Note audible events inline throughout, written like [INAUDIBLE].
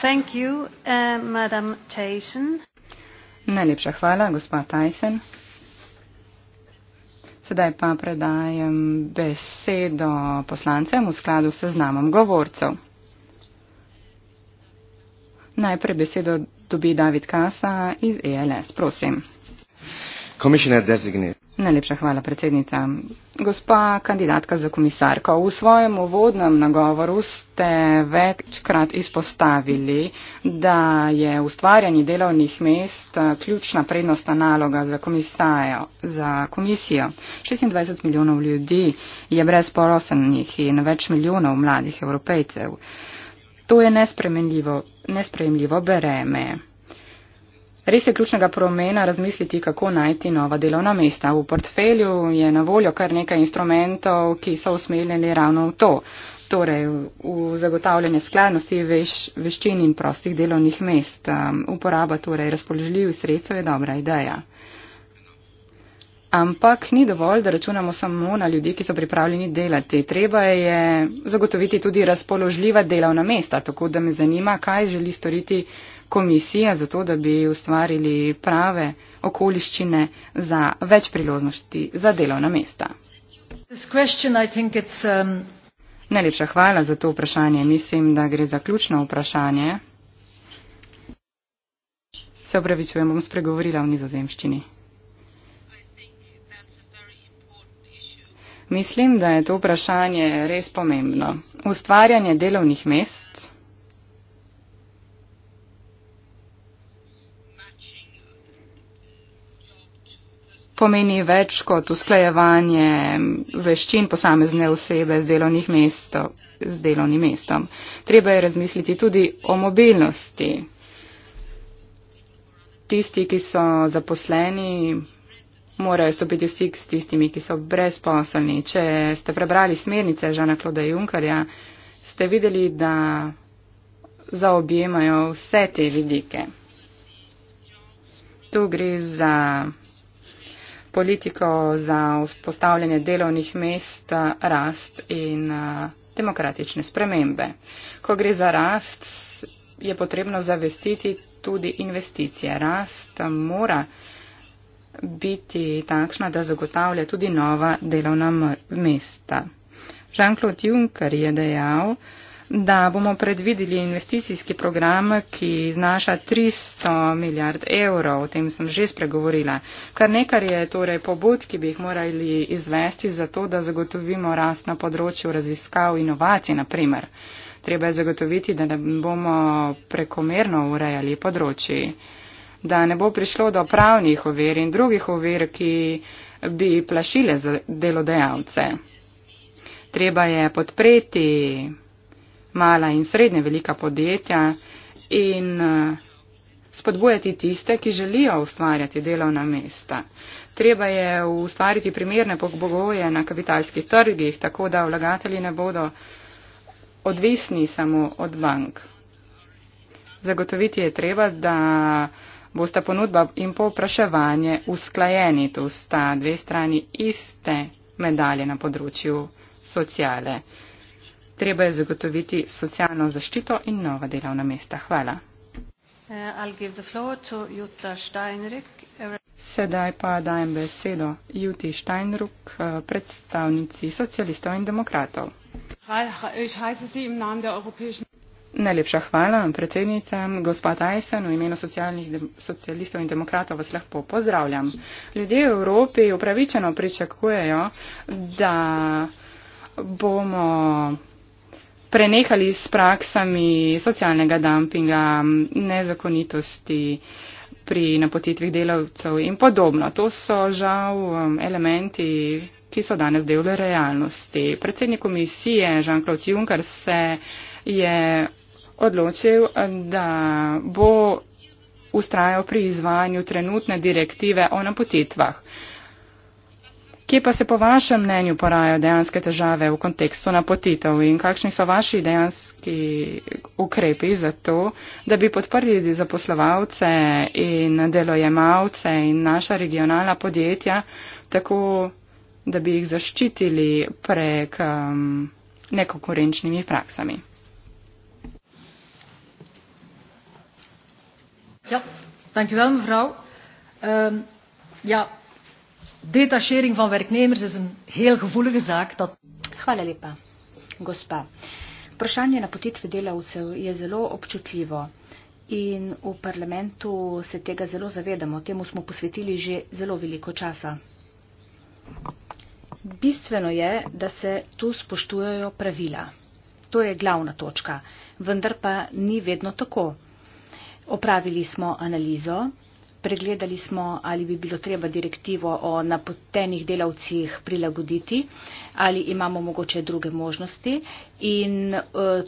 Thank you, uh, Najlepša hvala, gospa Tyson. Sedaj pa predajem besedo poslancem v skladu s znamom govorcev. Najprej besedo dobi David Kasa iz ELS. Prosim. Komisija designira. Najlepša hvala, predsednica. Gospa kandidatka za komisarko, v svojem uvodnem nagovoru ste večkrat izpostavili, da je ustvarjanje delovnih mest ključna prednostna naloga za, za komisijo. 26 milijonov ljudi je brezporosenih in več milijonov mladih evropejcev. To je nespremljivo breme. Res je ključnega promena razmisliti, kako najti nova delovna mesta. V portfelju je na voljo kar nekaj instrumentov, ki so usmeljeni ravno v to, torej v zagotavljanje skladnosti veš, veščin in prostih delovnih mest. Um, uporaba torej razpoložljivih sredstev je dobra ideja. Ampak ni dovolj, da računamo samo na ljudi, ki so pripravljeni delati. Treba je zagotoviti tudi razpoložljiva delovna mesta, tako da me zanima, kaj želi storiti komisije za to, da bi ustvarili prave okoliščine za več priložnosti za delovna mesta. Um, Najlepša hvala za to vprašanje. Mislim, da gre za ključno vprašanje. Se upravičujem, bom spregovorila v nizozemščini. Mislim, da je to vprašanje res pomembno. Ustvarjanje delovnih mest. pomeni več kot usklajevanje veščin posamezne osebe z, mesto, z delovnim mestom. Treba je razmisliti tudi o mobilnosti. Tisti, ki so zaposleni, morajo stopiti v stik s tistimi, ki so brezposelni. Če ste prebrali smernice Žana Kloda Junkarja, ste videli, da zaobjemajo vse te vidike. Tu gre za politiko za vzpostavljanje delovnih mest, rast in eh, demokratične spremembe. Ko gre za rast, je potrebno zavestiti tudi investicije. Rast mora biti takšna, da zagotavlja tudi nova delovna mesta. Jean-Claude Juncker je dejal, da bomo predvideli investicijski program, ki znaša 300 milijard evrov. O tem sem že spregovorila. Kar nekaj je torej pobud, ki bi jih morali izvesti za to, da zagotovimo rast na področju raziskav inovacij, na primer. Treba je zagotoviti, da ne bomo prekomerno urejali področji, da ne bo prišlo do pravnih ovir in drugih ovir, ki bi plašile delodajalce. Treba je podpreti mala in srednje velika podjetja in eh, spodbujati tiste, ki želijo ustvarjati delovna mesta. Treba je ustvariti primerne pogoje na kapitalskih trgih, tako da vlagatelji ne bodo odvisni samo od bank. Zagotoviti je treba, da bosta ponudba in popraševanje usklajeni, tu sta dve strani iste medalje na področju socijale treba je zagotoviti socialno zaščito in nova delovna mesta. Hvala. Eh, Sedaj pa dajem besedo Juti Steinruck, eh, predstavnici socialistov in demokratov. Najlepša hvala, predsednica, gospa Tyson, v imenu dem, socialistov in demokratov vas lahko pozdravljam. Ljudje v Evropi upravičeno pričakujejo, da bomo prenehali s praksami socialnega dumpinga, nezakonitosti pri napotitvih delavcev in podobno. To so žal um, elementi, ki so danes del realnosti. Predsednik komisije Jean-Claude Juncker se je odločil, da bo ustrajal pri izvajanju trenutne direktive o napotitvah. Kje pa se po vašem mnenju porajajo dejanske težave v kontekstu napotitev in kakšni so vaši dejanski ukrepi za to, da bi podprli zaposlovalce in delojemalce in naša regionalna podjetja, tako da bi jih zaščitili prek um, nekonkurenčnimi praksami? Ja, dankjewel, mevrouw. Um, ja. Detachering van werknemers is een heel gevoelige zaak. Dat... Hvala lepa, gospa. Vprašanje napotitve delavcev je zelo občutljivo in v parlamentu se tega zelo zavedamo. Temu smo posvetili že zelo veliko časa. Bistveno je, da se tu spoštujejo pravila. To je glavna točka. Vendar pa ni vedno tako. Opravili smo analizo pregledali smo, ali bi bilo treba direktivo o napotenih delavcih prilagoditi, ali imamo mogoče druge možnosti. In uh,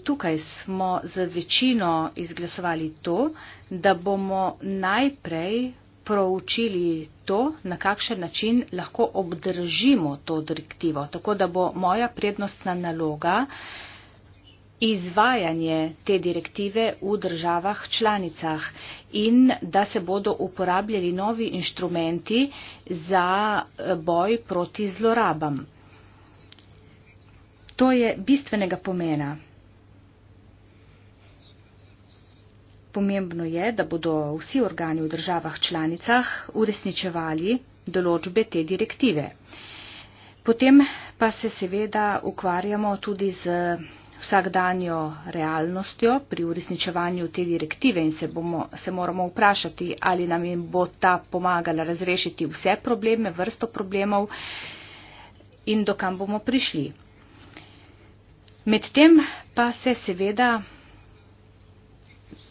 tukaj smo za večino izglasovali to, da bomo najprej proučili to, na kakšen način lahko obdržimo to direktivo. Tako da bo moja prednostna naloga uh, izvajanje te direktive v državah članicah in da se bodo uporabljali novi inštrumenti za eh, boj proti zlorabam. To je bistvenega pomena. Pomembno je, da bodo vsi organi v državah članicah uresničevali določbe te direktive. Potem pa se seveda ukvarjamo tudi z vsakdanjo realnostjo pri uresničevanju te direktive in se, bomo, se moramo vprašati, ali nam bo ta pomagala razrešiti vse probleme, vrsto problemov in dokam bomo prišli. Medtem pa se seveda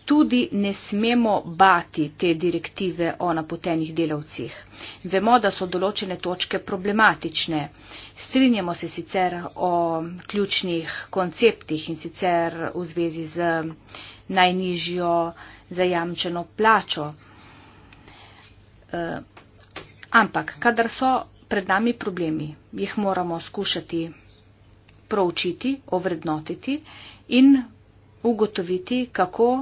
tudi ne smemo bati te direktive o napotenih delavcih. Vemo, da so določene točke problematične. Strinjamo se sicer o ključnih konceptih in sicer v zvezi z najnižjo zajamčeno plačo. Eh, ampak, kadar so pred nami problemi, jih moramo skušati proučiti, ovrednotiti in ugotoviti, kako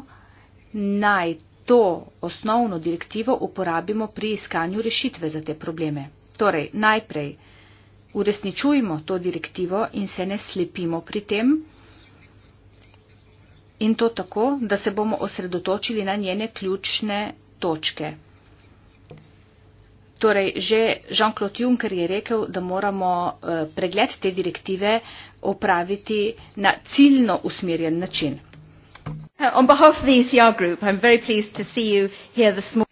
naj to osnovno direktivo uporabimo pri iskanju rešitve za te probleme. Torej, najprej uresničujmo to direktivo in se ne slepimo pri tem. In to tako, da se bomo osredotočili na njene ključne točke. Torej, že Jean-Claude Juncker je rekel, da moramo eh, pregled te direktive opraviti na ciljno usmerjen način. Uh, on behalf of the ECR group, I'm very pleased to see you here this morning.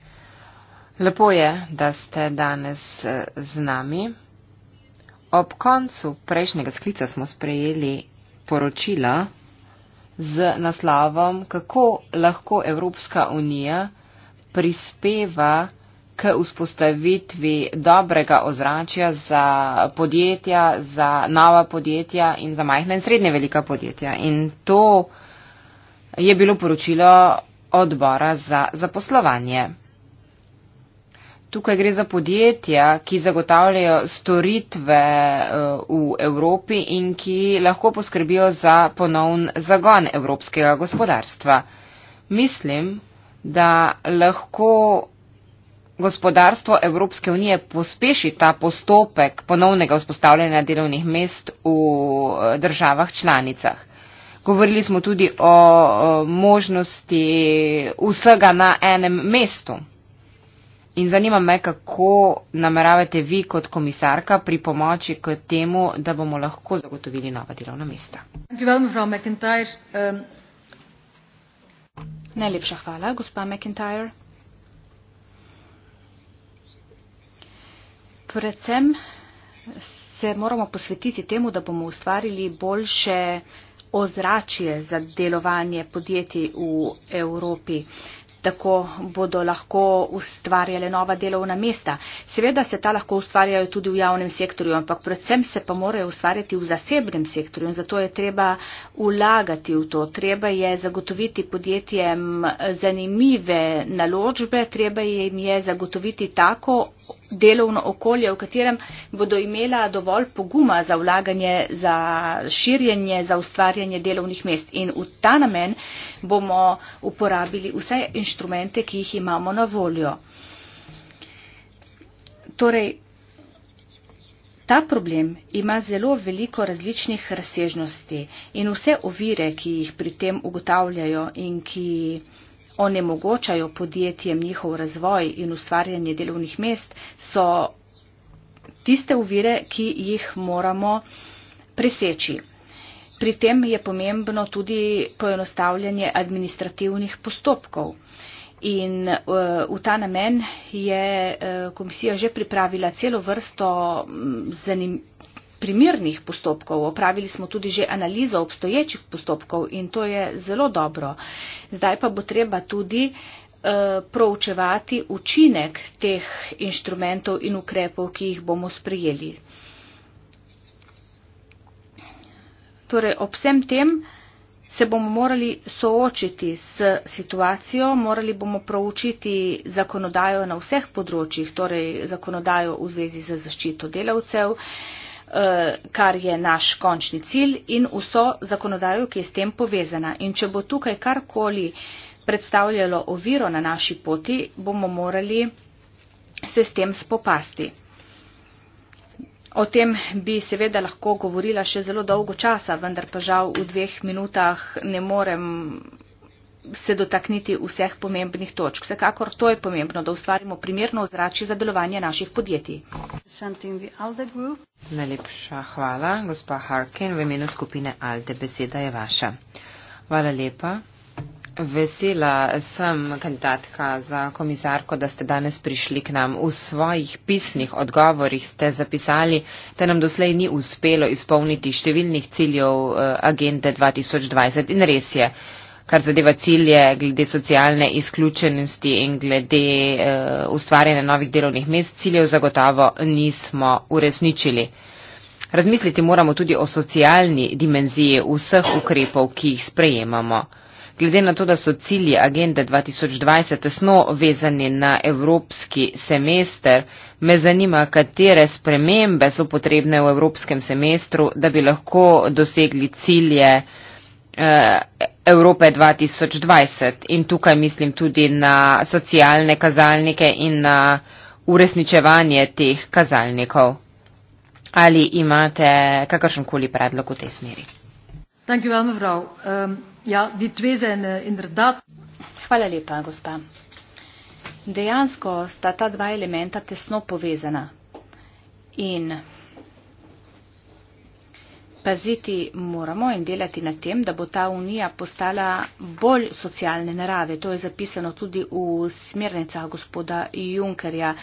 Lepo je, da ste danes uh, z nami. Ob koncu prejšnjega sklica smo sprejeli poročila z naslavom, kako lahko Evropska unija prispeva k vzpostavitvi dobrega ozračja za podjetja, za nova podjetja in za majhna in srednje velika podjetja. In to je bilo poročilo odbora za zaposlovanje. Tukaj gre za podjetja, ki zagotavljajo storitve eh, v Evropi in ki lahko poskrbijo za ponovn zagon evropskega gospodarstva. Mislim, da lahko gospodarstvo Evropske unije pospeši ta postopek ponovnega vzpostavljanja delovnih mest v eh, državah članicah. Govorili smo tudi o možnosti vsega na enem mestu. In zanima me, kako nameravate vi kot komisarka pri pomoči k temu, da bomo lahko zagotovili nova delovna mesta. Ehm, Najlepša hvala, gospa McIntyre. Predvsem se moramo posvetiti temu, da bomo ustvarili boljše ozračje za delovanje podjetij v Evropi tako bodo lahko ustvarjale nova delovna mesta. Seveda se ta lahko ustvarjajo tudi v javnem sektorju, ampak predvsem se pa morajo ustvarjati v zasebnem sektorju in zato je treba ulagati v to. Treba je zagotoviti podjetjem zanimive naložbe, treba jim je zagotoviti tako delovno okolje, v katerem bodo imela dovolj poguma za vlaganje, za širjenje, za ustvarjanje delovnih mest. In v ta namen bomo uporabili vse inštitucije, inštrumente, ki jih imamo na voljo. Torej, ta problem ima zelo veliko različnih razsežnosti in vse ovire, ki jih pri tem ugotavljajo in ki onemogočajo podjetjem njihov razvoj in ustvarjanje delovnih mest, so tiste ovire, ki jih moramo preseči. Pri tem je pomembno tudi poenostavljanje administrativnih postopkov. In eh, v ta namen je eh, komisija že pripravila celo vrsto mm, zanimivih primernih postopkov. Opravili smo tudi že analizo obstoječih postopkov in to je zelo dobro. Zdaj pa bo treba tudi uh, proučevati učinek teh inštrumentov in ukrepov, ki jih bomo sprejeli. Torej, ob vsem tem se bomo morali soočiti s situacijo, morali bomo proučiti zakonodajo na vseh področjih, torej zakonodajo v zvezi z zaščito delavcev, eh, kar je naš končni cilj in vso zakonodajo, ki je s tem povezana. In če bo tukaj karkoli predstavljalo oviro na naši poti, bomo morali se s tem spopasti. O tem bi seveda lahko govorila še zelo dolgo časa, vendar pa žal v dveh minutah ne morem se dotakniti vseh pomembnih točk. Vsekakor to je pomembno, da ustvarimo primerno ozračje za delovanje naših podjetij. Najlepša hvala, gospa Harkin, v imenu skupine Alde. Beseda je vaša. Hvala lepa. Vesela sem, kandidatka za komisarko, da ste danes prišli k nam. V svojih pisnih odgovorih ste zapisali, da nam doslej ni uspelo izpolniti številnih ciljev eh, agende 2020. In res je, kar zadeva cilje glede socialne izključenosti in glede eh, ustvarjanja novih delovnih mest, ciljev zagotovo nismo uresničili. Razmisliti moramo tudi o socialni dimenziji vseh ukrepov, ki jih sprejemamo. Glede na to, da so cilji agende 2020 tesno vezani na evropski semester, me zanima, katere spremembe so potrebne v evropskem semestru, da bi lahko dosegli cilje eh, Evrope 2020. In tukaj mislim tudi na socialne kazalnike in na uresničevanje teh kazalnikov. Ali imate kakršenkoli predlog v tej smeri? Thank you, Elma Vrau. Um, Ja, die dve zijn uh, inderdaad. Hvala lepa, gospa. Dejansko sta ta dva elementa tesno povezana. In paziti moramo in delati na tem, da bo ta unija postala bolj socialne narave. To je zapisano tudi v smernicah gospoda Junkerja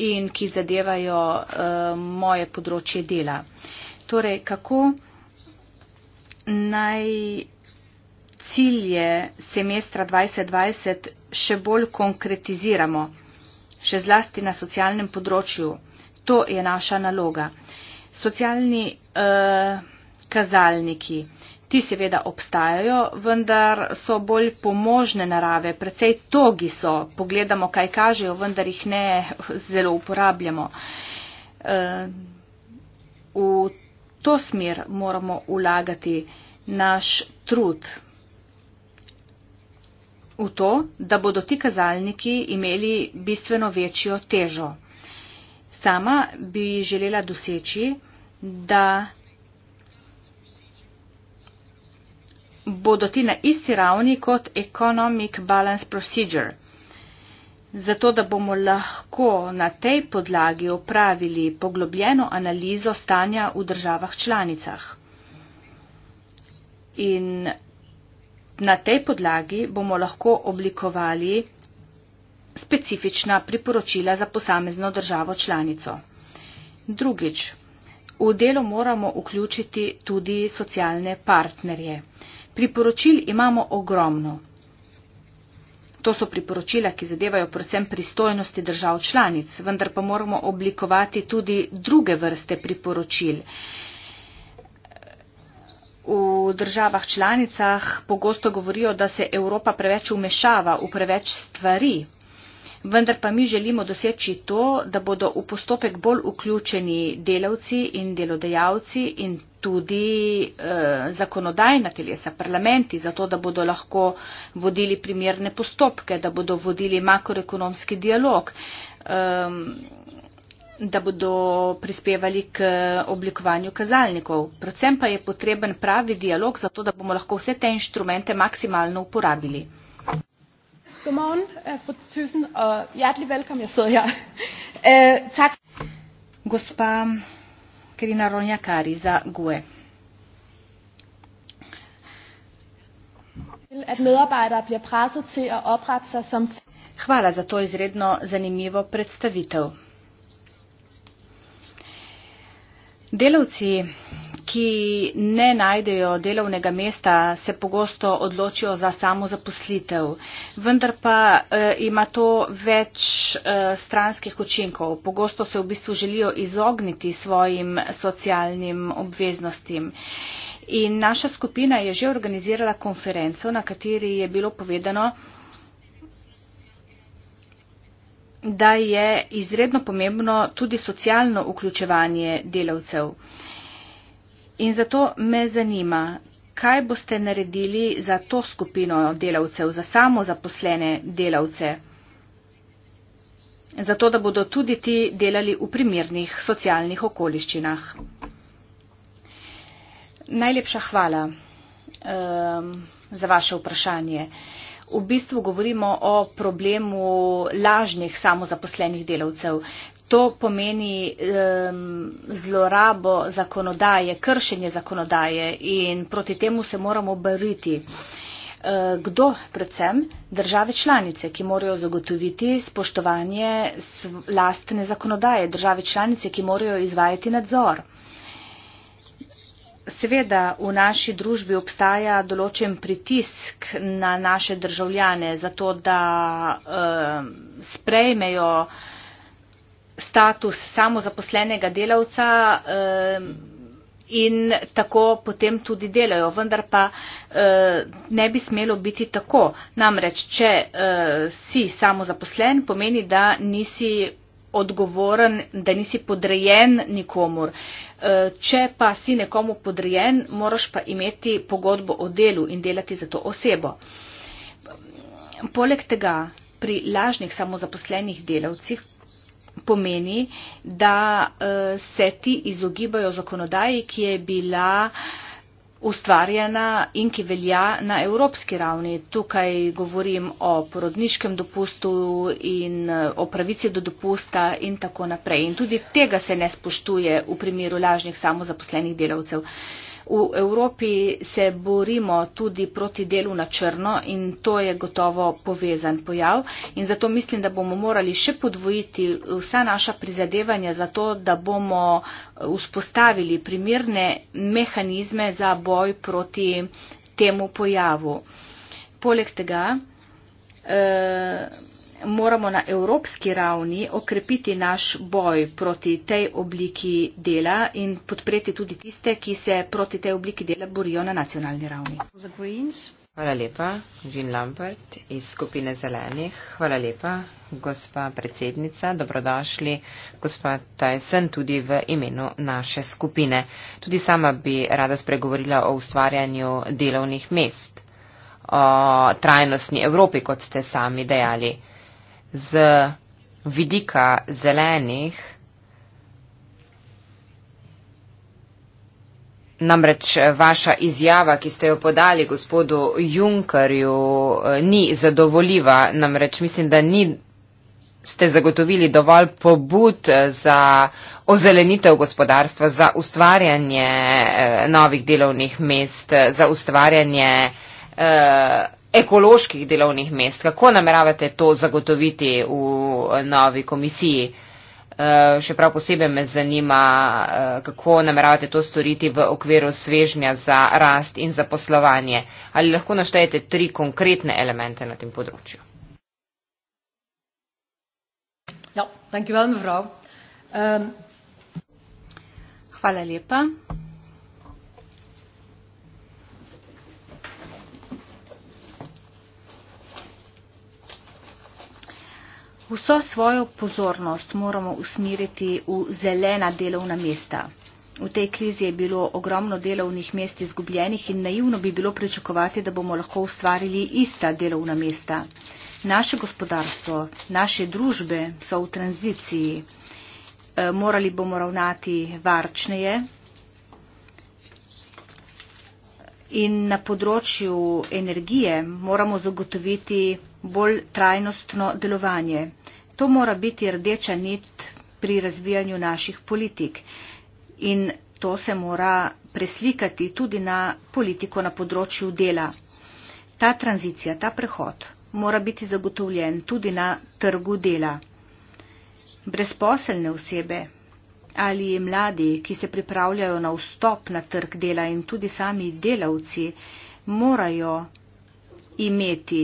in ki zadevajo uh, moje področje dela. Torej, kako naj cilje semestra 2020 še bolj konkretiziramo, še zlasti na socialnem področju. To je naša naloga. Socialni eh, kazalniki, ti seveda obstajajo, vendar so bolj pomožne narave, precej togi so, pogledamo, kaj kažejo, vendar jih ne zelo uporabljamo. Eh, v to smer moramo ulagati naš trud v to, da bodo ti kazalniki imeli bistveno večjo težo. Sama bi želela doseči, da bodo ti na isti ravni kot Economic Balance Procedure. Zato, da bomo lahko na tej podlagi opravili poglobljeno analizo stanja v državah članicah. In Na tej podlagi bomo lahko oblikovali specifična priporočila za posamezno državo članico. Drugič, v delo moramo vključiti tudi socialne partnerje. Priporočil imamo ogromno. To so priporočila, ki zadevajo predvsem pristojnosti držav članic, vendar pa moramo oblikovati tudi druge vrste priporočil v državah članicah pogosto govorijo, da se Evropa preveč umešava v preveč stvari. Vendar pa mi želimo doseči to, da bodo v postopek bolj vključeni delavci in delodajalci in tudi eh, zakonodajna telesa, parlamenti, zato da bodo lahko vodili primerne postopke, da bodo vodili makroekonomski dialog. Eh, da bodo prispevali k oblikovanju kazalnikov. Predvsem pa je potreben pravi dialog, zato da bomo lahko vse te inštrumente maksimalno uporabili. Godmorgen, eh, Susan, hjertelig velkommen, jeg sidder her. Uh, [LAUGHS] tak. Gospa Kerina Ronja Kari za GUE. At medarbejdere bliver presset til at oprette sig som... Hvala za to izredno zanimivo predstavitev. Delavci, ki ne najdejo delovnega mesta, se pogosto odločijo za samo zaposlitev. Vendar pa e, ima to več e, stranskih učinkov. Pogosto se v bistvu želijo izogniti svojim socialnim obveznostim. In naša skupina je že organizirala konferenco, na kateri je bilo povedano, da je izredno pomembno tudi socialno vključevanje delavcev. In zato me zanima, kaj boste naredili za to skupino delavcev, za samo zaposlene delavce, zato da bodo tudi ti delali v primernih socialnih okoliščinah. Najlepša hvala um, za vaše vprašanje. Uh, v bistvu govorimo o problemu lažnih samozaposlenih delavcev. To pomeni um, zlorabo zakonodaje, kršenje zakonodaje in proti temu se moramo boriti. E, kdo predvsem? Države članice, ki morajo zagotoviti spoštovanje lastne zakonodaje, države članice, ki morajo izvajati nadzor. Seveda v naši družbi obstaja določen pritisk na naše državljane za to, da eh, sprejmejo status samozaposlenega delavca eh, in tako potem tudi delajo. Vendar pa eh, ne bi smelo biti tako. Namreč, če eh, si samozaposlen, pomeni, da nisi odgovoren, da nisi podrejen nikomur. Eh, Eh, če pa si nekomu podrejen, moraš pa imeti pogodbo o delu in delati za to osebo. Poleg tega pri lažnih samozaposlenih delavcih pomeni, da eh, se ti izogibajo zakonodaji, ki je bila uh, ustvarjena in ki velja na evropski ravni. Tukaj govorim o porodniškem dopustu in o pravici do dopusta in tako naprej. In tudi tega se ne spoštuje v primeru lažnih samozaposlenih delavcev. V Evropi se borimo tudi proti delu na črno in to je gotovo povezan pojav. In zato mislim, da bomo morali še podvojiti vsa naša prizadevanja za to, da bomo vzpostavili primirne mehanizme za boj proti temu pojavu. Poleg tega. Eh, moramo na evropski ravni okrepiti naš boj proti tej obliki dela in podpreti tudi tiste, ki se proti tej obliki dela borijo na nacionalni ravni. Hvala lepa, Jean Lambert iz skupine zelenih. Hvala lepa, gospa predsednica. Dobrodošli, gospa Tyson, tudi v imenu naše skupine. Tudi sama bi rada spregovorila o ustvarjanju delovnih mest, o trajnostni Evropi, kot ste sami dejali z vidika zelenih. Namreč vaša izjava, ki ste jo podali gospodu Junkerju, eh, ni zadovoljiva. Namreč mislim, da ni, ste zagotovili dovolj pobud eh, za ozelenitev gospodarstva, za ustvarjanje eh, novih delovnih mest, za ustvarjanje. Eh, ekoloških delovnih mest. Kako nameravate to zagotoviti v novi komisiji? Eh, še prav posebej me zanima, eh, kako nameravate to storiti v okviru svežnja za rast in za poslovanje. Ali lahko naštejete tri konkretne elemente na tem področju? Ja, thank you well, um. Hvala lepa. Vso svojo pozornost moramo usmeriti v zelena delovna mesta. V tej krizi je bilo ogromno delovnih mest izgubljenih in naivno bi bilo pričakovati, da bomo lahko ustvarili ista delovna mesta. Naše gospodarstvo, naše družbe so v tranziciji. E, morali bomo ravnati varčneje in na področju energije moramo zagotoviti bolj trajnostno delovanje. To mora biti rdeča nit pri razvijanju naših politik in to se mora preslikati tudi na politiko na področju dela. Ta tranzicija, ta prehod mora biti zagotovljen tudi na trgu dela. Brezposelne osebe ali mladi, ki se pripravljajo na vstop na trg dela in tudi sami delavci, morajo imeti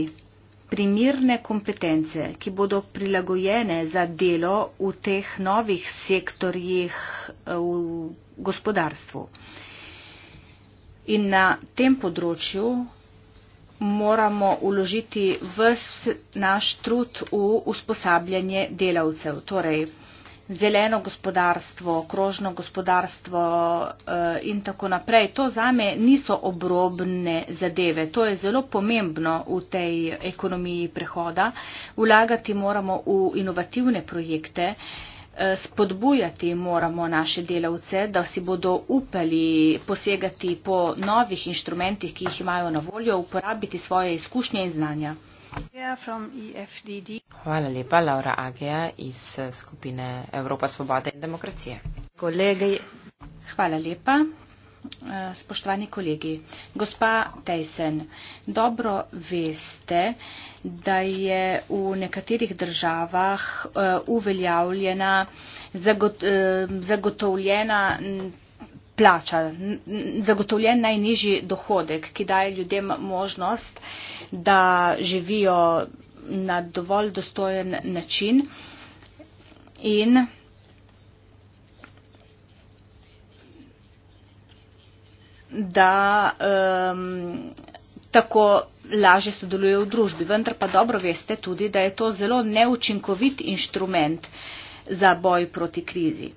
primirne kompetence, ki bodo prilagojene za delo v teh novih sektorjih eh, v gospodarstvu. In na tem področju moramo uložiti vse naš trud v usposabljanje delavcev. Torej, zeleno gospodarstvo, krožno gospodarstvo eh, in tako naprej. To zame niso obrobne zadeve. To je zelo pomembno v tej ekonomiji prehoda. Vlagati moramo v inovativne projekte, eh, spodbujati moramo naše delavce, da si bodo upali posegati po novih inštrumentih, ki jih imajo na voljo, uporabiti svoje izkušnje in znanja. E hvala lepa, Laura Agija iz eh, skupine Evropa Svobode in Demokracije. Kolegi, hvala lepa. Eh, spoštovani kolegi, gospa Tejsen, dobro veste, da je v nekaterih državah eh, uveljavljena, zagotovljena plača, zagotovljen najnižji dohodek, ki daje ljudem možnost, da živijo na dovolj dostojen način in da um, tako laže sodelujejo v družbi. Vendar pa dobro veste tudi, da je to zelo neučinkovit inštrument za boj proti krizi.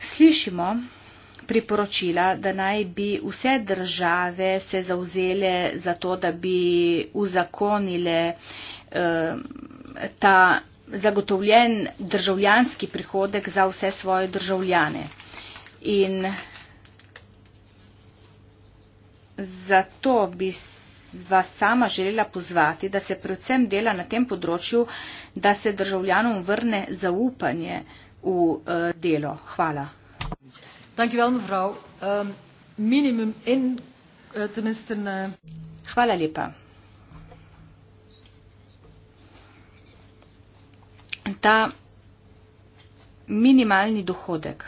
Slišimo, priporočila, da naj bi vse države se zauzele za to, da bi uzakonile eh, ta zagotovljen državljanski prihodek za vse svoje državljane. In zato bi vas sama želela pozvati, da se predvsem dela na tem področju, da se državljanom vrne zaupanje v eh, delo. Hvala. Ehm, eh, eh, Ta minimalni dohodek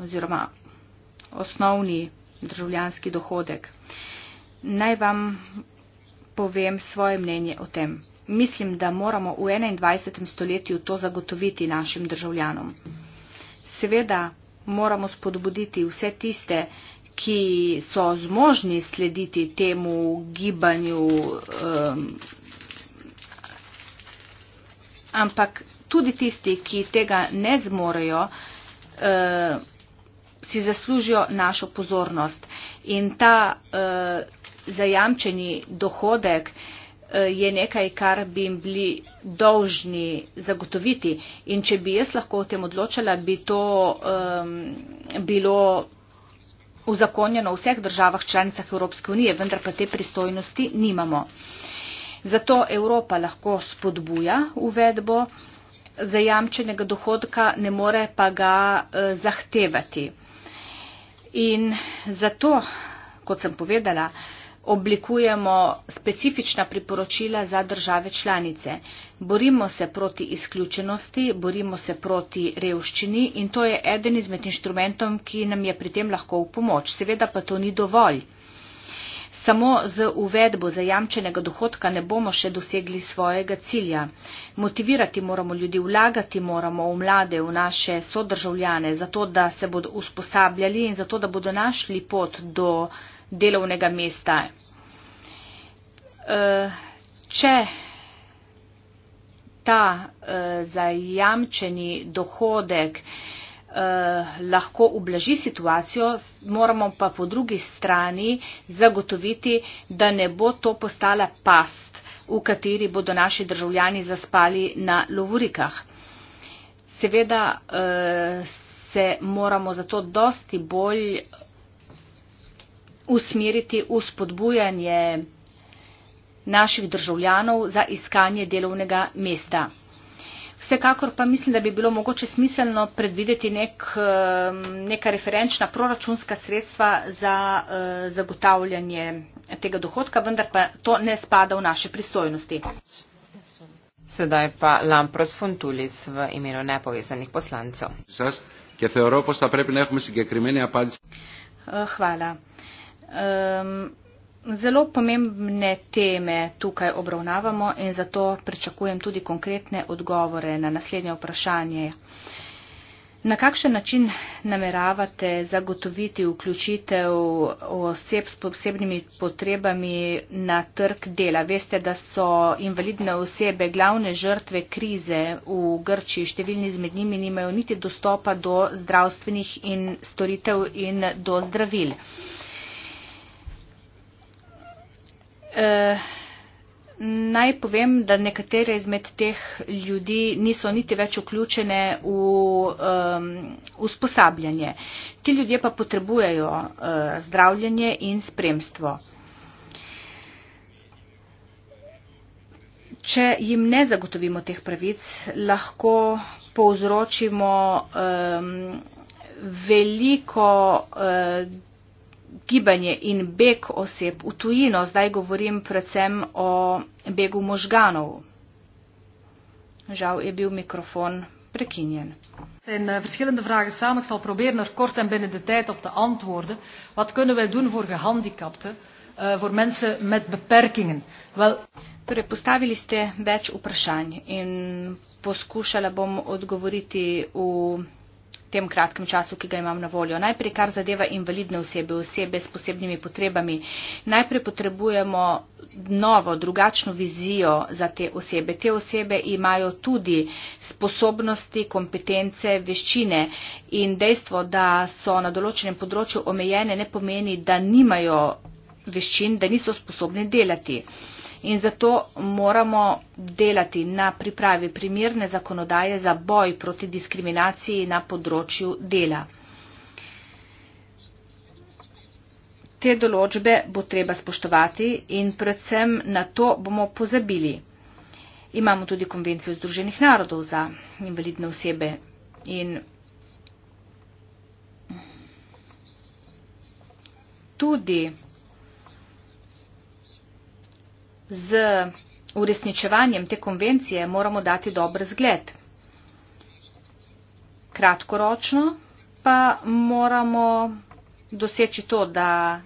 oziroma osnovni državljanski dohodek, naj vam povem svoje mnenje o tem. Mislim, da moramo v 21. stoletju to zagotoviti našim državljanom. Seveda moramo spodbuditi vse tiste, ki so zmožni slediti temu gibanju. Um, ampak tudi tisti, ki tega ne zmorejo, uh, si zaslužijo našo pozornost. In ta uh, zajamčeni dohodek uh, Eh, je nekaj, kar bi jim bili dolžni zagotoviti. In če bi jaz lahko o tem odločala, bi to um, bilo uzakonjeno v vseh državah članicah Evropske unije, vendar pa te pristojnosti nimamo. Zato Evropa lahko spodbuja uvedbo zajamčenega dohodka, ne more pa ga uh, zahtevati. In zato, kot sem povedala, uh, oblikujemo specifična priporočila za države članice. Borimo se proti izključenosti, borimo se proti revščini in to je eden izmed inštrumentov, ki nam je pri tem lahko v pomoč. Seveda pa to ni dovolj. Samo z uvedbo zajamčenega dohodka ne bomo še dosegli svojega cilja. Motivirati moramo ljudi, vlagati moramo v mlade, v naše sodržavljane, zato da se bodo usposabljali in zato da bodo našli pot do delovnega mesta Eh, če ta eh, zajamčeni dohodek eh, lahko ublaži situacijo, moramo pa po drugi strani zagotoviti, da ne bo to postala past, v kateri bodo naši državljani zaspali na lovurikah. Seveda se moramo zato dosti bolj usmeriti v spodbujanje naših državljanov za iskanje delovnega mesta. Vsekakor pa mislim, da bi bilo mogoče smiselno predvideti nek, neka referenčna proračunska sredstva za eh, zagotavljanje tega dohodka, vendar pa to ne spada v naše pristojnosti. Sedaj pa Lampros Fontulis v imenu nepovezanih poslancev. Eh, hvala. Um, Zelo pomembne teme tukaj obravnavamo in zato pričakujem tudi konkretne odgovore na naslednje vprašanje. Na kakšen način nameravate zagotoviti vključitev oseb s posebnimi potrebami na trg dela? Veste, da so invalidne osebe glavne žrtve krize v Grčiji, številni izmed njimi nimajo niti dostopa do zdravstvenih in storitev in do zdravil. Eh, naj povem, da nekatere izmed teh ljudi niso niti več vključene v um, usposabljanje. Ti ljudje pa potrebujejo uh, zdravljenje in spremstvo. Če jim ne zagotovimo teh pravic, lahko povzročimo um, veliko uh, gibanje in beg oseb v tujino, zdaj govorim predvsem o begu možganov. Žal je bil mikrofon prekinjen. Zijn uh, verschillende vragen samen. Ik zal proberen er kort en binnen de tijd op te antwoorden. Wat kunnen wij doen voor gehandicapten, uh, voor mensen met beperkingen? Wel... Torej, postavili ste več vprašanj in poskušala bom odgovoriti v tem kratkem času, ki ga imam na voljo. Najprej, kar zadeva invalidne osebe, osebe s posebnimi potrebami, najprej potrebujemo novo, drugačno vizijo za te osebe. Te osebe imajo tudi sposobnosti, kompetence, veščine in dejstvo, da so na določenem področju omejene, ne pomeni, da nimajo veščin, da niso sposobne delati. Uh, in zato moramo delati na pripravi primirne zakonodaje za boj proti diskriminaciji na področju dela. Te določbe bo treba spoštovati in predvsem na to bomo pozabili. Imamo tudi konvencijo Združenih narodov za invalidne osebe in tudi z uresničevanjem te konvencije moramo dati dober zgled. Kratkoročno pa moramo doseči to, da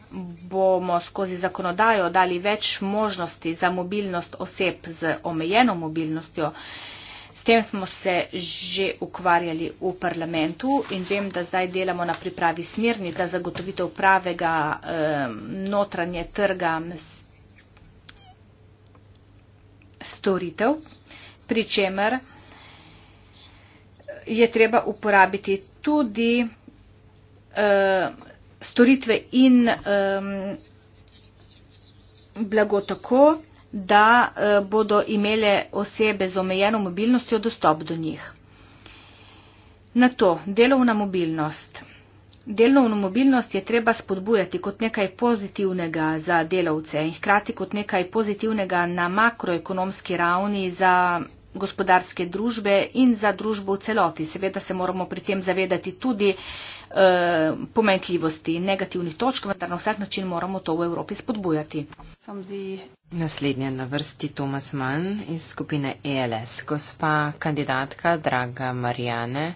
bomo skozi zakonodajo dali več možnosti za mobilnost oseb z omejeno mobilnostjo. S tem smo se že ukvarjali v parlamentu in vem, da zdaj delamo na pripravi smernic za zagotovitev pravega eh, notranje trga s storitev, pri čemer je treba uporabiti tudi uh, storitve in um, blago tako, da uh, bodo imele osebe z omejeno mobilnostjo dostop do njih. Na to delovna mobilnost. Delovno mobilnost je treba spodbujati kot nekaj pozitivnega za delavce in hkrati kot nekaj pozitivnega na makroekonomski ravni za gospodarske družbe in za družbo v celoti. Seveda se moramo pri tem zavedati tudi e, eh, pomenljivosti in negativnih točk, vendar na vsak način moramo to v Evropi spodbujati. Naslednja na vrsti Tomas Mann iz skupine ELS. Gospa kandidatka, draga Marijane.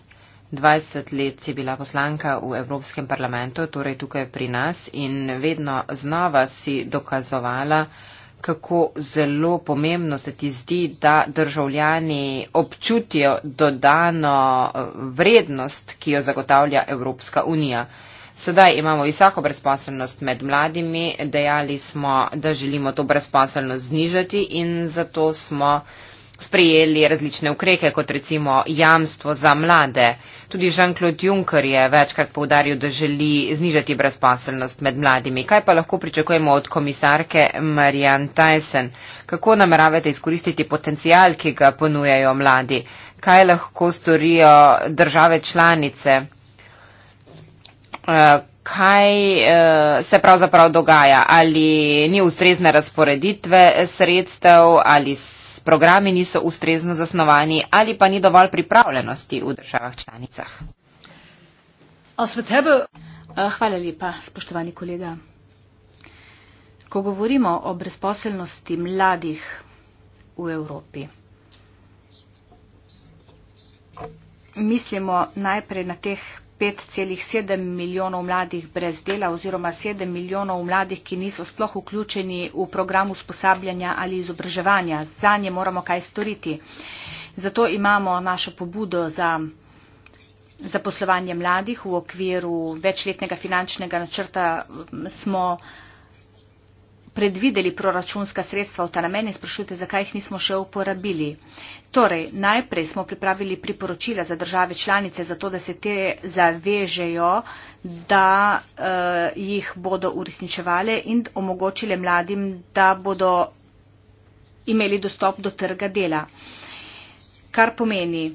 20 let si bila poslanka v Evropskem parlamentu, torej tukaj pri nas in vedno znova si dokazovala, kako zelo pomembno se ti zdi, da državljani občutijo dodano eh, vrednost, ki jo zagotavlja Evropska unija. Sedaj imamo visoko brezposelnost med mladimi, dejali smo, da želimo to brezposelnost znižati in zato smo sprejeli različne ukrepe, kot recimo jamstvo za mlade. Tudi Jean-Claude Juncker je večkrat povdaril, da želi znižati brezposelnost med mladimi. Kaj pa lahko pričakujemo od komisarke Marianne Tyson? Kako nameravate izkoristiti potencial, ki ga ponujajo mladi? Kaj lahko storijo države članice? Eh, kaj eh, se pravzaprav dogaja? Ali ni ustrezne razporeditve sredstev? Ali programi niso ustrezno zasnovani ali pa ni dovolj pripravljenosti v državah članicah. Eh, hvala lepa, spoštovani kolega. Ko govorimo o brezposelnosti mladih v Evropi, mislimo najprej na teh 5,7 milijonov mladih brez dela oziroma 7 milijonov mladih, ki niso sploh vključeni v program usposabljanja ali izobraževanja. Za nje moramo kaj storiti. Zato imamo našo pobudo za zaposlovanje mladih v okviru večletnega finančnega načrta smo predvideli proračunska sredstva v ta namen in sprašujete, zakaj jih nismo še uporabili. Torej, najprej smo pripravili priporočila za države članice, zato da se te zavežejo, da uh, jih bodo uresničevale in omogočile mladim, da bodo imeli dostop do trga dela. Kar pomeni,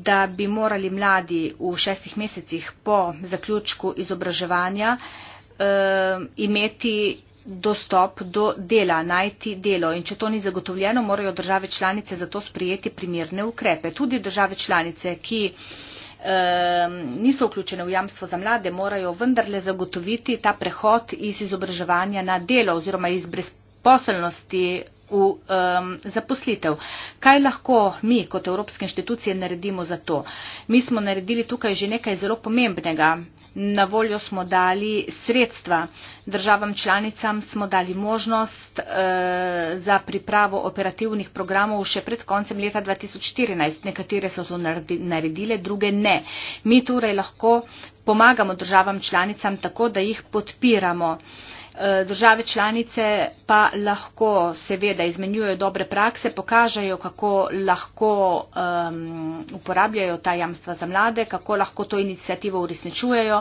da bi morali mladi v šestih mesecih po zaključku izobraževanja uh, imeti dostop do dela, najti delo. In če to ni zagotovljeno, morajo države članice za to sprijeti primerne ukrepe. Tudi države članice, ki ehm, niso vključene v jamstvo za mlade, morajo vendarle zagotoviti ta prehod iz izobraževanja na delo oziroma iz brezposelnosti v um, zaposlitev. Kaj lahko mi kot Evropske inštitucije naredimo za to? Mi smo naredili tukaj že nekaj zelo pomembnega na voljo smo dali sredstva državam članicam smo dali možnost eh, za pripravo operativnih programov še pred koncem leta 2014. Nekatere so to naredile, druge ne. Mi torej lahko pomagamo državam članicam tako, da jih podpiramo. Eh, Eh, države članice pa lahko seveda izmenjujejo dobre prakse, pokažejo, kako lahko um, uporabljajo ta jamstva za mlade, kako lahko to inicijativo uresničujejo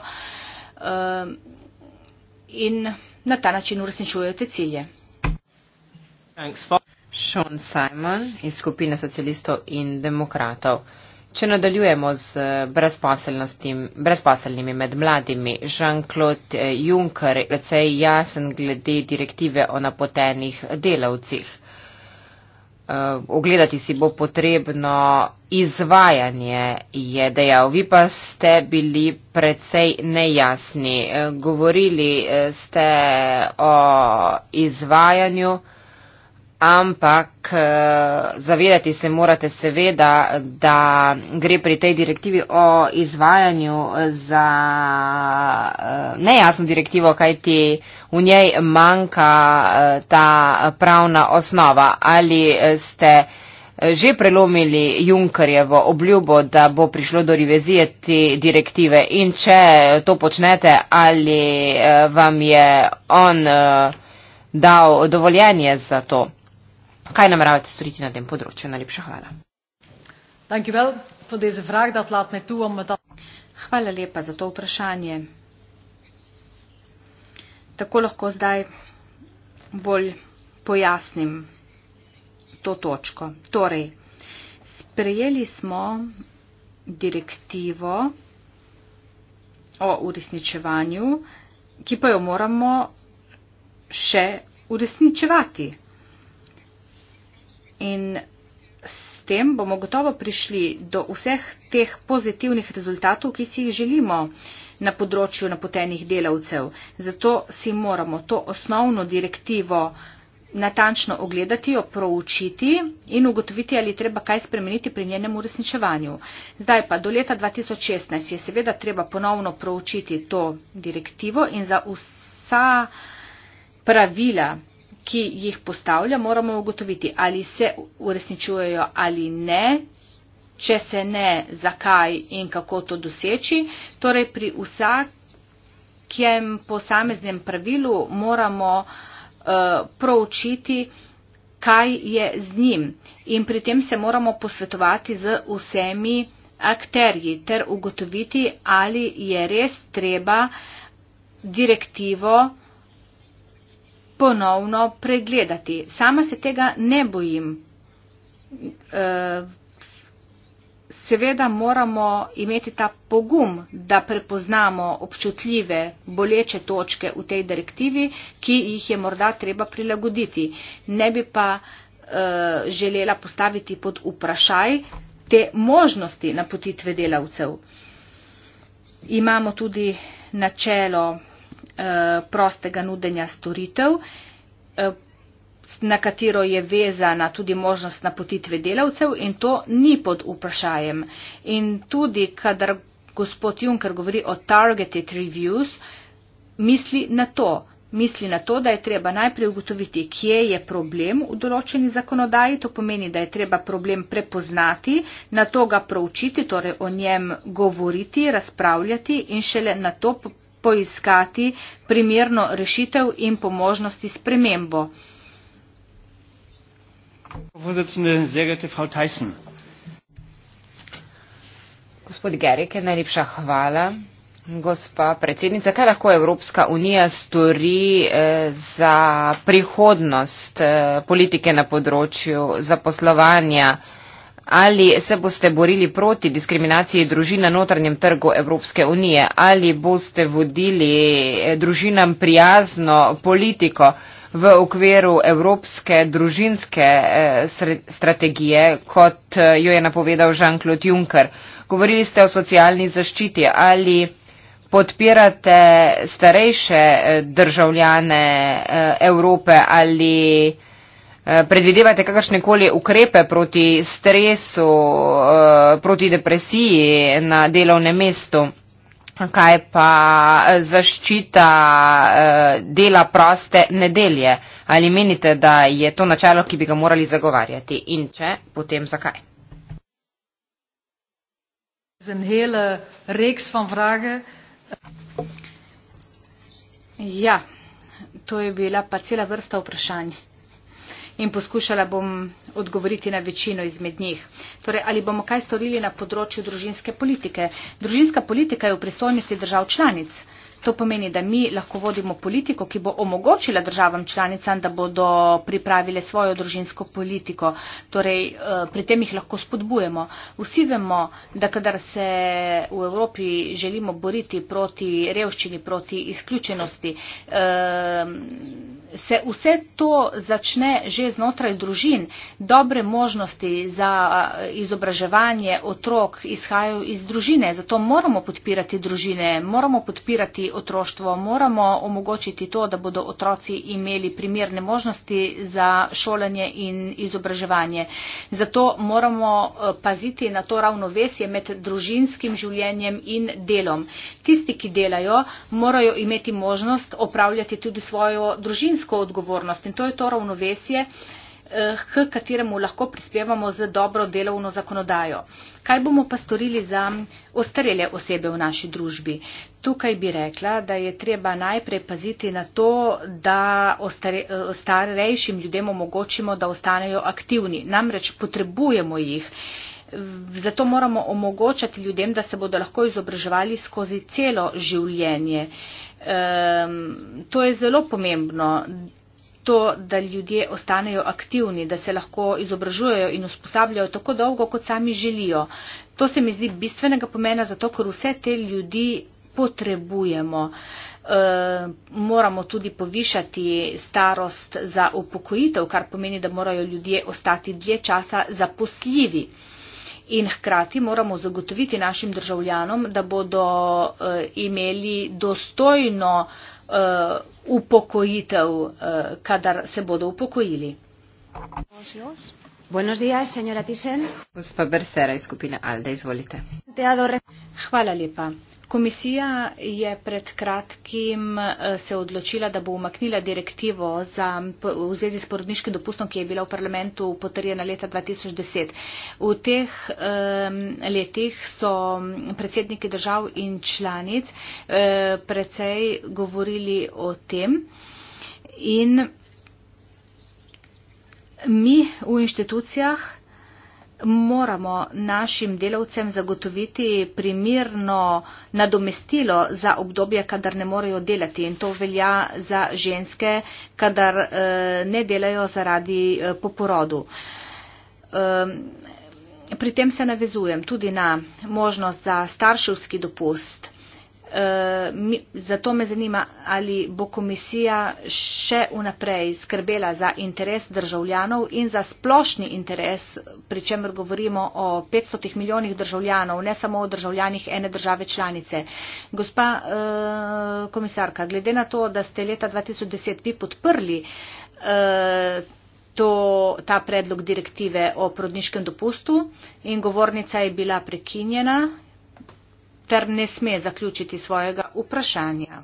um, in na ta način uresničujejo te cilje. Sean Simon iz skupine socialistov in demokratov. Če nadaljujemo z eh, brezposelnimi med mladimi, Jean-Claude eh, Juncker je precej jasen glede direktive o napotenih delavcih. Eh, ogledati si bo potrebno izvajanje, je dejal. Vi pa ste bili precej nejasni. Govorili ste o izvajanju ampak eh, zavedati se morate seveda, da gre pri tej direktivi o izvajanju za eh, nejasno direktivo, kaj ti v njej manjka eh, ta pravna osnova. Ali ste že prelomili Junkerjevo obljubo, da bo prišlo do revizije te direktive in če to počnete, ali vam je on dal dovoljenje za to? Kaj nameravate storiti na tem področju? Najlepša hvala. Hvala lepa za to vprašanje. Tako lahko zdaj bolj pojasnim to točko. Torej, sprejeli smo direktivo o uresničevanju, ki pa jo moramo še uresničevati in s tem bomo gotovo prišli do vseh teh pozitivnih rezultatov, ki si jih želimo na področju napotenih delavcev. Zato si moramo to osnovno direktivo natančno ogledati, jo proučiti in ugotoviti, ali treba kaj spremeniti pri njenem uresničevanju. Zdaj pa do leta 2016 je seveda treba ponovno proučiti to direktivo in za vsa pravila ki jih postavlja, moramo ugotoviti, ali se uresničujejo ali ne, če se ne, zakaj in kako to doseči. Torej, pri vsakem posameznem pravilu moramo uh, proučiti, kaj je z njim in pri tem se moramo posvetovati z vsemi akterji ter ugotoviti, ali je res treba direktivo ponovno pregledati. Sama se tega ne bojim. E, seveda moramo imeti ta pogum, da prepoznamo občutljive, boleče točke v tej direktivi, ki jih je morda treba prilagoditi. Ne bi pa e, želela postaviti pod vprašaj te možnosti napotitve delavcev. Imamo tudi načelo Eh, prostega nudenja storitev, eh, na katero je vezana tudi možnost napotitve delavcev in to ni pod vprašajem. In tudi, kadar gospod Juncker govori o targeted reviews, misli na to. Misli na to, da je treba najprej ugotoviti, kje je problem v določeni zakonodaji, to pomeni, da je treba problem prepoznati, na to ga proučiti, torej o njem govoriti, razpravljati in šele na to poiskati primerno rešitev in po možnosti spremembo. Gospod Gerike, najlepša hvala. Gospa predsednica, kaj lahko Evropska unija stori eh, za prihodnost eh, politike na področju zaposlovanja? Ali se boste borili proti diskriminaciji družin na notranjem trgu Evropske unije? Ali boste vodili eh, družinam prijazno politiko v okviru Evropske družinske eh, strategije, kot eh, jo je napovedal Jean-Claude Juncker? Govorili ste o socialni zaščiti. Ali podpirate starejše državljane Evrope ali Eh, predvidevate kakršne koli ukrepe proti stresu, eh, proti depresiji na delovnem mestu? Kaj pa eh, zaščita dela proste nedelje? Ali menite, da je to načelo, ki bi ga morali zagovarjati? In če, potem zakaj? Ja, to je bila pa cela vrsta vprašanj in poskušala bom odgovoriti na večino izmed njih. Torej, ali bomo kaj storili na področju družinske politike? Družinska politika je v pristojnosti držav članic. To pomeni, da mi lahko vodimo politiko, ki bo omogočila državam članicam, da bodo pripravile svojo družinsko politiko. Torej, eh, pri tem jih lahko spodbujemo. Vsi vemo, da kadar se v Evropi želimo boriti proti revščini, proti izključenosti, eh, se vse to začne že znotraj družin. Dobre možnosti za eh, izobraževanje otrok izhajajo iz družine, zato moramo podpirati družine, moramo podpirati otroštvo, moramo omogočiti to, da bodo otroci imeli primerne možnosti za šolanje in izobraževanje. Zato moramo eh, paziti na to ravnovesje med družinskim življenjem in delom. Tisti, ki delajo, morajo imeti možnost opravljati tudi svojo družinsko vsebinsko odgovornost in to je to ravnovesje, k eh, kateremu lahko prispevamo z dobro delovno zakonodajo. Kaj bomo pa storili za ostarele osebe v naši družbi? Tukaj bi rekla, da je treba najprej paziti na to, da eh, starejšim ljudem omogočimo, da ostanejo aktivni. Namreč potrebujemo jih. Zato moramo omogočati ljudem, da se bodo lahko izobraževali skozi celo življenje um, to je zelo pomembno, to, da ljudje ostanejo aktivni, da se lahko izobražujejo in usposabljajo tako dolgo, kot sami želijo. To se mi zdi bistvenega pomena, zato ker vse te ljudi potrebujemo. Uh, moramo tudi povišati starost za upokojitev, kar pomeni, da morajo ljudje ostati dlje časa zaposljivi in hkrati moramo zagotoviti našim državljanom, da bodo eh, imeli dostojno eh, upokojitev, eh, kadar se bodo upokojili. Buenos días, señora Tisen. Gospa Bersera iz skupine Alde, izvolite. Hvala lepa. Komisija je pred kratkim eh, se odločila, da bo umaknila direktivo za, v zvezi s porodniškim dopustom, ki je bila v parlamentu potrjena leta 2010. V teh um, letih so predsedniki držav in članic um, precej govorili o tem. In mi v inštitucijah moramo našim delavcem zagotoviti primirno nadomestilo za obdobje, kadar ne morejo delati. In to velja za ženske, kadar eh, ne delajo zaradi eh, poporodu. Eh, pri tem se navezujem tudi na možnost za starševski dopust. Eh, zato me zanima, ali bo komisija še vnaprej skrbela za interes državljanov in za splošni interes, pri čemer govorimo o 500 milijonih državljanov, ne samo o državljanih ene države članice. Gospa eh, komisarka, glede na to, da ste leta 2010 vi podprli eh, to, ta predlog direktive o prodniškem dopustu in govornica je bila prekinjena, ter ne sme zaključiti svojega vprašanja.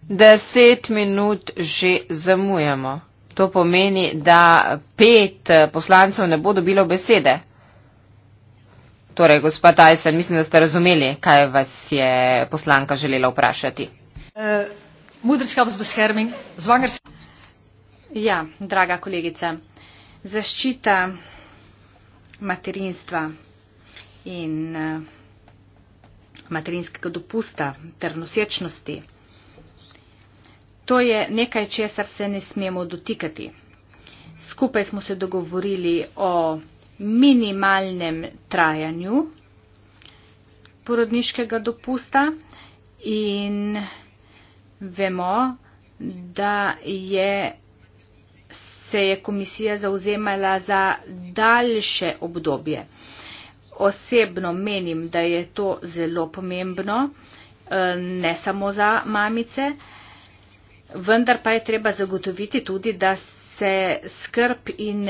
Deset minut že zamujamo. To pomeni, da pet poslancev ne bo dobilo besede. Torej, gospa Tyson, mislim, da ste razumeli, kaj vas je poslanka želela vprašati. Uh, ja, draga kolegica, zaščita materinstva in. Uh, materinskega dopusta, ter nosečnosti. To je nekaj, česar se ne smemo dotikati. Skupaj smo se dogovorili o minimalnem trajanju porodniškega dopusta in vemo, da je, se je komisija zauzemala za daljše obdobje osebno menim, da je to zelo pomembno, eh, ne samo za mamice, vendar pa je treba zagotoviti tudi, da se skrb in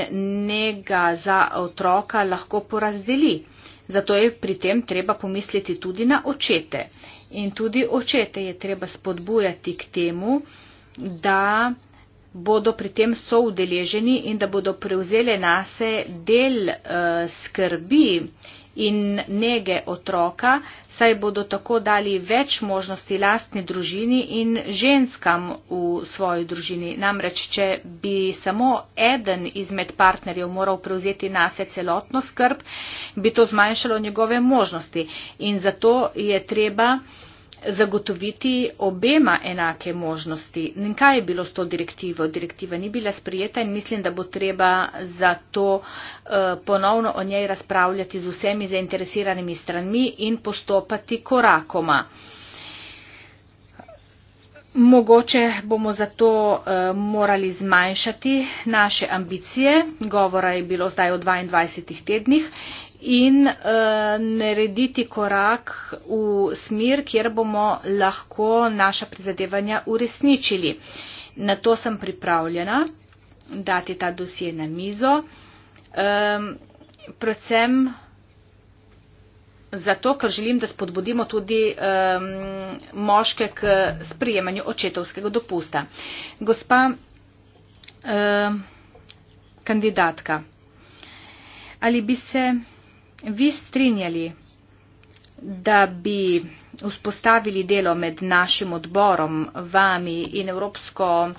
njega za otroka lahko porazdeli. Zato je pri tem treba pomisliti tudi na očete. In tudi očete je treba spodbujati k temu, da bodo pri tem soudeleženi in da bodo prevzeli nase del uh, skrbi in nege otroka, saj bodo tako dali več možnosti lastni družini in ženskam v svoji družini. Namreč, če bi samo eden izmed partnerjev moral prevzeti nase celotno skrb, bi to zmanjšalo njegove možnosti. In zato je treba uh, zagotoviti obema enake možnosti. In kaj je bilo s to direktivo? Direktiva ni bila sprijeta in mislim, da bo treba za to uh, ponovno o njej razpravljati z vsemi zainteresiranimi stranmi in postopati korakoma. Mogoče bomo zato uh, morali zmanjšati naše ambicije. Govora je bilo zdaj o 22 tednih in uh, narediti korak v smer, kjer bomo lahko naša prizadevanja uresničili. Na to sem pripravljena, dati ta dosje na mizo. Um, predvsem zato, ker želim, da spodbudimo tudi um, moške k sprijemanju očetovskega dopusta. Gospa um, kandidatka, ali bi se vi strinjali, da bi vzpostavili delo med našim odborom, vami in Evropsko,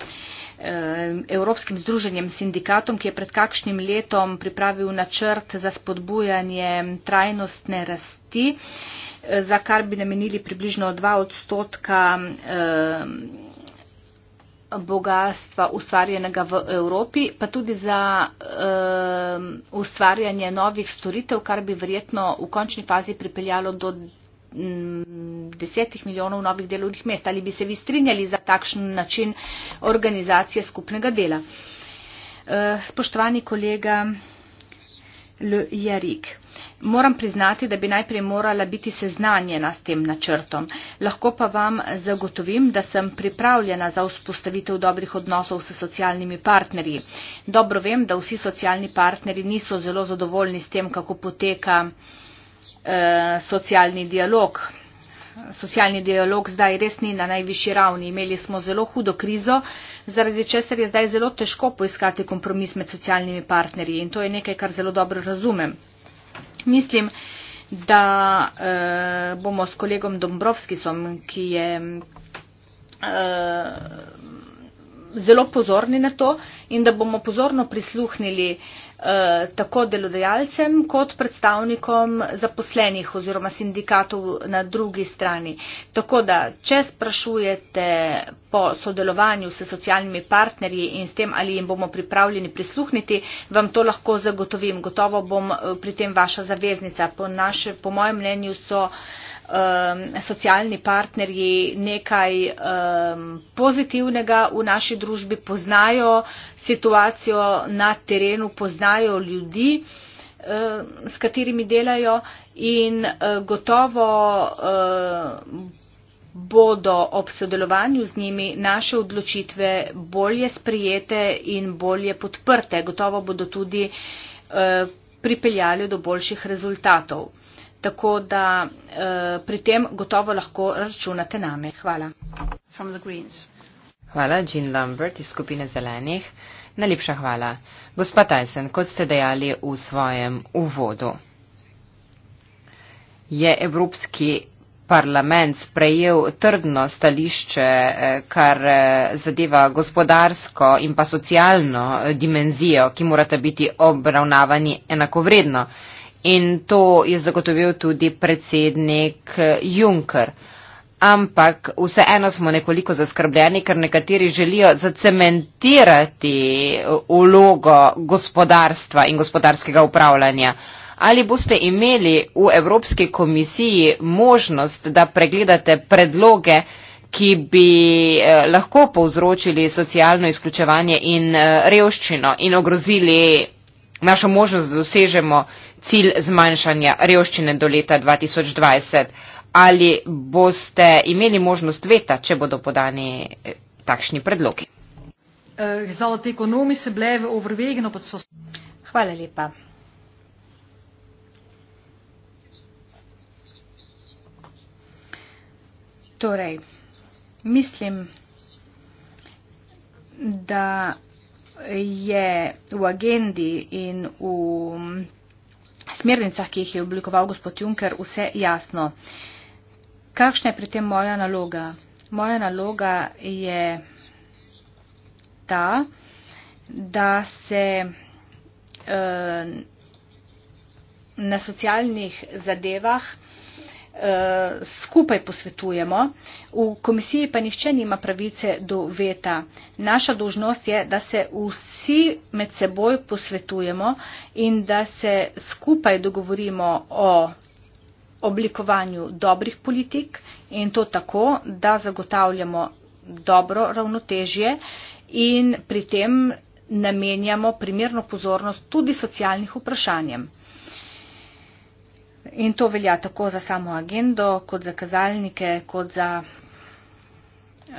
eh, Evropskim združenjem sindikatom, ki je pred kakšnim letom pripravil načrt za spodbujanje trajnostne rasti, eh, za kar bi namenili približno 2 odstotka. Eh, bogatstva ustvarjenega v Evropi, pa tudi za um, ustvarjanje novih storitev, kar bi verjetno v končni fazi pripeljalo do mm, desetih milijonov novih delovnih mest. Ali bi se vi strinjali za takšen način organizacije skupnega dela? Uh, spoštovani kolega L. Jarik moram priznati, da bi najprej morala biti seznanjena s tem načrtom. Lahko pa vam zagotovim, da sem pripravljena za vzpostavitev dobrih odnosov s socialnimi partnerji. Dobro vem, da vsi socialni partnerji niso zelo zadovoljni s tem, kako poteka eh, socialni dialog. Socialni dialog zdaj res ni na najvišji ravni. Imeli smo zelo hudo krizo, zaradi česar je zdaj zelo težko poiskati kompromis med socialnimi partnerji in to je nekaj, kar zelo dobro razumem. Mislim, da eh, bomo s kolegom Dombrovskisom, ki je eh, zelo pozorni na to in da bomo pozorno prisluhnili eh, tako delodajalcem kot predstavnikom zaposlenih oziroma sindikatov na drugi strani. Tako da, če sprašujete po sodelovanju s socialnimi partnerji in s tem, ali jim bomo pripravljeni prisluhniti, vam to lahko zagotovim. Gotovo bom eh, pri tem vaša zaveznica. Po, naše, po mojem mnenju so. Uh, um, socialni partnerji nekaj um, pozitivnega v naši družbi, poznajo situacijo na terenu, poznajo ljudi, um, s katerimi delajo in uh, gotovo um, bodo ob sodelovanju z njimi naše odločitve bolje sprijete in bolje podprte. Gotovo bodo tudi eh, uh, pripeljali do boljših rezultatov tako da eh, pri tem gotovo lahko računate name. Hvala. Hvala, Jean Lambert iz skupine zelenih. Najlepša hvala. Gospa Tyson, kot ste dejali v svojem uvodu, je Evropski parlament sprejel trdno stališče, eh, kar eh, zadeva gospodarsko in pa socialno eh, dimenzijo, ki morata biti obravnavani enakovredno in to je zagotovil tudi predsednik Juncker. Ampak vseeno smo nekoliko zaskrbljeni, ker nekateri želijo zacementirati ulogo gospodarstva in gospodarskega upravljanja. Ali boste imeli v Evropski komisiji možnost, da pregledate predloge, ki bi eh, lahko povzročili socialno izključevanje in eh, revščino in ogrozili našo možnost, da dosežemo cilj zmanjšanja revščine do leta 2020. Ali boste imeli možnost veta, če bodo podani eh, takšni predlogi? Eh, Hvala lepa. Torej, mislim, da je v agendi in v smernicah, ki jih je oblikoval gospod Juncker, vse jasno. Kakšna je pri tem moja naloga? Moja naloga je ta, da se eh, na socialnih zadevah eh, skupaj posvetujemo, V komisiji pa nišče nima pravice do veta. Naša dožnost je, da se vsi med seboj posvetujemo in da se skupaj dogovorimo o oblikovanju dobrih politik in to tako, da zagotavljamo dobro ravnotežje in pri tem namenjamo primerno pozornost tudi socialnih vprašanjem. In to velja tako za samo agendo, kot za kazalnike, kot za uh,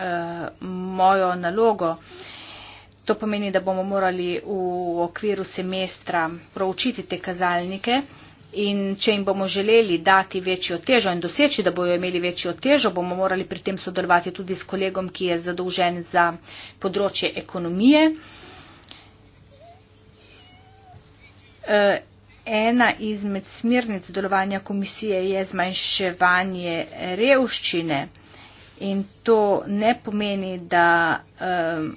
mojo nalogo. To pomeni, da bomo morali v okviru semestra proučiti te kazalnike in če jim bomo želeli dati večjo težo in doseči, da bojo imeli večjo težo, bomo morali pri tem sodelovati tudi s kolegom, ki je zadolžen za področje ekonomije. Uh, ena izmed smernic delovanja komisije je zmanjševanje revščine in to ne pomeni, da um,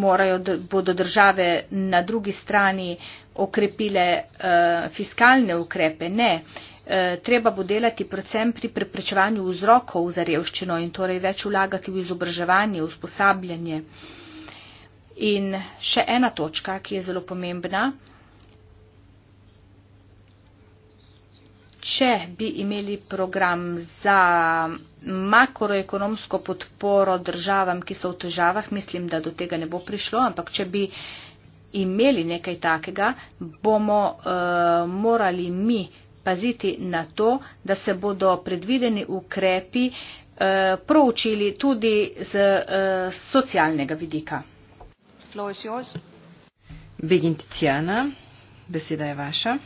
morajo, bodo države na drugi strani okrepile uh, fiskalne ukrepe. Ne, uh, treba bo delati predvsem pri preprečevanju vzrokov za revščino in torej več vlagati v izobraževanje, v usposabljanje. In še ena točka, ki je zelo pomembna. če bi imeli program za makroekonomsko podporo državam, ki so v težavah, mislim, da do tega ne bo prišlo, ampak če bi imeli nekaj takega, bomo uh, morali mi paziti na to, da se bodo predvideni ukrepi uh, proučili tudi z uh, socialnega vidika. Begin Tiziana, beseda je vaša.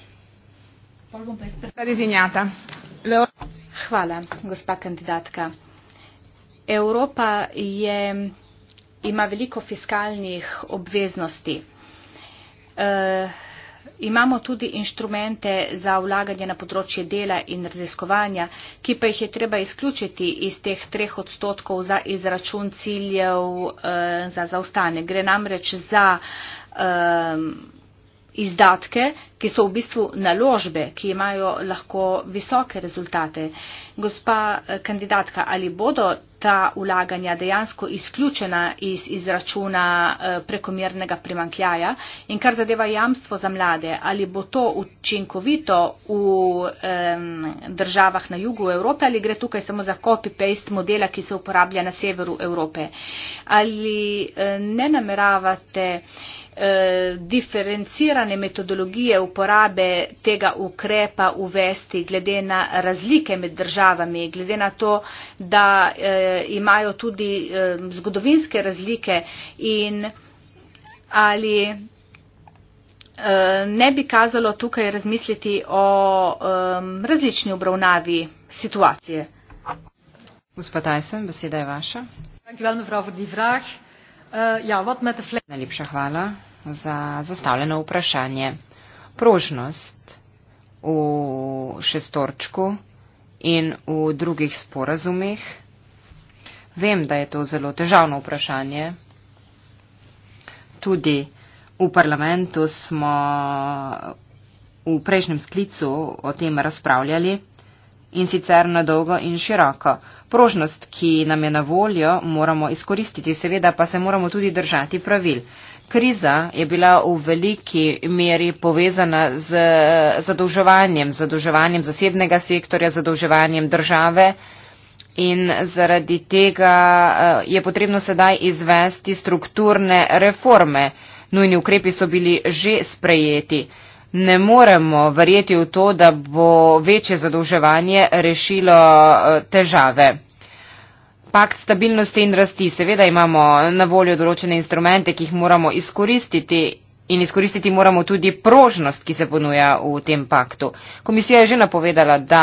Hvala, gospa kandidatka. Evropa je, ima veliko fiskalnih obveznosti. E, imamo tudi inštrumente za vlaganje na področje dela in raziskovanja, ki pa jih je treba izključiti iz teh treh odstotkov za izračun ciljev e, za zaostane. Gre namreč za. E, izdatke, ki so v bistvu naložbe, ki imajo lahko visoke rezultate. Gospa eh, kandidatka, ali bodo ta ulaganja dejansko izključena iz izračuna eh, prekomernega primankljaja? In kar zadeva jamstvo za mlade, ali bo to učinkovito v um, državah na jugu Evrope ali gre tukaj samo za copy-paste modela, ki se uporablja na severu Evrope? Ali um, ne nameravate Eh, diferencirane metodologije uporabe tega ukrepa uvesti glede na razlike med državami, glede na to, da eh, imajo tudi eh, zgodovinske razlike in ali ne bi kazalo tukaj razmisliti o različni obravnavi situacije. Gospod Tyson, beseda je vaša. Ja, Najlepša hvala za zastavljeno vprašanje. Prožnost v šestorčku in v drugih sporazumih. Vem, da je to zelo težavno vprašanje. Tudi v parlamentu smo v prejšnjem sklicu o tem razpravljali in sicer na dolgo in široko. Prožnost, ki nam je na voljo, moramo izkoristiti, seveda pa se moramo tudi držati pravil kriza je bila v veliki meri povezana z eh, zadolževanjem, zadolževanjem zasebnega sektorja, zadolževanjem države in zaradi tega eh, je potrebno sedaj izvesti strukturne reforme. Nujni ukrepi so bili že sprejeti. Ne moremo verjeti v to, da bo večje zadolževanje rešilo eh, težave. Pakt stabilnosti in rasti. Seveda imamo na voljo določene instrumente, ki jih moramo izkoristiti in izkoristiti moramo tudi prožnost, ki se ponuja v tem paktu. Komisija je že napovedala, da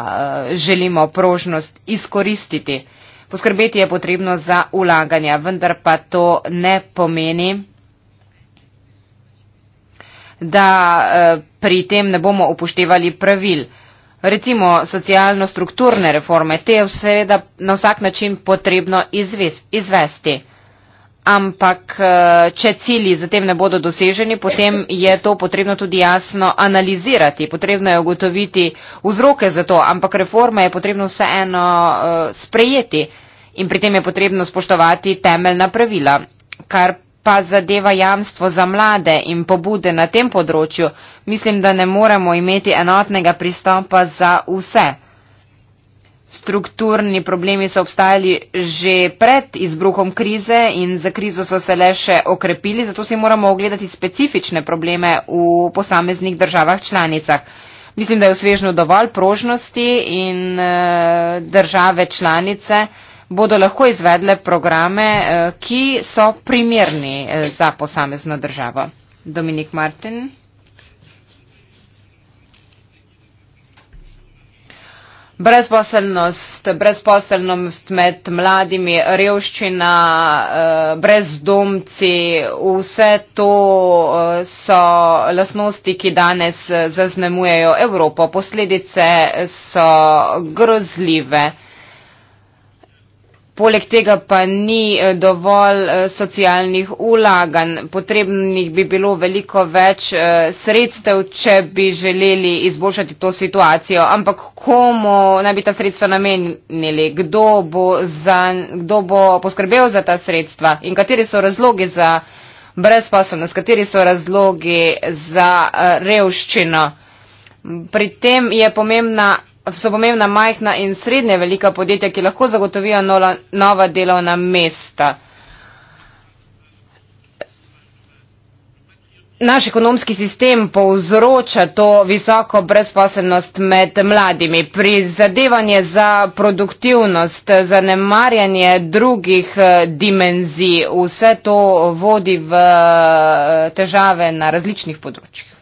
eh, želimo prožnost izkoristiti. Poskrbeti je potrebno za ulaganja, vendar pa to ne pomeni, da eh, pri tem ne bomo upoštevali pravil recimo socialno-strukturne reforme, te je seveda na vsak način potrebno izves, izvesti. Ampak, eh, če cilji zatem ne bodo doseženi, potem je to potrebno tudi jasno analizirati, potrebno je ugotoviti vzroke za to, ampak reforme je potrebno vseeno eh, sprejeti in pri tem je potrebno spoštovati temeljna pravila, kar pa zadeva jamstvo za mlade in pobude na tem področju, mislim, da ne moremo imeti enotnega pristopa za vse. Strukturni problemi so obstajali že pred izbruhom krize in za krizo so se le še okrepili, zato si moramo ogledati specifične probleme v posameznih državah članicah. Mislim, da je v svežnju dovolj prožnosti in eh, države članice bodo lahko izvedle programe, eh, ki so primerni eh, za posamezno državo. Dominik Martin. Brezposelnost, brezposelnost med mladimi, revščina, eh, brezdomci, vse to so lasnosti, ki danes zaznemujejo Evropo. Posledice so grozljive. Poleg tega pa ni eh, dovolj eh, socialnih ulaganj. Potrebnih bi bilo veliko več eh, sredstev, če bi želeli izboljšati to situacijo. Ampak komu naj bi ta sredstva namenili? Kdo bo, za, kdo bo poskrbel za ta sredstva? In kateri so razlogi za brezposobnost? Kateri so razlogi za revščino? Pri tem je pomembna so pomembna majhna in srednje velika podjetja, ki lahko zagotovijo nola, nova delovna mesta. Naš ekonomski sistem povzroča to visoko brezposelnost med mladimi. Prizadevanje za produktivnost, zanemarjanje drugih eh, dimenzij, vse to vodi v eh, težave na različnih področjih.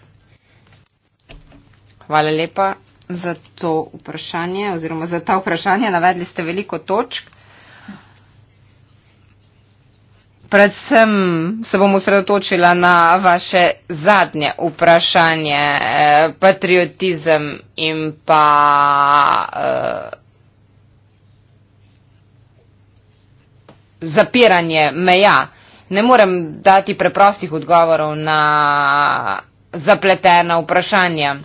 Hvala lepa za to vprašanje oziroma za ta vprašanja. Navedli ste veliko točk. Predvsem se bom usredotočila na vaše zadnje vprašanje, eh, patriotizem in pa eh, zapiranje meja. Ne morem dati preprostih odgovorov na zapletena vprašanja.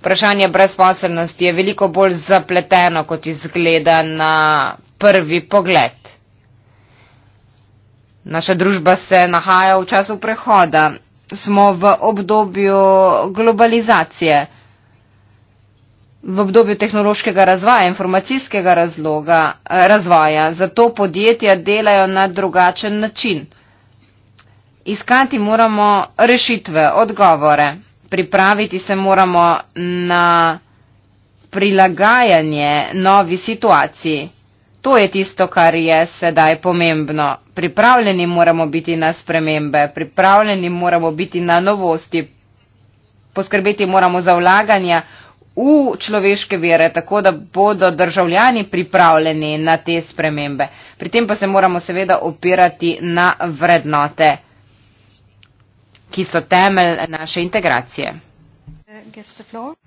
Vprašanje brezposelnosti je veliko bolj zapleteno, kot izgleda na prvi pogled. Naša družba se nahaja v času prehoda. Smo v obdobju globalizacije, v obdobju tehnološkega razvoja, informacijskega razloga, eh, razvoja. Zato podjetja delajo na drugačen način. Iskati moramo rešitve, odgovore pripraviti se moramo na prilagajanje novi situaciji. To je tisto, kar je sedaj pomembno. Pripravljeni moramo biti na spremembe, pripravljeni moramo biti na novosti, poskrbeti moramo za vlaganja v človeške vere, tako da bodo državljani pripravljeni na te spremembe. Pri tem pa se moramo seveda opirati na vrednote ki so temelj naše integracije.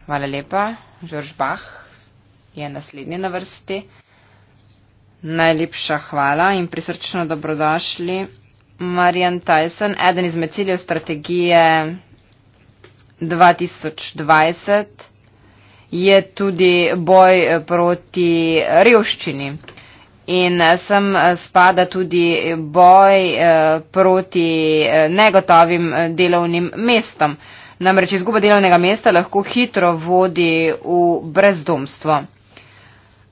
Hvala lepa. Žorž Bah je naslednji na vrsti. Najlepša hvala in prisrčno dobrodošli. Marian Tyson, eden izmed ciljev strategije 2020 je tudi boj proti revščini, In eh, sem eh, spada tudi boj eh, proti negotovim delovnim mestom. Namreč izguba delovnega mesta lahko hitro vodi v brezdomstvo.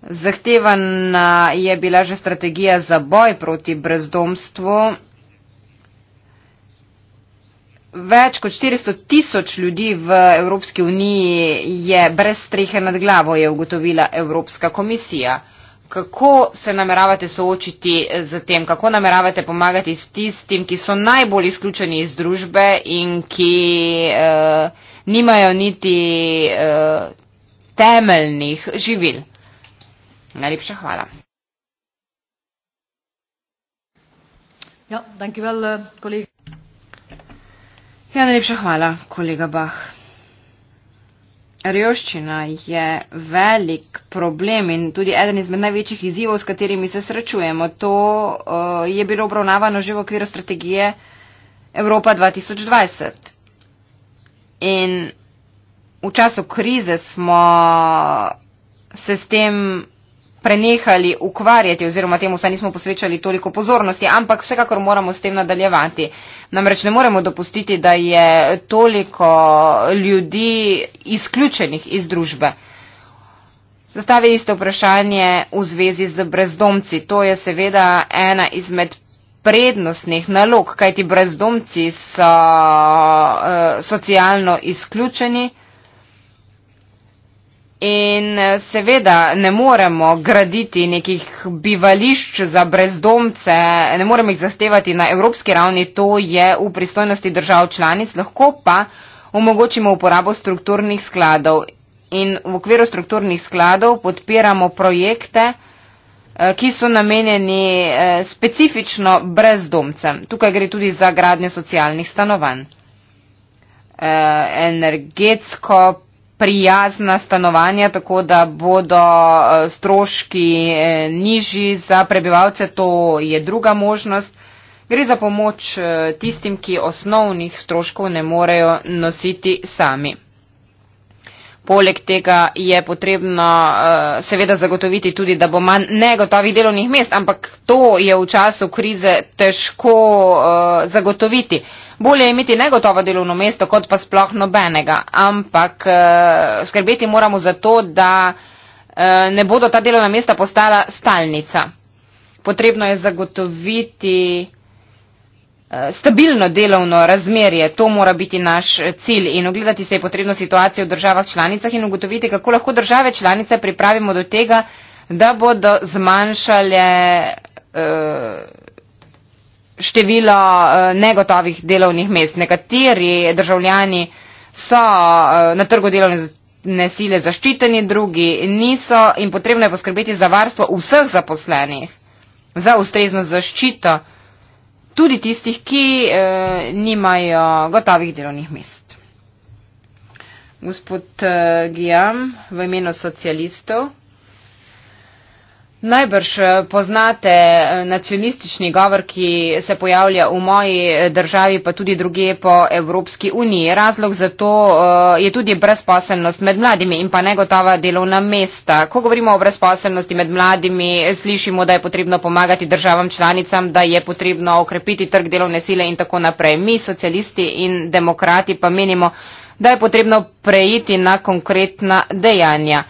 Zahtevana je bila že strategija za boj proti brezdomstvu. Več kot 400 tisoč ljudi v Evropski uniji je brez strehe nad glavo, je ugotovila Evropska komisija kako se nameravate soočiti eh, z tem, kako nameravate pomagati s tistim, ki so najbolj izključeni iz družbe in ki uh, nimajo niti uh, temeljnih živil. Najlepša hvala. Ja, well, uh, ja najlepša hvala, kolega Bah. Revščina je velik problem in tudi eden izmed največjih izzivov, s katerimi se srečujemo. To uh, je bilo obravnavano že v okviru strategije Evropa 2020. In v času krize smo se s tem prenehali ukvarjati oziroma temu se nismo posvečali toliko pozornosti, ampak vsekakor moramo s tem nadaljevati. Uh, Namreč ne moremo dopustiti, da je toliko ljudi izključenih iz družbe. Zastavi isto vprašanje v zvezi z brezdomci. To je seveda ena izmed prednostnih nalog, kajti brezdomci so uh, socialno izključeni. In eh, seveda ne moremo graditi nekih bivališč za brezdomce, ne moremo jih zahtevati na evropski ravni, to je v pristojnosti držav članic, lahko pa omogočimo uporabo strukturnih skladov. In v okviru strukturnih skladov podpiramo projekte, eh, ki so namenjeni eh, specifično brezdomcem. Tukaj gre tudi za gradnjo socialnih stanovanj. Energetsko prijazna stanovanja, tako da bodo e, stroški e, nižji za prebivalce, to je druga možnost. Gre za pomoč e, tistim, ki osnovnih stroškov ne morejo nositi sami. Poleg tega je potrebno uh, seveda zagotoviti tudi, da bo manj negotovih delovnih mest, ampak to je v času krize težko uh, zagotoviti. Bolje je imeti negotovo delovno mesto, kot pa sploh nobenega. Ampak uh, skrbeti moramo za to, da uh, ne bodo ta delovna mesta postala stalnica. Potrebno je zagotoviti. Eh, stabilno delovno razmerje, to mora biti naš eh, cilj in ogledati se je potrebno situacijo v državah članicah in ugotoviti, kako lahko države članice pripravimo do tega, da bodo zmanjšale eh, število negotovih delovnih mest. Nekateri državljani so na trgu delovne nesile zaščiteni, drugi niso in potrebno je poskrbeti za varstvo vseh zaposlenih, za ustrezno zaščito tudi tistih, ki eh, nimajo gotovih delovnih mest. Gospod eh, Gijam, v imenu socialistov. Najbrž eh, poznate eh, nacionalistični govor, ki se pojavlja v moji eh, državi, pa tudi druge po Evropski uniji. Razlog za to je tudi brezposelnost med mladimi in pa negotova delovna mesta. Ko govorimo o brezposelnosti med mladimi, slišimo, da je potrebno pomagati državam članicam, da je potrebno okrepiti trg delovne sile in tako naprej. Mi, socialisti in demokrati, pa menimo, da je potrebno preiti na konkretna dejanja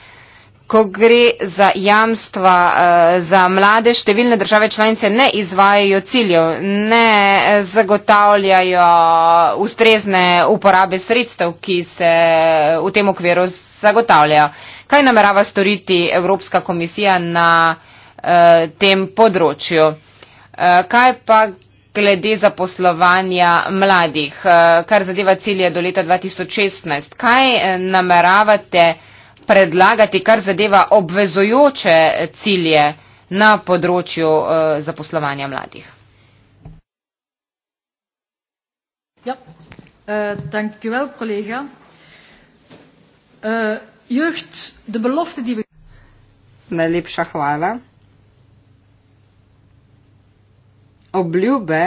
ko gre za jamstva eh, za mlade, številne države članice ne izvajajo ciljev, ne eh, zagotavljajo ustrezne uporabe sredstev, ki se eh, v tem okviru zagotavljajo. Kaj namerava storiti Evropska komisija na tem področju? Kaj pa glede zaposlovanja mladih, kar zadeva cilje do leta 2016? Kaj nameravate? predlagati, kar zadeva obvezojoče cilje na področju uh, zaposlovanja mladih. Ja, eh, dankjewel uh, kolega. Uh, eh, jeugd, de belofte die we... Najlepša hvala. Obljube,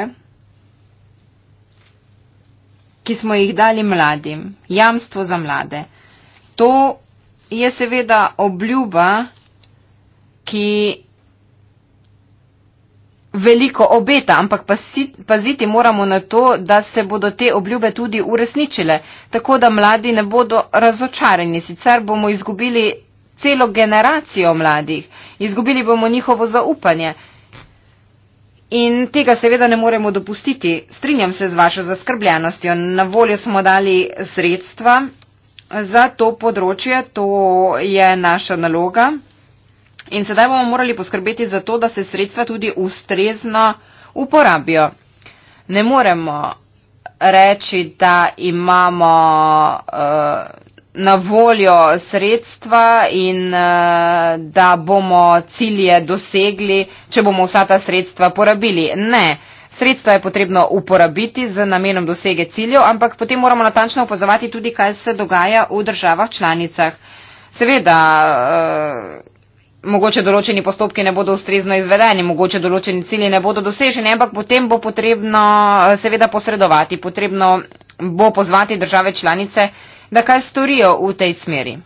ki smo jih dali mladim, jamstvo za mlade. To je seveda obljuba, ki veliko obeta, ampak paziti moramo na to, da se bodo te obljube tudi uresničile, tako da mladi ne bodo razočarani. Sicer bomo izgubili celo generacijo mladih, izgubili bomo njihovo zaupanje. In tega seveda ne moremo dopustiti. Strinjam se z vašo zaskrbljenostjo. Na voljo smo dali sredstva, za to področje, to je naša naloga. In sedaj bomo morali poskrbeti za to, da se sredstva tudi ustrezno uporabijo. Ne moremo reči, da imamo uh, na voljo sredstva in uh, da bomo cilje dosegli, če bomo vsa ta sredstva porabili. Ne. Uh, sredstva je potrebno uporabiti z namenom dosege ciljev, ampak potem moramo natančno opazovati tudi, kaj se dogaja v državah članicah. Seveda, eh, mogoče določeni postopki ne bodo ustrezno izvedeni, mogoče določeni cilji ne bodo doseženi, ampak potem bo potrebno eh, seveda posredovati, potrebno bo pozvati države članice, da kaj storijo v tej smeri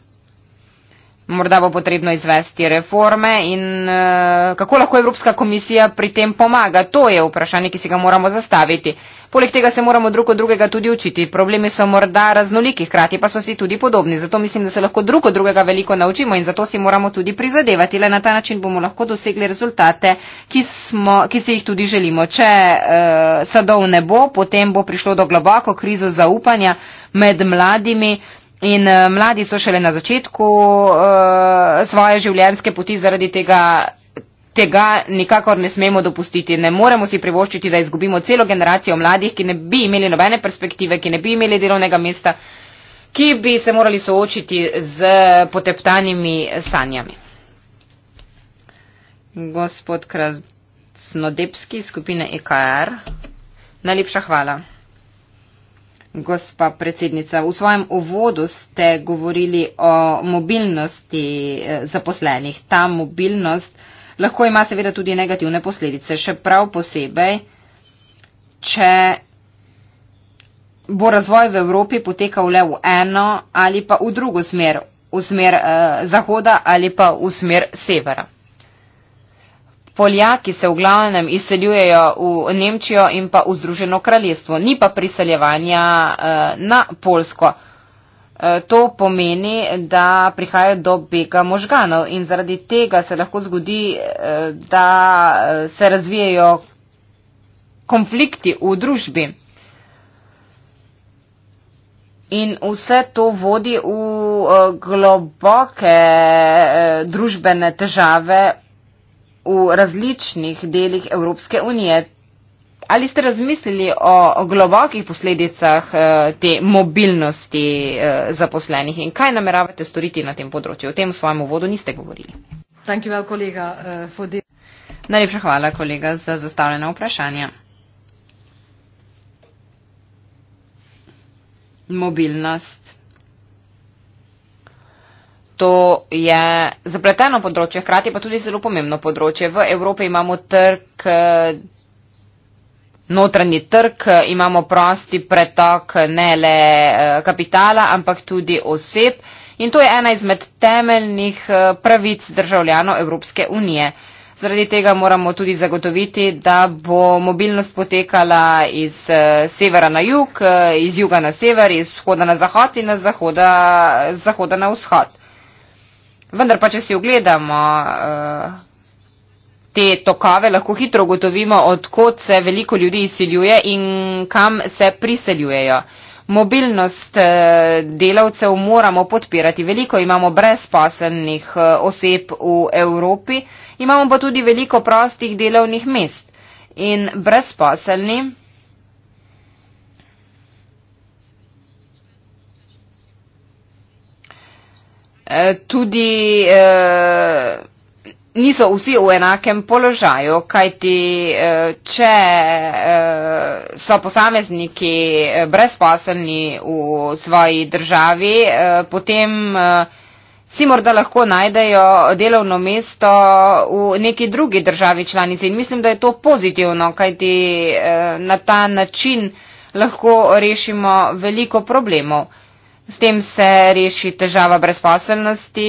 morda bo potrebno izvesti reforme in uh, kako lahko Evropska komisija pri tem pomaga. To je vprašanje, ki si ga moramo zastaviti. Poleg tega se moramo drug od drugega tudi učiti. Problemi so morda raznoliki, hkrati pa so si tudi podobni. Zato mislim, da se lahko drug od drugega veliko naučimo in zato si moramo tudi prizadevati. Le na ta način bomo lahko dosegli rezultate, ki, smo, ki si jih tudi želimo. Če uh, sadov ne bo, potem bo prišlo do globoko krizo zaupanja med mladimi. In uh, mladi so šele na začetku uh, svoje življenjske poti zaradi tega. Tega nikakor ne smemo dopustiti. Ne moremo si privoščiti, da izgubimo celo generacijo mladih, ki ne bi imeli nobene perspektive, ki ne bi imeli delovnega mesta, ki bi se morali soočiti z poteptanimi sanjami. Gospod Krasnodebski, skupina EKR, najlepša hvala. Gospa predsednica, v svojem uvodu ste govorili o mobilnosti eh, zaposlenih. Ta mobilnost lahko ima seveda tudi negativne posledice, še prav posebej, če bo razvoj v Evropi potekal le v eno ali pa v drugo smer, v smer eh, zahoda ali pa v smer severa. Poljaki se v glavnem izseljujejo v Nemčijo in pa v Združeno kraljestvo, ni pa priseljevanja eh, na Polsko. Eh, to pomeni, da prihaja do bega možganov in zaradi tega se lahko zgodi, eh, da se razvijajo konflikti v družbi. In vse to vodi v globoke družbene težave, v različnih delih Evropske unije. Ali ste razmislili o globokih posledicah eh, te mobilnosti eh, zaposlenih in kaj nameravate storiti na tem področju? O tem v svojem uvodu niste govorili. Well, eh, Najlepša hvala, kolega, za zastavljena vprašanja. Mobilnost. To je zapleteno področje, hkrati pa tudi zelo pomembno področje. V Evropi imamo trg, eh, notranji trg, imamo prosti pretok ne le eh, kapitala, ampak tudi oseb. In to je ena izmed temeljnih eh, pravic državljanov Evropske unije. Zaradi tega moramo tudi zagotoviti, da bo mobilnost potekala iz severa na jug, iz juga na sever, iz vzhoda na zahod in iz zahoda, zahoda na vzhod. Vendar pa, če si ogledamo eh, te tokave, lahko hitro ugotovimo, odkot se veliko ljudi izsiljuje in kam se priseljujejo. Mobilnost eh, delavcev moramo podpirati. Veliko imamo brezposelnih eh, oseb v Evropi, imamo pa tudi veliko prostih delovnih mest. In brezposelni. Eh, tudi eh, niso vsi v enakem položaju, kajti eh, če so posamezniki brezposelni v svoji državi, potem si morda lahko najdejo delovno mesto v neki drugi državi članici. In mislim, da je to pozitivno, kajti na ta način lahko rešimo veliko problemov. S tem se reši težava brezposelnosti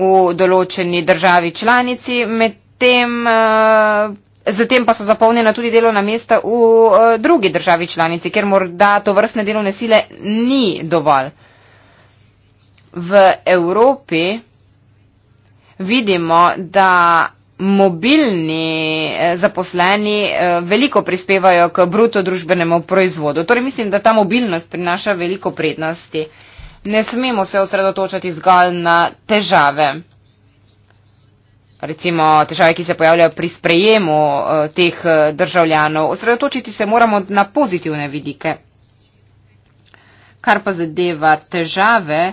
v določeni državi članici, medtem Zatem eh, pa so zapolnjena tudi delovna mesta v eh, drugi državi članici, ker morda to vrstne delovne sile ni dovolj. V Evropi vidimo, da mobilni eh, zaposleni eh, veliko prispevajo k bruto družbenemu proizvodu. Torej mislim, da ta mobilnost prinaša veliko prednosti. Ne smemo se osredotočati zgolj na težave. Recimo težave, ki se pojavljajo pri sprejemu eh, teh državljanov. Osredotočiti se moramo na pozitivne vidike. Kar pa zadeva težave,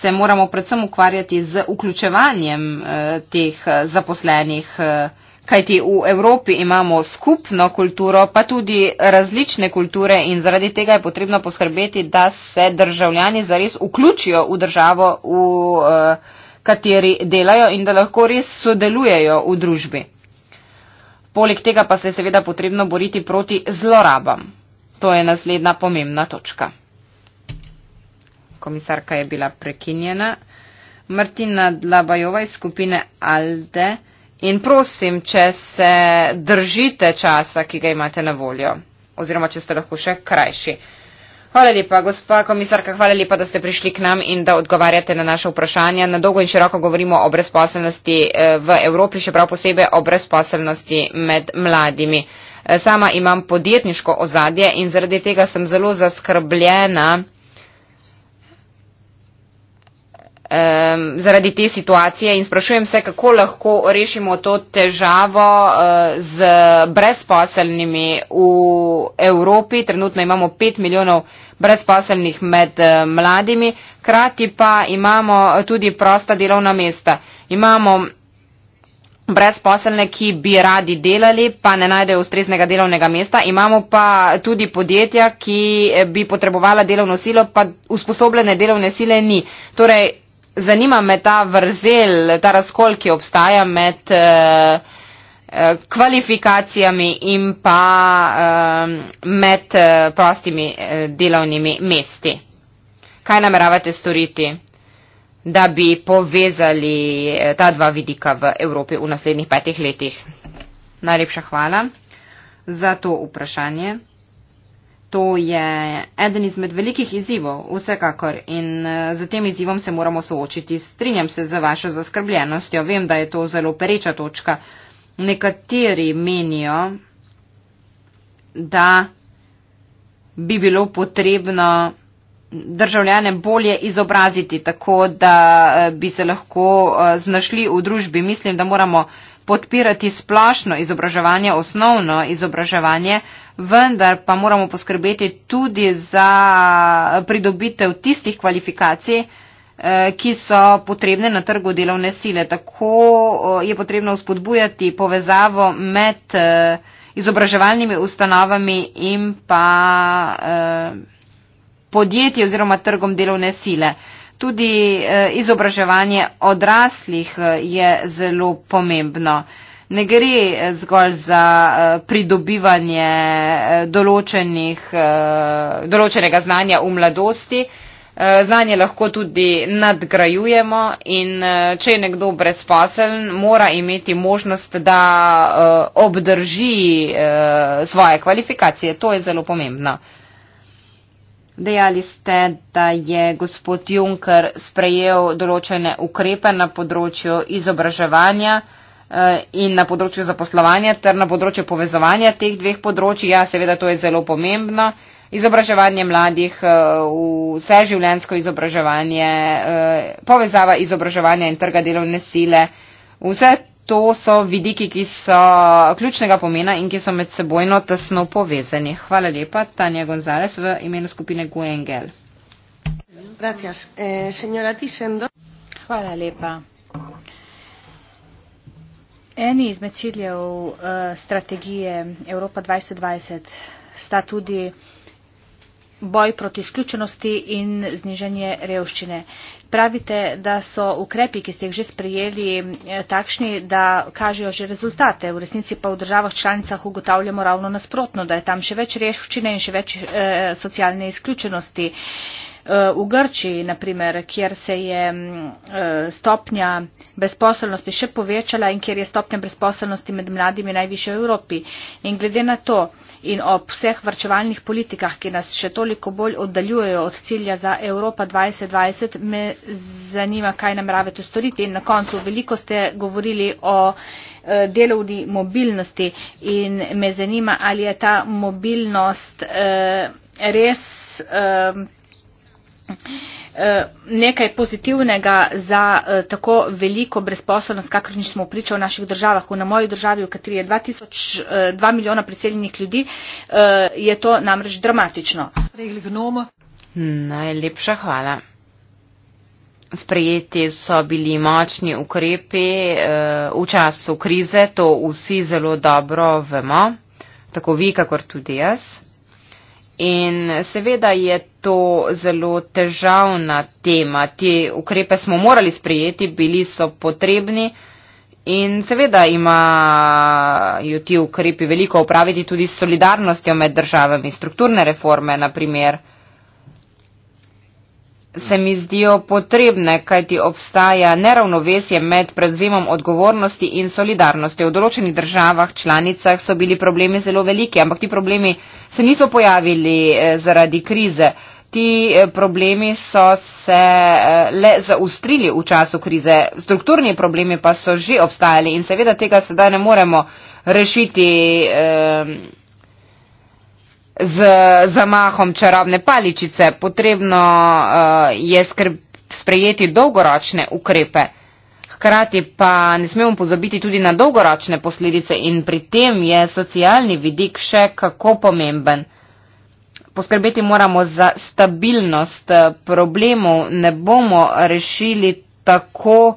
se moramo predvsem ukvarjati z vključevanjem eh, teh eh, zaposlenih, eh, kajti v Evropi imamo skupno kulturo, pa tudi različne kulture in zaradi tega je potrebno poskrbeti, da se državljani zares vključijo v državo, v kateri delajo in da lahko res sodelujejo v družbi. Poleg tega pa se je seveda potrebno boriti proti zlorabam. To je naslednja pomembna točka komisarka je bila prekinjena. Martina Dlabajova iz skupine Alde in prosim, če se držite časa, ki ga imate na voljo, oziroma če ste lahko še krajši. Hvala lepa, gospa komisarka, hvala lepa, da ste prišli k nam in da odgovarjate na naše vprašanja. Na dolgo in široko govorimo o brezposelnosti eh, v Evropi, še prav posebej o brezposelnosti med mladimi. Eh, sama imam podjetniško ozadje in zaradi tega sem zelo zaskrbljena. um, zaradi te situacije in sprašujem se, kako lahko rešimo to težavo uh, z brezposelnimi v Evropi. Trenutno imamo 5 milijonov brezposelnih med uh, mladimi, krati pa imamo tudi prosta delovna mesta. Imamo brezposelne, ki bi radi delali, pa ne najdejo ustreznega delovnega mesta. Imamo pa tudi podjetja, ki bi potrebovala delovno silo, pa usposobljene delovne sile ni. Torej, zanima me ta vrzel, ta razkol, ki obstaja med eh, eh, kvalifikacijami in pa eh, med prostimi delovnimi mesti. Kaj nameravate storiti, da bi povezali ta dva vidika v Evropi v naslednjih petih letih? Najlepša hvala za to vprašanje. To je eden izmed velikih izzivov, vsekakor, in eh, z tem izzivom se moramo soočiti. Strinjam se za vašo zaskrbljenostjo, vem, da je to zelo pereča točka. Nekateri menijo, da bi bilo potrebno državljane bolje izobraziti, tako da eh, bi se lahko eh, znašli v družbi. Mislim, da moramo podpirati splošno izobraževanje, osnovno izobraževanje, vendar pa moramo poskrbeti tudi za pridobitev tistih kvalifikacij, eh, ki so potrebne na trgu delovne sile. Tako eh, je potrebno vzpodbujati povezavo med eh, izobraževalnimi ustanovami in pa podjetji oziroma trgom delovne sile tudi eh, izobraževanje odraslih eh, je zelo pomembno. Ne gre eh, zgolj za pridobivanje določenega znanja v mladosti. Znanje lahko tudi nadgrajujemo in če je nekdo brezposeln, mora imeti možnost, da obdrži svoje kvalifikacije. To je zelo pomembno. Dejali ste, da je gospod Juncker sprejel določene ukrepe na področju izobraževanja eh, in na področju zaposlovanja ter na področju povezovanja teh dveh področji. Ja, seveda to je zelo pomembno. Izobraževanje mladih, eh, vse življensko izobraževanje, eh, povezava izobraževanja in trga delovne sile, vse to so vidiki, ki so ključnega pomena in ki so med sebojno tesno povezani. Hvala lepa, Tanja Gonzalez v imenu skupine Guengel. Eh, Hvala lepa. Eni izmed ciljev uh, strategije Evropa 2020 sta tudi boj proti izključenosti in znižanje revščine. Pravite, da so ukrepi, ki ste jih že sprejeli, eh, takšni, da kažejo že rezultate. V resnici pa v državah članicah ugotavljamo ravno nasprotno, da je tam še več revščine in še več eh, socialne izključenosti. Eh, v Grčiji, naprimer, kjer se je mm, eh, stopnja brezposelnosti še povečala in kjer je stopnja brezposelnosti med mladimi najviše v Evropi. In glede na to, in ob vseh vrčevalnih politikah, ki nas še toliko bolj oddaljujejo od cilja za Evropa 2020, me zanima, kaj nameravate storiti. In na koncu veliko ste govorili o eh, delovni mobilnosti in me zanima, ali je ta mobilnost eh, res. Eh, Eh, nekaj pozitivnega za eh, tako veliko brezposobnost, kakršni smo priča v naših državah. V na moji državi, v kateri je 2 eh, milijona priseljenih ljudi, je to namreč dramatično. Najlepša hvala. Sprejeti so bili močni ukrepi v času krize, to vsi zelo dobro vemo, tako vi, kakor tudi jaz. In seveda je to zelo težavna tema. Te ukrepe smo morali sprejeti, bili so potrebni in seveda imajo ti ukrepi veliko upraviti tudi s solidarnostjo med državami, strukturne reforme naprimer se mi zdijo potrebne, kajti obstaja neravnovesje med prevzemom odgovornosti in solidarnosti. V določenih državah, članicah so bili problemi zelo veliki, ampak ti problemi se niso pojavili eh, zaradi krize. Ti eh, problemi so se eh, le zaustrili v času krize. Strukturni problemi pa so že obstajali in seveda tega sedaj ne moremo rešiti. Eh, z zamahom čarobne paličice. Potrebno uh, je skrb, sprejeti dolgoročne ukrepe. Hkrati pa ne smemo pozabiti tudi na dolgoročne posledice in pri tem je socialni vidik še kako pomemben. Poskrbeti moramo za stabilnost eh, problemov. Ne bomo rešili tako, uh,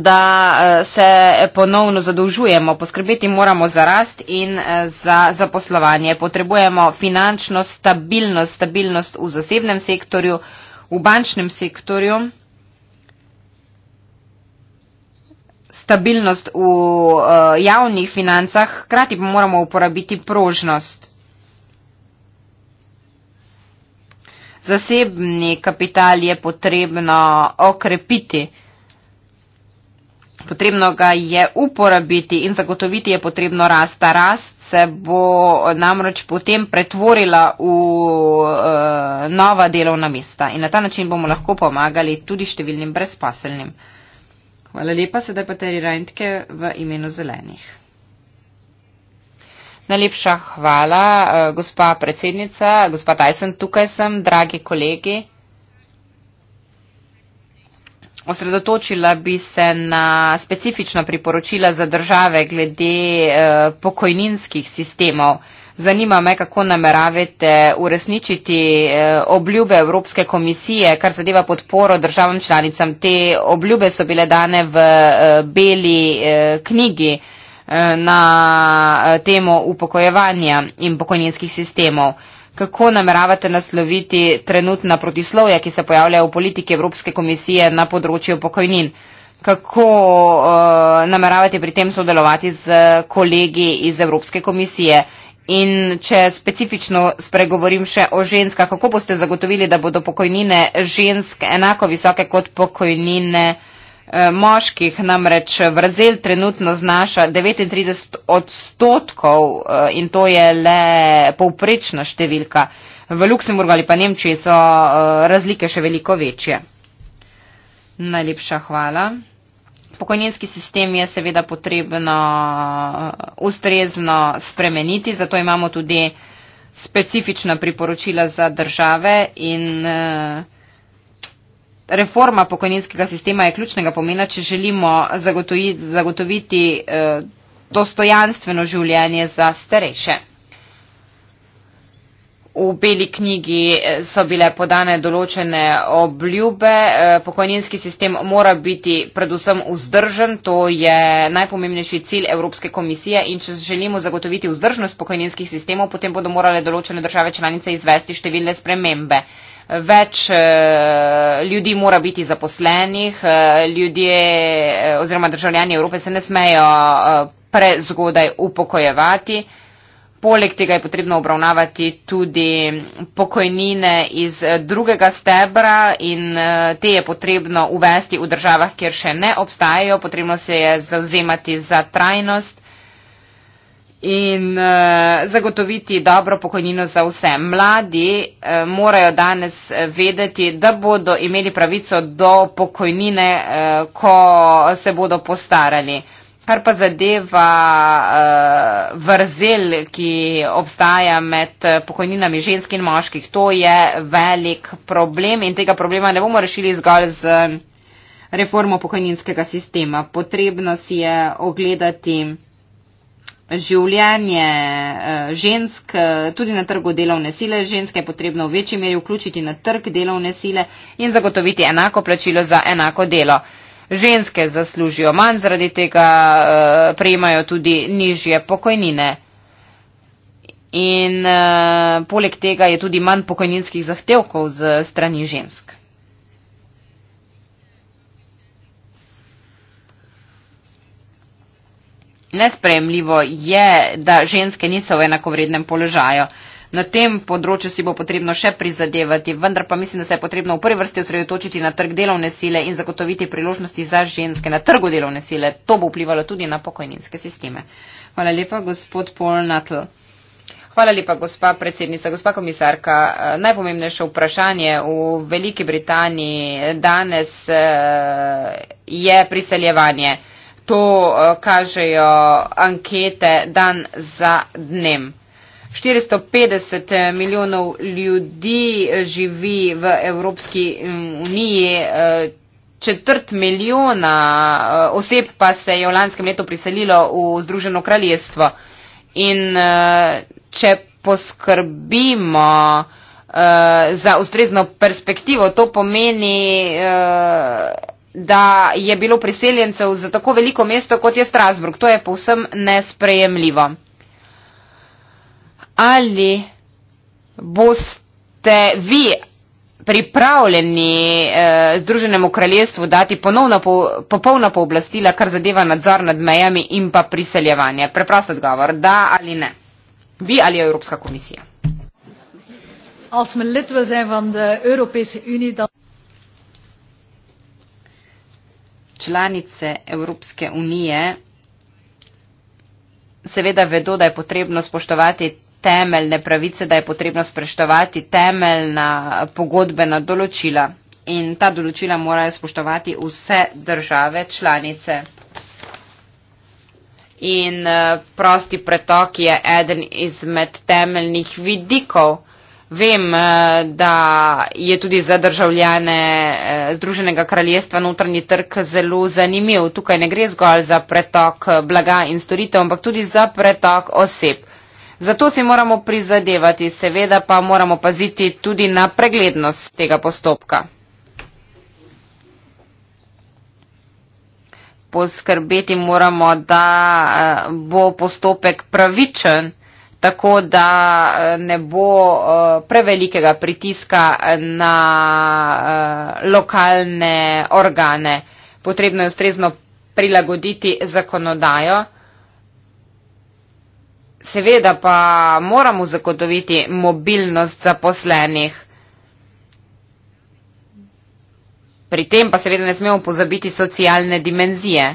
da eh, se ponovno zadolžujemo. Poskrbeti moramo za rast in eh, za zaposlovanje. Potrebujemo finančno stabilnost, stabilnost v zasebnem sektorju, v bančnem sektorju, stabilnost v eh, javnih financah, hkrati pa moramo uporabiti prožnost. Zasebni kapital je potrebno okrepiti. Potrebno ga je uporabiti in zagotoviti je potrebno rast. Ta rast se bo namreč potem pretvorila v uh, nova delovna mesta in na ta način bomo lahko pomagali tudi številnim brezposelnim. Hvala lepa, sedaj pa Teri Rajntke v imenu zelenih. Najlepša hvala, eh, gospa predsednica, gospa Tyson, tukaj sem, dragi kolegi. Osredotočila bi se na specifična priporočila za države glede eh, pokojninskih sistemov. Zanima me, kako nameravate uresničiti eh, obljube Evropske komisije, kar zadeva podporo državam članicam. Te obljube so bile dane v eh, beli knjigi na temo upokojevanja in pokojninskih sistemov. Kako nameravate nasloviti trenutna protislovja, ki se pojavljajo v politiki Evropske komisije na področju pokojnin? Kako uh, nameravate pri tem sodelovati z kolegi iz Evropske komisije? In če specifično spregovorim še o ženskah, kako boste zagotovili, da bodo pokojnine žensk enako visoke kot pokojnine uh, Eh, moških namreč vrzel trenutno znaša 39 odstotkov eh, in to je le povprečna številka. V Luksemburgu ali pa Nemčiji so eh, razlike še veliko večje. Najlepša hvala. Pokojninski sistem je seveda potrebno ustrezno spremeniti, zato imamo tudi specifična priporočila za države in uh, reforma pokojninskega sistema je ključnega pomena, če želimo zagotoviti, zagotoviti eh, dostojanstveno življenje za starejše. V beli knjigi eh, so bile podane določene obljube. Eh, pokojninski sistem mora biti predvsem vzdržen, to je najpomembnejši cilj Evropske komisije in če želimo zagotoviti vzdržnost pokojninskih sistemov, potem bodo morale določene države članice izvesti številne spremembe. Več eh, ljudi mora biti zaposlenih, eh, ljudje eh, oziroma državljani Evrope se ne smejo prezgodaj upokojevati. Poleg tega je potrebno obravnavati tudi pokojnine iz drugega stebra in te je potrebno uvesti v državah, kjer še ne obstajajo. Potrebno se je zauzemati za trajnost In uh, zagotoviti dobro pokojnino za vse. Mladi uh, morajo danes eh, vedeti, da bodo imeli pravico do pokojnine, uh, ko se bodo postarali. Kar pa zadeva uh, vrzel, ki obstaja med pokojninami žensk in moških, to je velik problem in tega problema ne bomo rešili zgolj z reformo pokojninskega sistema. Potrebno si je ogledati življenje eh, žensk, eh, tudi na trgu delovne sile. Ženske je potrebno v večji meri vključiti na trg delovne sile in zagotoviti enako plačilo za enako delo. Ženske zaslužijo manj, zaradi tega eh, prejemajo tudi nižje pokojnine. In poleg tega je tudi manj pokojninskih zahtevkov z strani žensk. Nespremljivo je, da ženske niso v enakovrednem položaju. Na tem področju si bo potrebno še prizadevati, vendar pa mislim, da se je potrebno v prvi vrsti osredotočiti na trg delovne sile in zagotoviti priložnosti za ženske na trgu delovne sile. To bo vplivalo tudi na pokojninske sisteme. Hvala lepa, gospod Paul Natl. Hvala lepa, gospa predsednica, gospa komisarka. Eh, najpomembnejše vprašanje v Veliki Britaniji danes eh, je priseljevanje. To eh, kažejo ankete dan za dnem. 450 eh, milijonov ljudi eh, živi v Evropski mm, uniji, četrt milijona oseb pa se je v lanskem letu priselilo v Združeno kraljestvo. In če poskrbimo za ustrezno perspektivo, to pomeni da je bilo priseljencev za tako veliko mesto, kot je Strasburg. To je povsem nesprejemljivo. Ali boste vi pripravljeni eh, Združenemu kraljestvu dati ponovno po, popolna pooblastila, kar zadeva nadzor nad mejami in pa priseljevanje? Preprost odgovor, da ali ne. Vi ali Evropska komisija? Als me lid wil zijn van de Europese Unie, dan. članice Evropske unije seveda vedo, da je potrebno spoštovati temeljne pravice, da je potrebno spoštovati temeljna pogodbena določila in ta določila morajo spoštovati vse države članice. In eh, prosti pretok je eden izmed temeljnih vidikov Vem, eh, da je tudi za državljane eh, Združenega kraljestva notranji trg zelo zanimiv. Tukaj ne gre zgolj za pretok eh, blaga in storitev, ampak tudi za pretok oseb. Zato si moramo prizadevati, seveda pa moramo paziti tudi na preglednost tega postopka. Poskrbeti moramo, da bo postopek pravičen tako da eh, ne bo eh, prevelikega pritiska na eh, lokalne organe. Potrebno je ustrezno prilagoditi zakonodajo. Seveda pa moramo zagotoviti mobilnost zaposlenih. Pri tem pa seveda ne smemo pozabiti socialne dimenzije.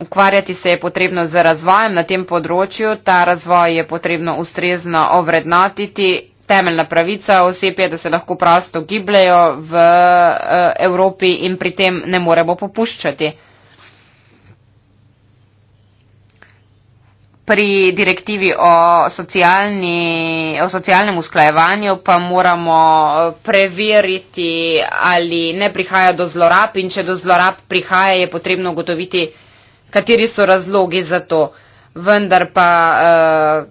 Ukvarjati se je potrebno z razvojem na tem področju, ta razvoj je potrebno ustrezno ovrednotiti. Temeljna pravica oseb je, da se lahko prosto gibljajo v eh, Evropi in pri tem ne moremo popuščati. Pri direktivi o, socialni, o socialnem usklajevanju pa moramo eh, preveriti, ali ne prihaja do zlorab in če do zlorab prihaja, je potrebno ugotoviti, kateri so razlogi za to. Vendar pa eh,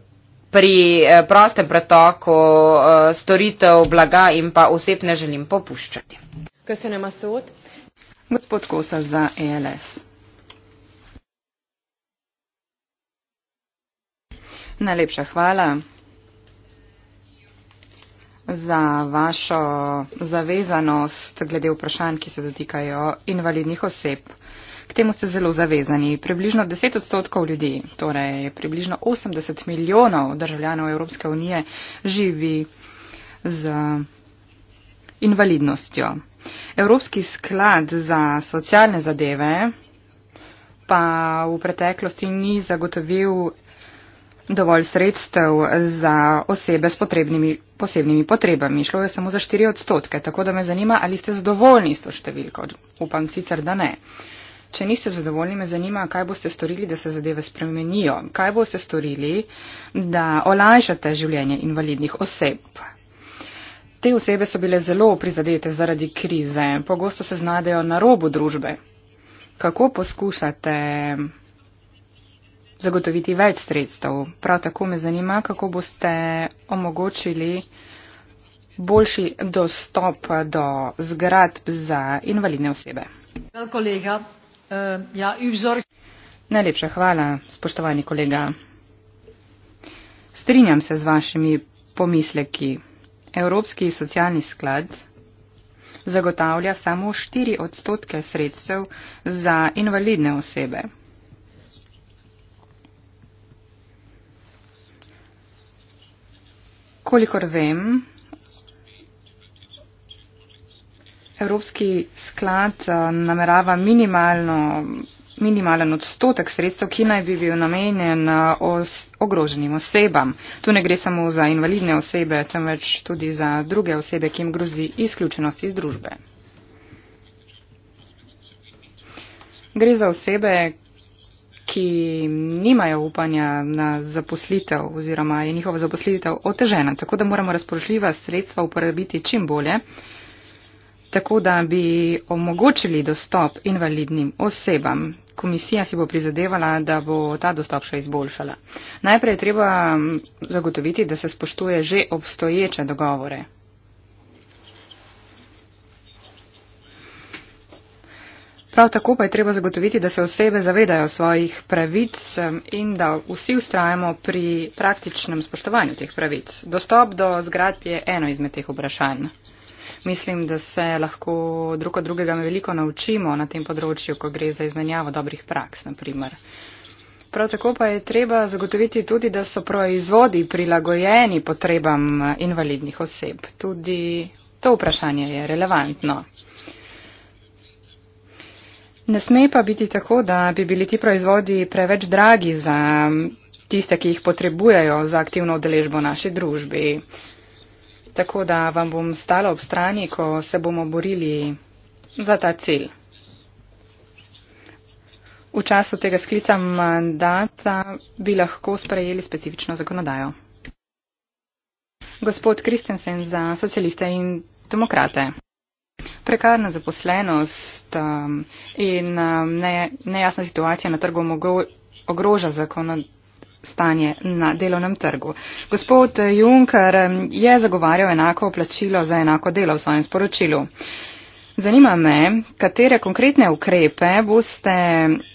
pri eh, prostem pretoku eh, storitev blaga in pa oseb ne želim popuščati. Kaj se nema sod? Gospod Kosa za ELS. Najlepša hvala za vašo zavezanost glede vprašanj, ki se dotikajo invalidnih oseb temu ste zelo zavezani. Približno 10 odstotkov ljudi, torej približno 80 milijonov državljanov Evropske unije, živi z invalidnostjo. Evropski sklad za socialne zadeve pa v preteklosti ni zagotovil dovolj sredstev za osebe s potrebnimi, posebnimi potrebami. Šlo je samo za 4 odstotke, tako da me zanima, ali ste zadovoljni s to številko. Upam sicer, da ne. Uh, Če niste zadovoljni, me zanima, kaj boste storili, da se zadeve spremenijo. Kaj boste storili, da olajšate življenje invalidnih oseb? Te osebe so bile zelo prizadete zaradi krize, pogosto se znadejo na robu družbe. Kako poskušate zagotoviti več sredstev? Prav tako me zanima, kako boste omogočili boljši dostop do zgradb za invalidne osebe. Hvala, kolega. Eh, ja, Najlepša hvala, spoštovani kolega. Strinjam se z vašimi pomisleki. Evropski socialni sklad zagotavlja samo 4 odstotke sredstev za invalidne osebe. Kolikor vem, Evropski sklad eh, namerava minimalno, minimalen odstotek sredstev, ki naj bi bil namenjen eh, os, ogroženim osebam. Tu ne gre samo za invalidne osebe, temveč tudi za druge osebe, ki jim grozi izključenost iz družbe. Gre za osebe, ki nimajo upanja na zaposlitev oziroma je njihova zaposlitev otežena, tako da moramo razpoložljiva sredstva uporabiti čim bolje tako da bi omogočili dostop invalidnim osebam. Komisija si bo prizadevala, da bo ta dostop še izboljšala. Najprej je treba zagotoviti, da se spoštuje že obstoječe dogovore. Prav tako pa je treba zagotoviti, da se osebe zavedajo svojih pravic in da vsi ustrajamo pri praktičnem spoštovanju teh pravic. Dostop do zgradb je eno izmed teh vprašanj. Mislim, da se lahko drug od drugega veliko naučimo na tem področju, ko gre za izmenjavo dobrih praks, naprimer. Prav tako pa je treba zagotoviti tudi, da so proizvodi prilagojeni potrebam invalidnih oseb. Tudi to vprašanje je relevantno. Ne sme pa biti tako, da bi bili ti proizvodi preveč dragi za tiste, ki jih potrebujejo za aktivno udeležbo v naši družbi. Tako da vam bom stala ob strani, ko se bomo borili za ta cilj. V času tega sklica mandata bi lahko sprejeli specifično zakonodajo. Gospod Kristensen za socialiste in demokrate. Prekarna zaposlenost um, in um, nejasna situacija na trgu ogroža zakonodajo stanje na delovnem trgu. Gospod Juncker je zagovarjal enako plačilo za enako delo v svojem sporočilu. Zanima me, katere konkretne ukrepe boste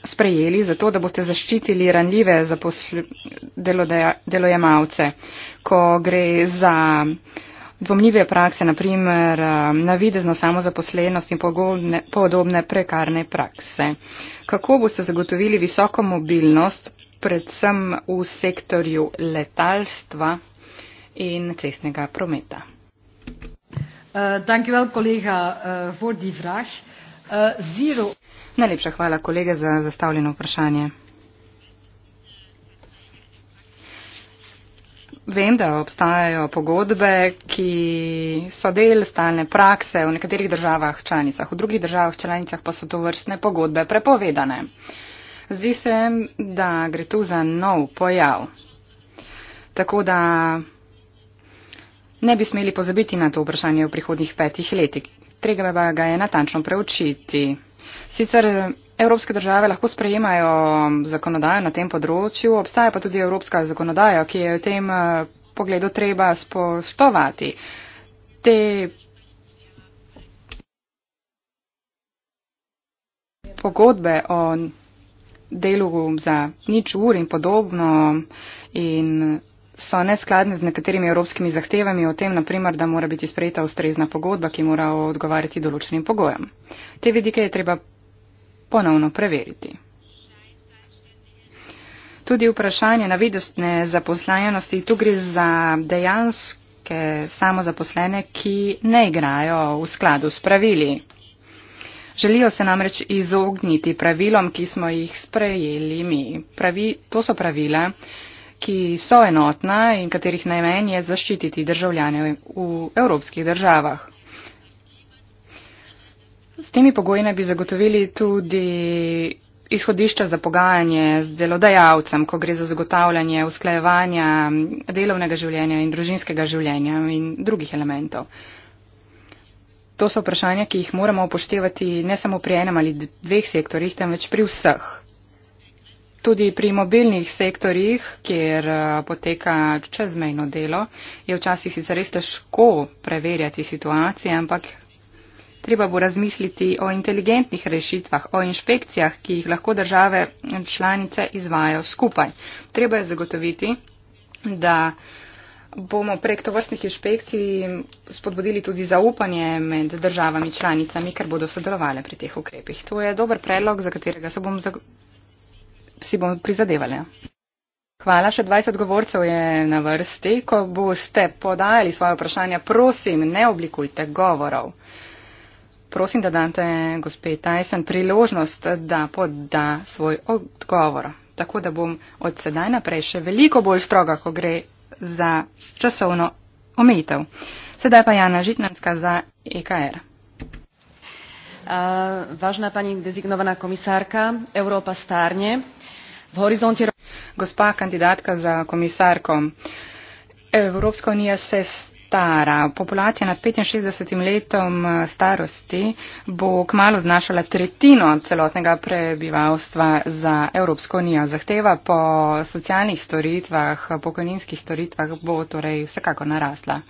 sprejeli za to, da boste zaščitili ranljive delojemalce, ko gre za dvomljive prakse, naprimer navidezno samozaposlenost in podobne prekarne prakse. Kako boste zagotovili visoko mobilnost predvsem v sektorju letalstva in cestnega prometa. Uh, well, kolega, uh, uh, zero... Najlepša hvala, kolega, za zastavljeno vprašanje. Vem, da obstajajo pogodbe, ki so del stalne prakse v nekaterih državah članicah, v drugih državah članicah pa so to vrstne pogodbe prepovedane. Uh, Zdi se, da gre tu za nov pojav. Tako da ne bi smeli pozabiti na to vprašanje v prihodnih petih letih. Treba ga je natančno preučiti. Sicer evropske države lahko sprejemajo zakonodajo na tem področju, obstaja pa tudi evropska zakonodaja, ki je v tem eh, pogledu treba spoštovati. Te pogodbe o delu za nič ur in podobno in so neskladne z nekaterimi evropskimi zahtevami o tem, naprimer, da mora biti sprejeta ustrezna pogodba, ki mora odgovarjati določenim pogojem. Te vidike je treba ponovno preveriti. Tudi vprašanje navidostne zaposlenosti, tu gre za dejanske samozaposlene, ki ne igrajo v skladu s pravili. Želijo se namreč izogniti pravilom, ki smo jih sprejeli mi. Pravi, to so pravila, ki so enotna in katerih najmen je zaščititi državljane v evropskih državah. S temi pogoji naj bi zagotovili tudi izhodišča za pogajanje z delodajalcem, ko gre za zagotavljanje usklajevanja delovnega življenja in družinskega življenja in drugih elementov to so vprašanja, ki jih moramo upoštevati ne samo pri enem ali dveh sektorjih, temveč pri vseh. Tudi pri mobilnih sektorjih, kjer eh, poteka čezmejno delo, je včasih sicer res težko preverjati situacijo, ampak treba bo razmisliti o inteligentnih rešitvah, o inšpekcijah, ki jih lahko države članice izvajo skupaj. Treba je zagotoviti, da bomo prek tovrstnih inšpekcij spodbudili tudi zaupanje med državami članicami, ker bodo sodelovali pri teh ukrepih. To je dober predlog, za katerega bom za... si bom prizadevala. Hvala, še 20 govorcev je na vrsti. Ko boste podajali svoje vprašanja, prosim, ne oblikujte govorov. Prosim, da date gospe Tyson priložnost, da poda svoj odgovor. Tako da bom od sedaj naprej še veliko bolj stroga, ko gre za časovno omejitev. Sedaj pa Jana Žitnanska za EKR. Uh, važna pani dezignovana komisarka, Evropa starnje. Horizonti... Gospa kandidatka za komisarko, Evropska unija se stara. Populacija nad 65 letom eh, starosti bo kmalo znašala tretjino celotnega prebivalstva za Evropsko unijo. Zahteva po socialnih storitvah, pokojninskih storitvah bo torej vsekako narasla.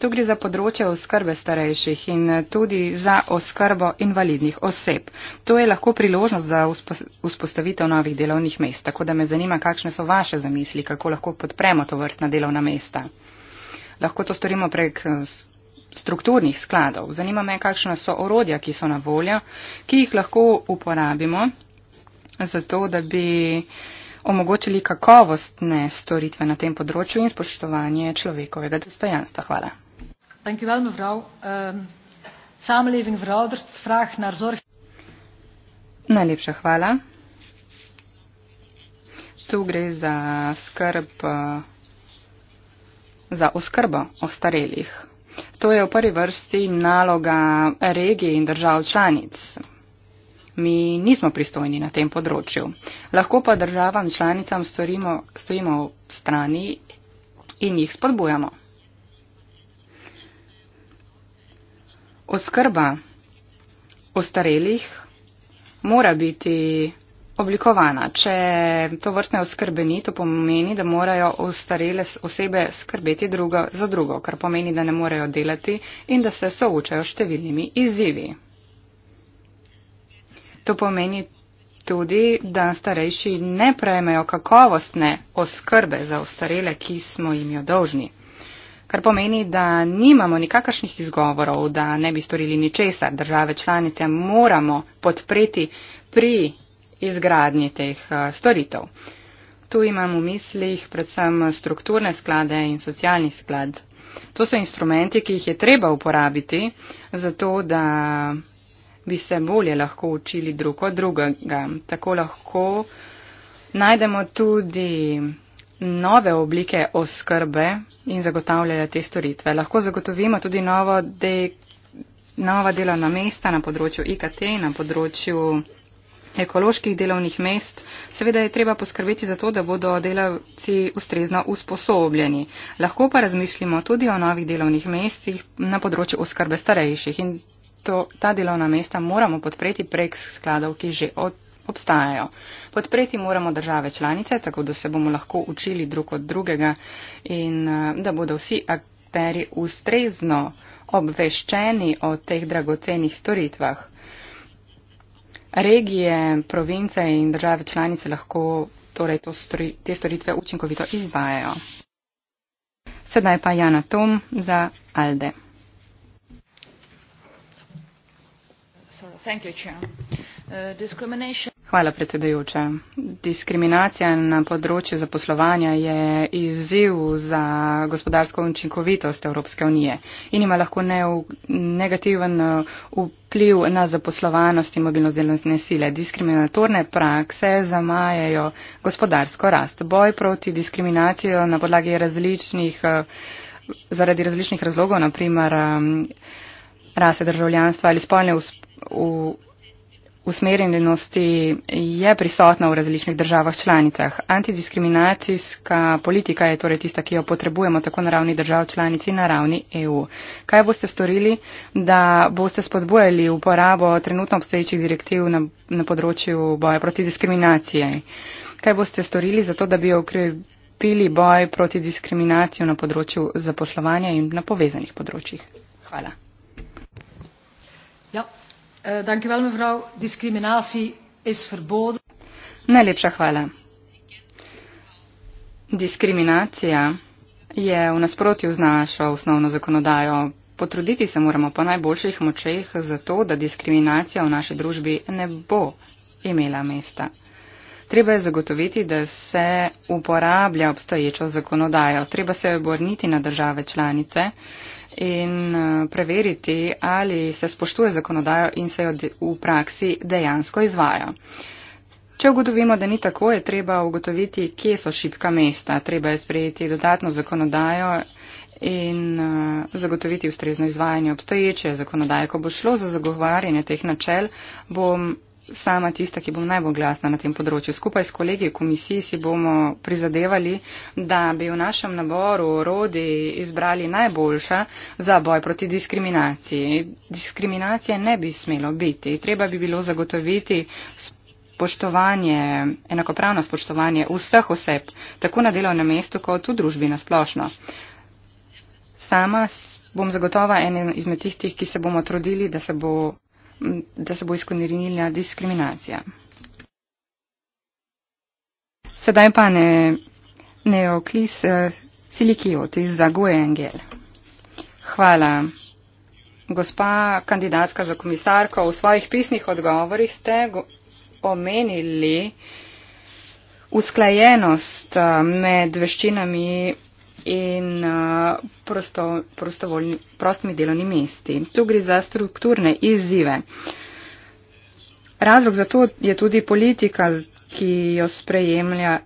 Tu gre za področje oskrbe starejših in eh, tudi za oskrbo invalidnih oseb. To je lahko priložnost za vzpostavitev novih delovnih mest, tako da me zanima, kakšne so vaše zamisli, kako lahko podpremo to vrstna delovna mesta. Lahko to storimo prek eh, strukturnih skladov. Zanima me, kakšna so orodja, ki so na voljo, ki jih lahko uporabimo za to, da bi omogočili kakovostne storitve na tem področju in spoštovanje človekovega dostojanstva. Hvala. Ehm, Najlepša hvala. Tu gre za skrb. Uh, za oskrbo ostarelih. To je v prvi vrsti naloga regije in držav članic. Mi nismo pristojni na tem področju. Lahko pa državam članicam storimo, stojimo v strani in jih spodbujamo. Oskrba ostarelih mora biti oblikovana. Če to vrstne oskrbe ni, to pomeni, da morajo ostarele osebe skrbeti druga za drugo, kar pomeni, da ne morejo delati in da se soočajo s številnimi izzivi. To pomeni tudi, da starejši ne prejmejo kakovostne oskrbe za ostarele, ki smo jim jo dolžni. Kar pomeni, da nimamo nikakršnih izgovorov, da ne bi storili ničesar. Države članice moramo podpreti pri izgradnji teh eh, storitev. Tu imam v mislih predvsem strukturne sklade in socialni sklad. To so instrumenti, ki jih je treba uporabiti, zato da bi se bolje lahko učili drug od drugega. Tako lahko najdemo tudi nove oblike oskrbe in zagotavljanja te storitve. Lahko zagotovimo tudi novo de, nova delovna mesta na področju IKT, na področju ekoloških delovnih mest, seveda je treba poskrbeti za to, da bodo delavci ustrezno usposobljeni. Lahko pa razmislimo tudi o novih delovnih mestih na področju oskrbe starejših in to, ta delovna mesta moramo podpreti prek skladov, ki že od obstajajo. Podpreti moramo države članice, tako da se bomo lahko učili drug od drugega in da bodo vsi akteri ustrezno obveščeni o teh dragocenih storitvah regije, province in države članice lahko torej to stori, te storitve učinkovito izvajajo. Sedaj pa Jana Tom za Alde. So, Eh, Hvala, predsedajoča. Diskriminacija na področju zaposlovanja je izziv za gospodarsko učinkovitost Evropske unije in ima lahko ne negativen eh, vpliv na zaposlovanost in mobilnost delovne sile. Diskriminatorne prakse zamajajo gospodarsko rast. Boj proti diskriminacijo na podlagi različnih, eh, zaradi različnih razlogov, naprimer rase državljanstva ali spolne usporednosti, usmerjenosti je prisotna v različnih državah članicah. Antidiskriminacijska politika je torej tista, ki jo potrebujemo tako na ravni držav članic in na ravni EU. Kaj boste storili, da boste spodbojali uporabo trenutno obstoječih direktiv na, na področju boja proti diskriminaciji? Kaj boste storili za to, da bi okrepili boj proti diskriminacijo na področju zaposlovanja in na povezanih področjih? Hvala. Eh, Najlepša hvala. Diskriminacija je v nasprotju z našo osnovno zakonodajo. Potruditi se moramo po najboljših močeh za to, da diskriminacija v naši družbi ne bo imela mesta. Treba je zagotoviti, da se uporablja obstoječo zakonodajo. Treba se je obrniti na države članice in eh, preveriti, ali se spoštuje zakonodajo in se jo v praksi dejansko izvaja. Če ugotovimo, da ni tako, je treba ugotoviti, kje so šipka mesta. Treba je sprejeti dodatno zakonodajo in eh, zagotoviti ustrezno izvajanje obstoječe zakonodaje. Ko bo šlo za zagovarjanje teh načel, bom sama tista, ki bom najbolj glasna na tem področju. Skupaj s kolegi v komisiji si bomo prizadevali, da bi v našem naboru orodi izbrali najboljša za boj proti diskriminaciji. Diskriminacije ne bi smelo biti. Treba bi bilo zagotoviti spoštovanje, enakopravno spoštovanje vseh oseb, tako na delovnem mestu, kot v družbi nasplošno. Sama bom zagotova en izmed tistih, ki se bomo trudili, da se bo da se bo izkonirinila diskriminacija. Sedaj pa ne neoklis eh, silikiot iz Zagoje Engel. Hvala. Gospa kandidatka za komisarko, v svojih pisnih odgovorih ste omenili usklajenost eh, med veščinami in uh, prosto, prostovoljni, prostimi delovnimi mesti. Tu gre za strukturne izzive. Razlog za to je tudi politika, ki jo sprejemlja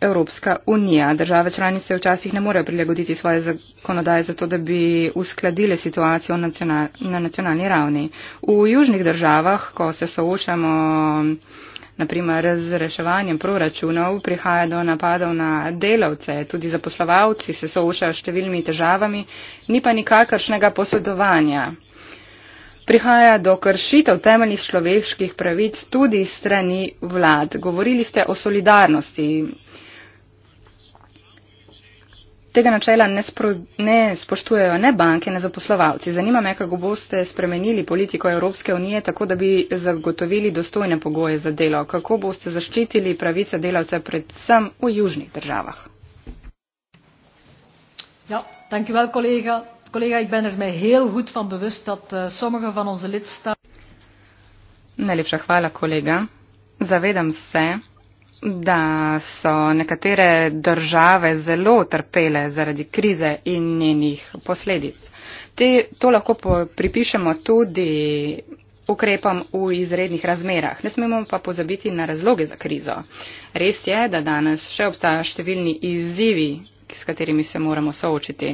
Evropska unija. Države članice včasih ne morejo prilagoditi svoje zakonodaje za to, da bi uskladile situacijo nacional, na nacionalni ravni. V južnih državah, ko se soočamo naprimer z reševanjem proračunov, prihaja do napadov na delavce, tudi zaposlovalci se soočajo s številnimi težavami, ni pa nikakršnega posodovanja. Prihaja do kršitev temeljnih človeških pravic tudi strani vlad. Govorili ste o solidarnosti tega načela ne, spro, ne spoštujejo ne banke, ne zaposlovalci. Zanima me, kako boste spremenili politiko Evropske unije tako, da bi zagotovili dostojne pogoje za delo. Kako boste zaščitili pravice delavcev predvsem v južnih državah? Ja, dankjewel kolega. Kolega, ik ben er mij heel goed van bewust dat uh, sommige van onze lidstaten. Najlepša hvala, kolega. Zavedam se, da so nekatere države zelo trpele zaradi krize in njenih posledic. Te, to lahko po, pripišemo tudi ukrepom v izrednih razmerah. Ne smemo pa pozabiti na razloge za krizo. Res je, da danes še obstajajo številni izzivi, s katerimi se moramo soočiti.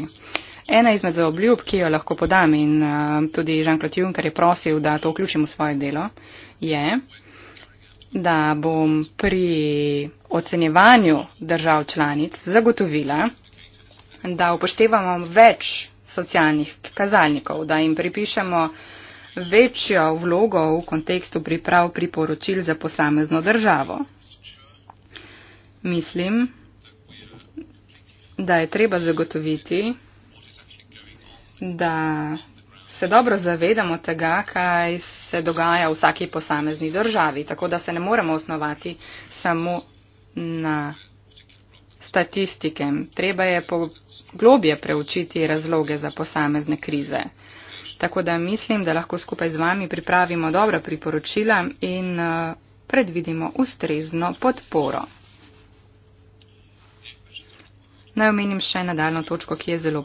Ena izmed zaobljub, ki jo lahko podam in uh, tudi Jean-Claude Juncker je prosil, da to vključimo v svoje delo, je, da bom pri ocenjevanju držav članic zagotovila, da upoštevamo več socialnih kazalnikov, da jim pripišemo večjo vlogo v kontekstu priprav priporočil za posamezno državo. Mislim, da je treba zagotoviti, da se dobro zavedamo tega, kaj se dogaja v vsaki posamezni državi, tako da se ne moremo osnovati samo na statistike. Treba je globje preučiti razloge za posamezne krize. Tako da mislim, da lahko skupaj z vami pripravimo dobra priporočila in eh, predvidimo ustrezno podporo. Naj omenim še nadaljno točko, ki je zelo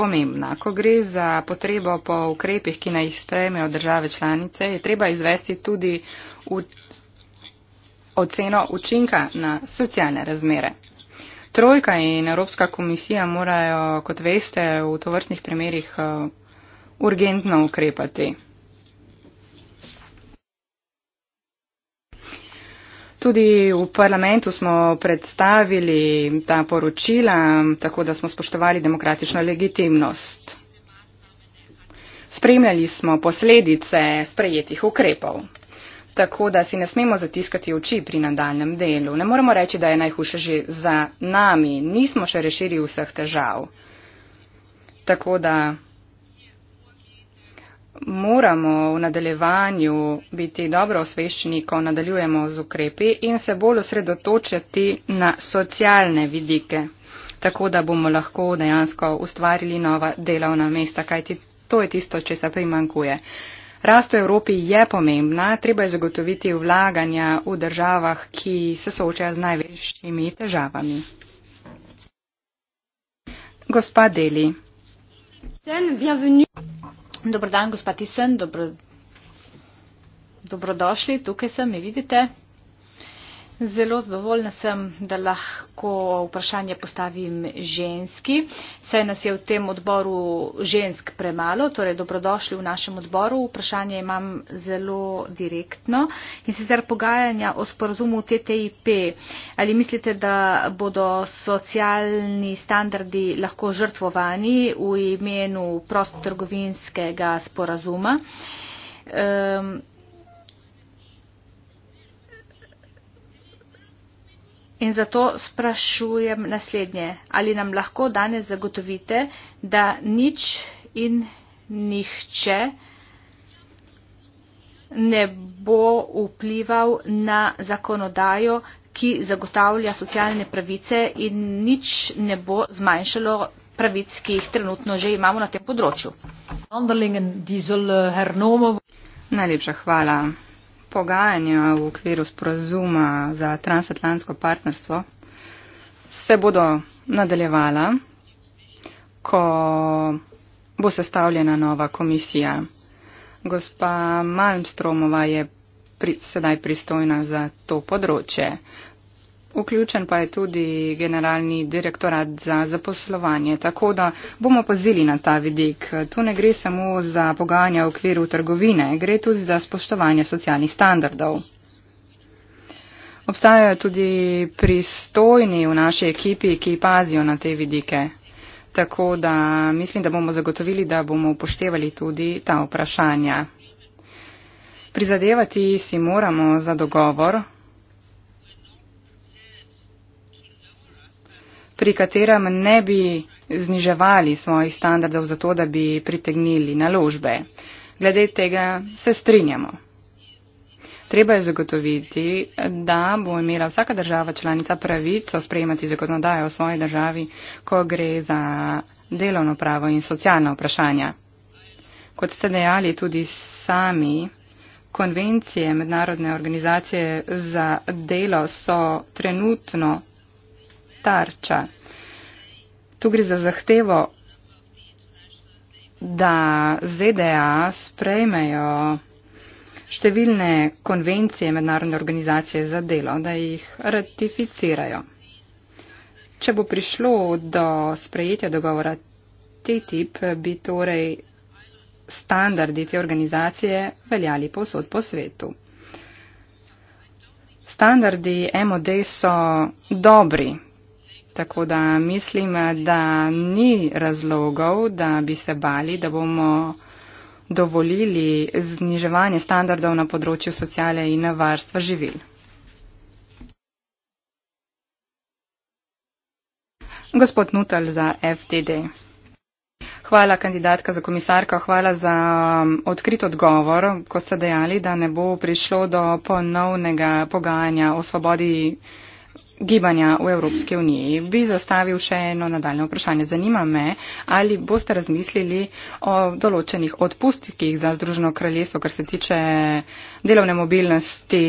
pomembna. Ko gre za potrebo po ukrepih, ki naj jih sprejmejo države članice, je treba izvesti tudi oceno učinka na socialne razmere. Trojka in Evropska komisija morajo, kot veste, v tovrstnih primerih eh, urgentno ukrepati. Tudi v parlamentu smo predstavili ta poročila, tako da smo spoštovali demokratično legitimnost. Spremljali smo posledice sprejetih ukrepov, tako da si ne smemo zatiskati oči pri nadaljem delu. Ne moremo reči, da je najhujše že za nami. Nismo še rešili vseh težav. Tako da moramo v nadaljevanju biti dobro osveščeni, ko nadaljujemo z ukrepi in se bolj osredotočiti na socialne vidike, tako da bomo lahko dejansko ustvarili nova delovna mesta, kajti to je tisto, če se primankuje. Rast v Evropi je pomembna, treba je zagotoviti vlaganja v državah, ki se soočajo z največjimi težavami. Gospa Deli. Dobro dan, gospa Tisen, dobro, dobrodošli, tukaj sem, mi vidite. Zelo zadovoljna sem, da lahko vprašanje postavim ženski. Saj nas je v tem odboru žensk premalo, torej dobrodošli v našem odboru. Vprašanje imam zelo direktno in sicer pogajanja o sporozumu TTIP. Ali mislite, da bodo socialni standardi lahko žrtvovani v imenu prostotrgovinskega sporazuma? Um, In zato sprašujem naslednje, ali nam lahko danes zagotovite, da nič in nihče ne bo vplival na zakonodajo, ki zagotavlja socialne pravice in nič ne bo zmanjšalo pravic, ki jih trenutno že imamo na tem področju. Najlepša hvala pogajanja v okviru sporazuma za transatlantsko partnerstvo se bodo nadaljevala, ko bo sestavljena nova komisija. Gospa Malmstromova je pri, sedaj pristojna za to področje. Vključen pa je tudi generalni direktorat za zaposlovanje, tako da bomo pazili na ta vidik. Tu ne gre samo za pogajanja v okviru trgovine, gre tudi za spoštovanje socialnih standardov. Obstajajo tudi pristojni v naši ekipi, ki pazijo na te vidike. Tako da mislim, da bomo zagotovili, da bomo upoštevali tudi ta vprašanja. Prizadevati si moramo za dogovor, pri katerem ne bi zniževali svojih standardov zato, da bi pritegnili naložbe. Glede tega se strinjamo. Treba je zagotoviti, da bo imela vsaka država članica pravico sprejemati zakonodajo v svoji državi, ko gre za delovno pravo in socialna vprašanja. Kot ste dejali tudi sami, konvencije Mednarodne organizacije za delo so trenutno tarča. Tu gre za zahtevo, da ZDA sprejmejo številne konvencije mednarodne organizacije za delo, da jih ratificirajo. Če bo prišlo do sprejetja dogovora TTIP, bi torej standardi te organizacije veljali posod po svetu. Standardi MOD so dobri, Tako da mislim, da ni razlogov, da bi se bali, da bomo dovolili zniževanje standardov na področju socialne in varstva živil. Gospod Nutal za FTD. Hvala kandidatka za komisarko, hvala za um, odkrit odgovor, ko ste dejali, da ne bo prišlo do ponovnega pogajanja o svobodi gibanja v Evropski uniji. Bi zastavil še eno nadaljno vprašanje. Zanima me, ali boste razmislili o določenih odpustkih za Združeno kraljestvo, kar se tiče delovne mobilnosti,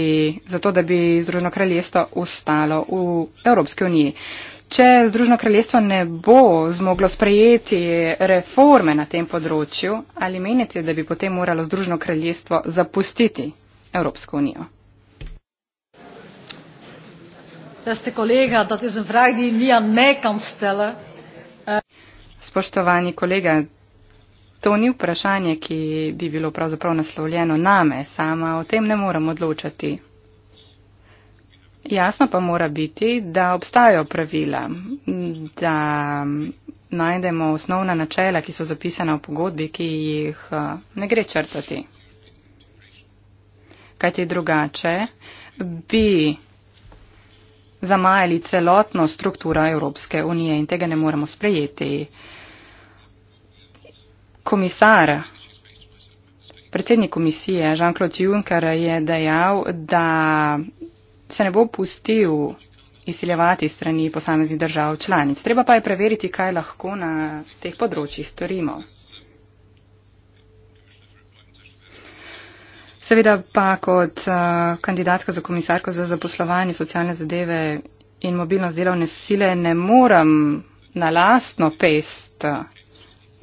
zato da bi Združeno kraljestvo ostalo v Evropski uniji. Če Združeno kraljestvo ne bo zmoglo sprejeti reforme na tem področju, ali menite, da bi potem moralo Združeno kraljestvo zapustiti Evropsko unijo? beste kolega dat is een vraag die je niet aan mij kan stellen. Eh, Spoštovani kolega, to ni vprašanje, ki bi bilo pravzaprav naslovljeno name, sama o tem ne morem odločati. Jasno pa mora biti, da obstajajo pravila, da najdemo osnovna načela, ki so zapisana v pogodbi, ki jih eh, ne gre črtati. Kaj ti drugače bi zamajali celotno strukturo Evropske unije in tega ne moremo sprejeti. Komisar, predsednik komisije Jean-Claude Juncker je dejal, da se ne bo pustil izsiljevati strani posameznih držav članic. Treba pa je preveriti, kaj lahko na teh področjih storimo. Seveda pa kot uh, kandidatka za komisarko za zaposlovanje socialne zadeve in mobilnost delovne sile ne moram na lastno pest eh,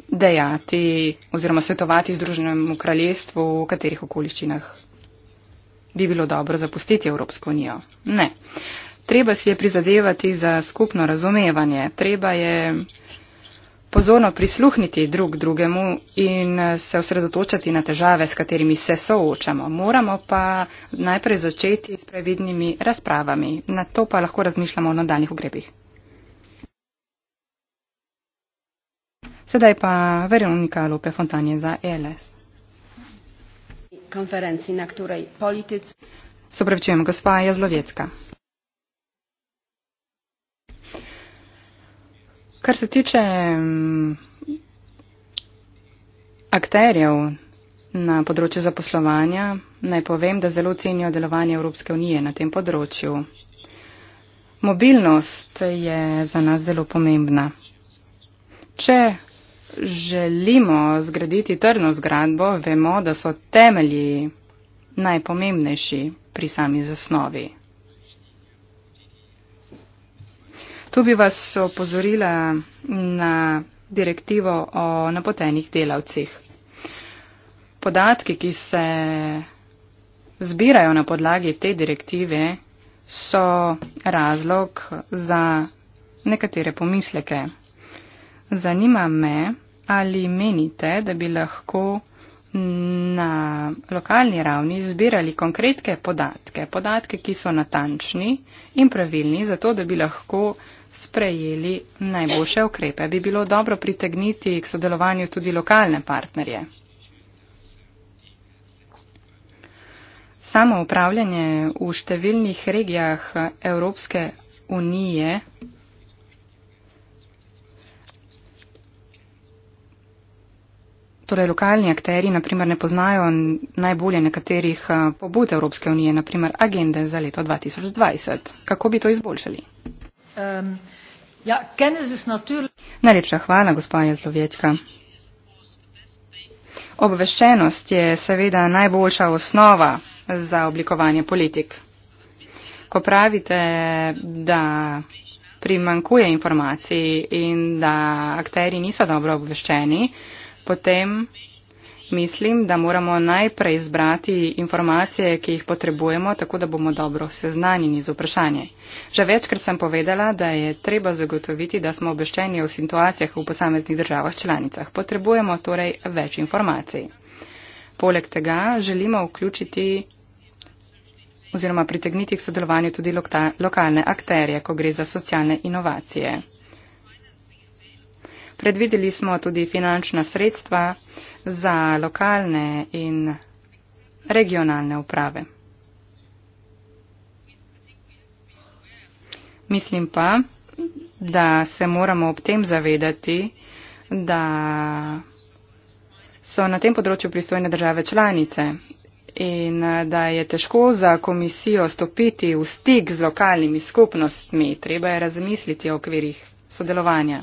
dejati oziroma svetovati Združenemu kraljestvu, v katerih okoliščinah bi bilo dobro zapustiti Evropsko unijo. Ne. Treba si je prizadevati za skupno razumevanje. Treba je pozorno prisluhniti drug drugemu in eh, se osredotočati na težave, s katerimi se soočamo. Moramo pa najprej začeti s previdnimi razpravami, na to pa lahko razmišljamo o nadaljnih ugrebih. Sedaj pa Veronika Lope Fontanje za ELS. Konferenci, na kateri politici. Se pravičujem, gospa Jazlovecka. Kar se tiče mm, akterjev na področju zaposlovanja, naj povem, da zelo cenijo delovanje Evropske unije na tem področju. Mobilnost je za nas zelo pomembna. Če želimo zgraditi trdno zgradbo, vemo, da so temelji najpomembnejši pri sami zasnovi. Tu bi vas opozorila na direktivo o napotenih delavcih. Podatki, ki se zbirajo na podlagi te direktive, so razlog za nekatere pomisleke. Zanima me, ali menite, da bi lahko na lokalni ravni zbirali konkretke podatke, podatke, ki so natančni in pravilni, zato da bi lahko sprejeli najboljše ukrepe. Bi bilo dobro pritegniti k sodelovanju tudi lokalne partnerje. Samo upravljanje v številnih regijah Evropske unije Torej, lokalni akteri naprimer, ne poznajo najbolje nekaterih eh, pobud Evropske unije, naprimer agende za leto 2020. Kako bi to izboljšali? Um, ja, kennis is natuurlijk. Najlepša hvala, gospodje Zlovečka. Obveščenost je seveda najboljša osnova za oblikovanje politik. Ko pravite, da primankuje informacij in da akteri niso dobro obveščeni, potem Mislim, da moramo najprej izbrati informacije, ki jih potrebujemo, tako da bomo dobro seznanjeni z vprašanje. Že večkrat sem povedala, da je treba zagotoviti, da smo obveščeni o situacijah v posameznih državah članicah. Potrebujemo torej več informacij. Poleg tega želimo vključiti oziroma pritegniti k sodelovanju tudi lokalne akterje, ko gre za socialne inovacije. Predvideli smo tudi finančna sredstva, za lokalne in regionalne uprave. Mislim pa, da se moramo ob tem zavedati, da so na tem področju pristojne države članice in da je težko za komisijo stopiti v stik z lokalnimi skupnostmi. Treba je razmisliti o okvirih sodelovanja.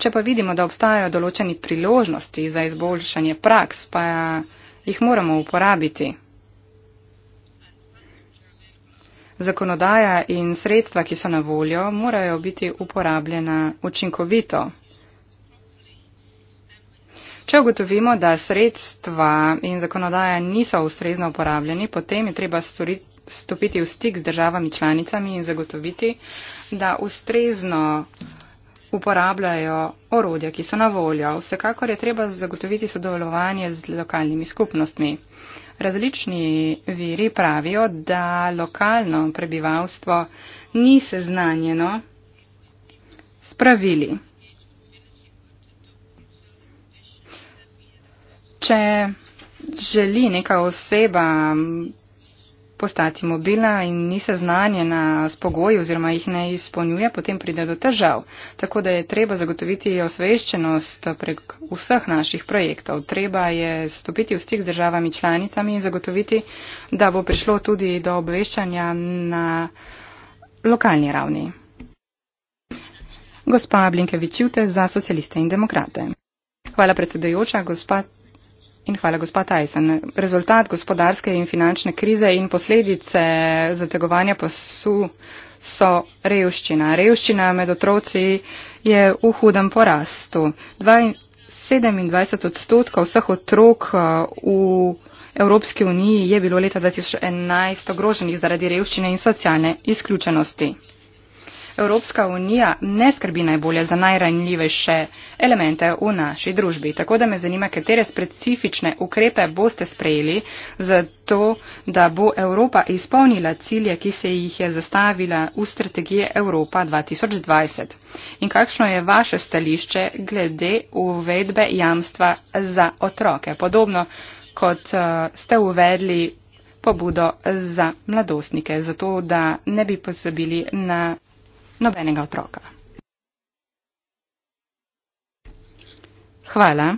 Če pa vidimo, da obstajajo določeni priložnosti za izboljšanje praks, pa jih moramo uporabiti. Zakonodaja in sredstva, ki so na voljo, morajo biti uporabljena učinkovito. Če ugotovimo, da sredstva in zakonodaja niso ustrezno uporabljeni, potem je treba stopiti v stik z državami članicami in zagotoviti, da ustrezno uporabljajo orodja, ki so na voljo. Vsekakor je treba zagotoviti sodelovanje z lokalnimi skupnostmi. Različni viri pravijo, da lokalno prebivalstvo ni seznanjeno s pravili. Če želi neka oseba postati mobilna in ni seznanjena s pogoji oziroma jih ne izpolnjuje, potem pride do težav. Tako da je treba zagotoviti osveščenost prek vseh naših projektov. Treba je stopiti v stik z državami članicami in zagotoviti, da bo prišlo tudi do obveščanja na lokalni ravni. Gospa Blinkevičute za socialiste in demokrate. Hvala predsedujoča, gospod In hvala, gospod Tyson. Rezultat gospodarske in finančne krize in posledice zategovanja pasu so revščina. Revščina med otroci je v hudem porastu. 27 odstotkov vseh otrok eh, v Evropski uniji je bilo leta 2011 ogroženih zaradi revščine in socialne izključenosti. Evropska unija ne skrbi najbolje za najranjivejše elemente v naši družbi. Tako da me zanima, katere specifične ukrepe boste sprejeli za to, da bo Evropa izpolnila cilje, ki se jih je zastavila v strategiji Evropa 2020. In kakšno je vaše stališče glede uvedbe jamstva za otroke, podobno kot eh, ste uvedli pobudo za mladostnike, zato da ne bi pozabili na nobenega otroka. Hvala.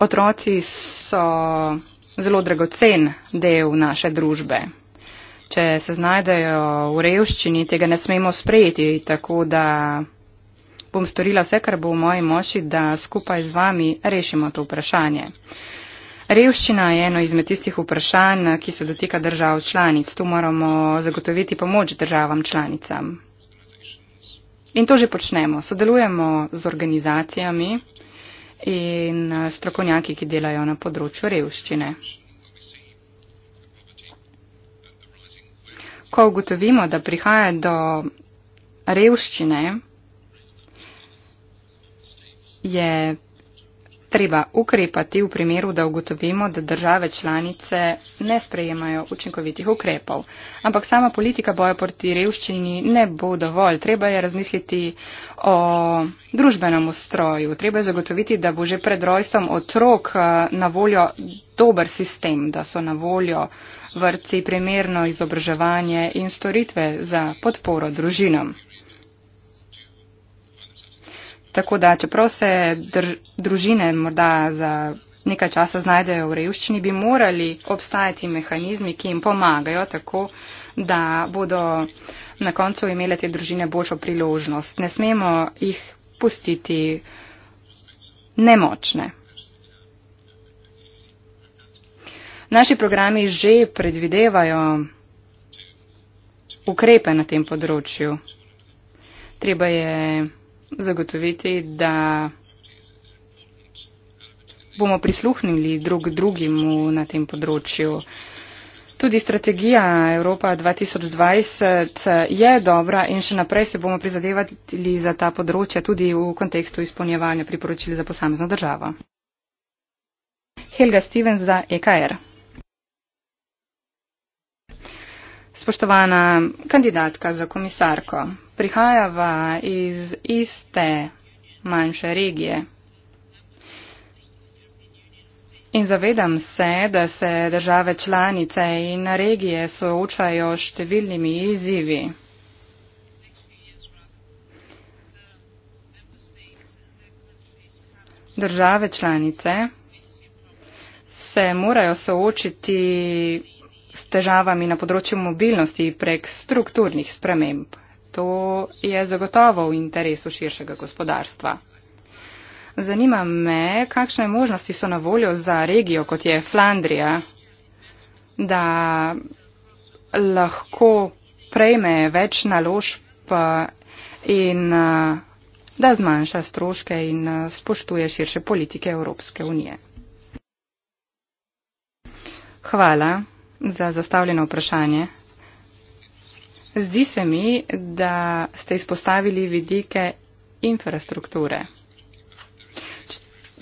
Otroci so zelo dragocen del naše družbe. Če se znajdejo v revščini, tega ne smemo sprejeti, tako da bom storila vse, kar bo v moji moči, da skupaj z vami rešimo to vprašanje. Revščina je eno izmed tistih vprašanj, ki se dotika držav članic. Tu moramo zagotoviti pomoč državam članicam. In to že počnemo. Sodelujemo z organizacijami in strokovnjaki, ki delajo na področju revščine. Ko ugotovimo, da prihaja do revščine, je treba ukrepati v primeru, da ugotovimo, da države članice ne sprejemajo učinkovitih ukrepov. Ampak sama politika boja proti revščini ne bo dovolj. Treba je razmisliti o družbenem ustroju. Treba je zagotoviti, da bo že pred rojstvom otrok eh, na voljo dober sistem, da so na voljo vrci primerno izobraževanje in storitve za podporo družinam. Tako da, čeprav se družine morda za nekaj časa znajdejo v revščini, bi morali obstajati mehanizmi, ki jim pomagajo tako, da bodo na koncu imele te družine boljšo priložnost. Ne smemo jih pustiti nemočne. Naši programi že predvidevajo ukrepe na tem področju. Treba je zagotoviti, da bomo prisluhnili drug drugimu na tem področju. Tudi strategija Evropa 2020 je dobra in še naprej se bomo prizadevali za ta področja tudi v kontekstu izpolnjevanja priporočil za posamezno državo. Helga Stevens za EKR. Spoštovana kandidatka za komisarko, prihajava iz iste manjše regije. In zavedam se, da se države članice in regije soočajo s številnimi izzivi. Države članice se morajo soočiti s težavami na področju mobilnosti prek strukturnih sprememb. To je zagotovo v interesu širšega gospodarstva. Zanima me, kakšne možnosti so na voljo za regijo, kot je Flandrija, da lahko prejme več naložb eh, in eh, da zmanjša stroške in eh, spoštuje širše politike Evropske unije. Hvala za zastavljeno vprašanje. Zdi se mi, da ste izpostavili vidike infrastrukture.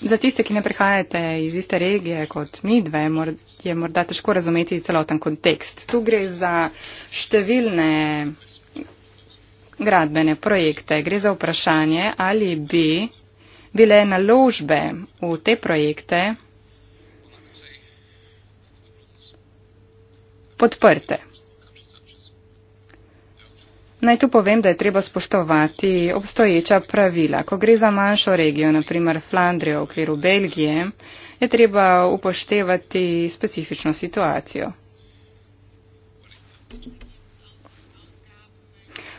Za tiste, ki ne prihajate iz iste regije kot mi dve, je morda težko razumeti celoten kontekst. Tu gre za številne gradbene projekte, gre za vprašanje, ali bi bile naložbe v te projekte podprte. Naj tu povem, da je treba spoštovati obstoječa pravila. Ko gre za manjšo regijo, naprimer Flandrijo v okviru Belgije, je treba upoštevati specifično situacijo.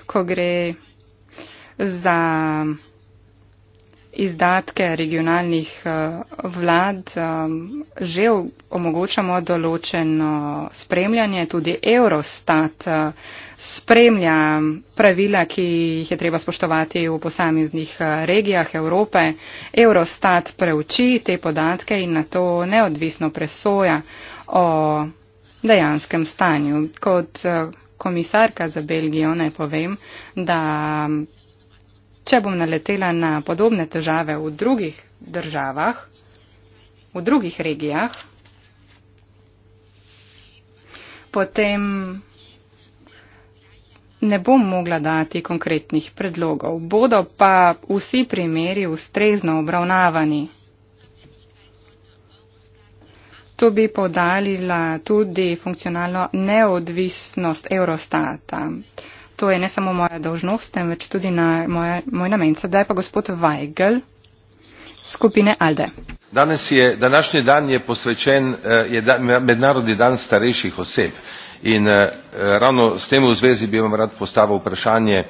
Ko gre za izdatke regionalnih eh, vlad eh, že omogočamo določeno spremljanje. Tudi Eurostat eh, spremlja pravila, ki jih je treba spoštovati v posameznih regijah Evrope. Eurostat preuči te podatke in na to neodvisno presoja o dejanskem stanju. Kot komisarka za Belgijo naj povem, da če bom naletela na podobne težave v drugih državah, v drugih regijah, potem ne bom mogla dati konkretnih predlogov. Bodo pa vsi primeri ustrezno obravnavani. Tu bi podalila tudi funkcionalno neodvisnost Eurostata to je ne samo moja dolžnost, temveč tudi na moja, moj namen. Sedaj pa gospod Weigel, skupine Alde. Danes je, današnji dan je posvečen eh, je da, mednarodni dan starejših oseb in eh, eh, ravno s tem v zvezi bi vam rad postavil vprašanje,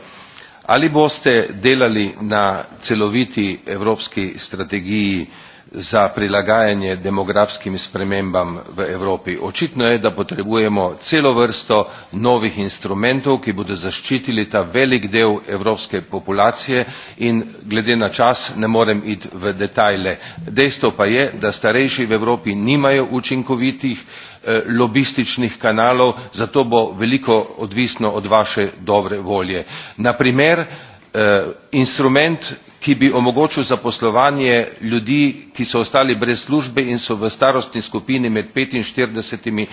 ali boste delali na celoviti evropski strategiji eh, za prilagajanje demografskim spremembam v evropi. očitno je da potrebujemo celo vrsto novih instrumentov ki bodo zaščitili ta velik del evropske populacije in glede na čas ne morem iti v detajle. dejstvo pa je da starejši v evropi nimajo učinkovitih eh, lobističnih kanalov zato bo veliko odvisno od vaše dobre volje. na primer eh, instrument ki bi omogočil zaposlovanje ljudi ki so ostali brez službe in so v starostni skupini med petinštirideset in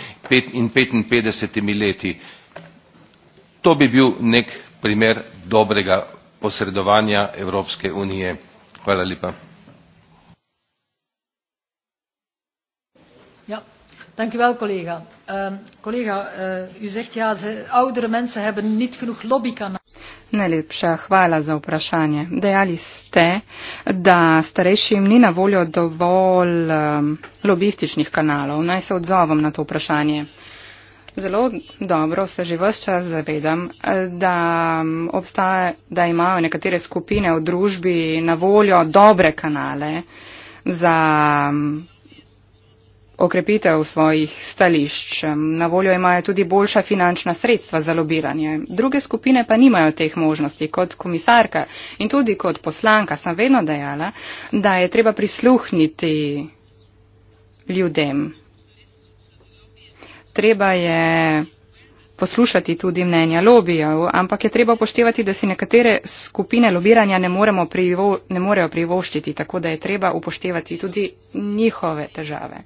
petinpetdeset leti to bi bil nek primer dobrega posredovanja evropske unije hvala lepa ja, Dank u wel, collega. Uh, collega, uh, u zegt ja, ze, oudere mensen hebben niet genoeg lobbykanalen. Najlepša hvala za vprašanje. Dejali ste, da starejšim ni na voljo dovolj um, lobističnih kanalov. Naj se odzovem na to vprašanje. Zelo dobro se že vse čas zavedam, da, um, obstaja, da imajo nekatere skupine v družbi na voljo dobre kanale za um, okrepitev svojih stališč. Na voljo imajo tudi boljša finančna sredstva za lobiranje. Druge skupine pa nimajo teh možnosti. Kot komisarka in tudi kot poslanka sem vedno dejala, da je treba prisluhniti ljudem. Treba je poslušati tudi mnenja lobijev, ampak je treba upoštevati, da si nekatere skupine lobiranja ne, privo, ne morejo privoščiti, tako da je treba upoštevati tudi njihove težave.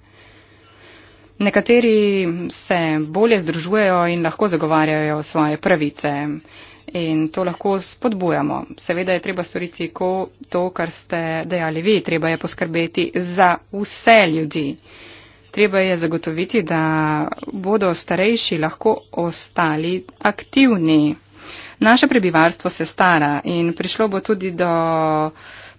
Nekateri se bolje združujejo in lahko zagovarjajo svoje pravice in to lahko spodbujamo. Seveda je treba storiti to, kar ste dejali vi. Treba je poskrbeti za vse ljudi. Treba je zagotoviti, da bodo starejši lahko ostali aktivni. Naše prebivalstvo se stara in prišlo bo tudi do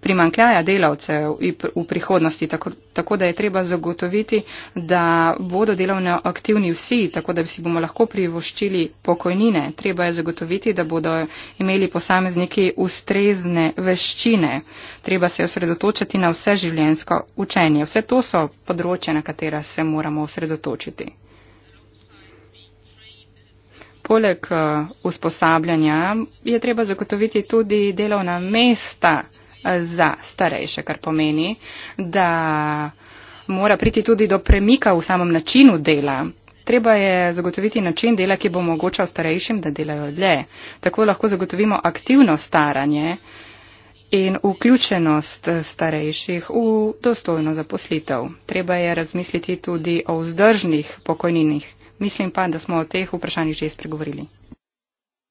primankljaja delavcev v prihodnosti, tako, tako da je treba zagotoviti, da bodo delovno aktivni vsi, tako da si bomo lahko privoščili pokojnine. Treba je zagotoviti, da bodo imeli posamezniki ustrezne veščine. Treba se osredotočiti na vse življensko učenje. Vse to so področje, na katera se moramo osredotočiti. Poleg eh, usposabljanja je treba zagotoviti tudi delovna mesta za starejše, kar pomeni, da mora priti tudi do premika v samem načinu dela. Treba je zagotoviti način dela, ki bo omogočal starejšim, da delajo dlje. Tako lahko zagotovimo aktivno staranje in vključenost starejših v dostojno zaposlitev. Treba je razmisliti tudi o vzdržnih pokojninih. Mislim pa, da smo o teh vprašanjih že spregovorili.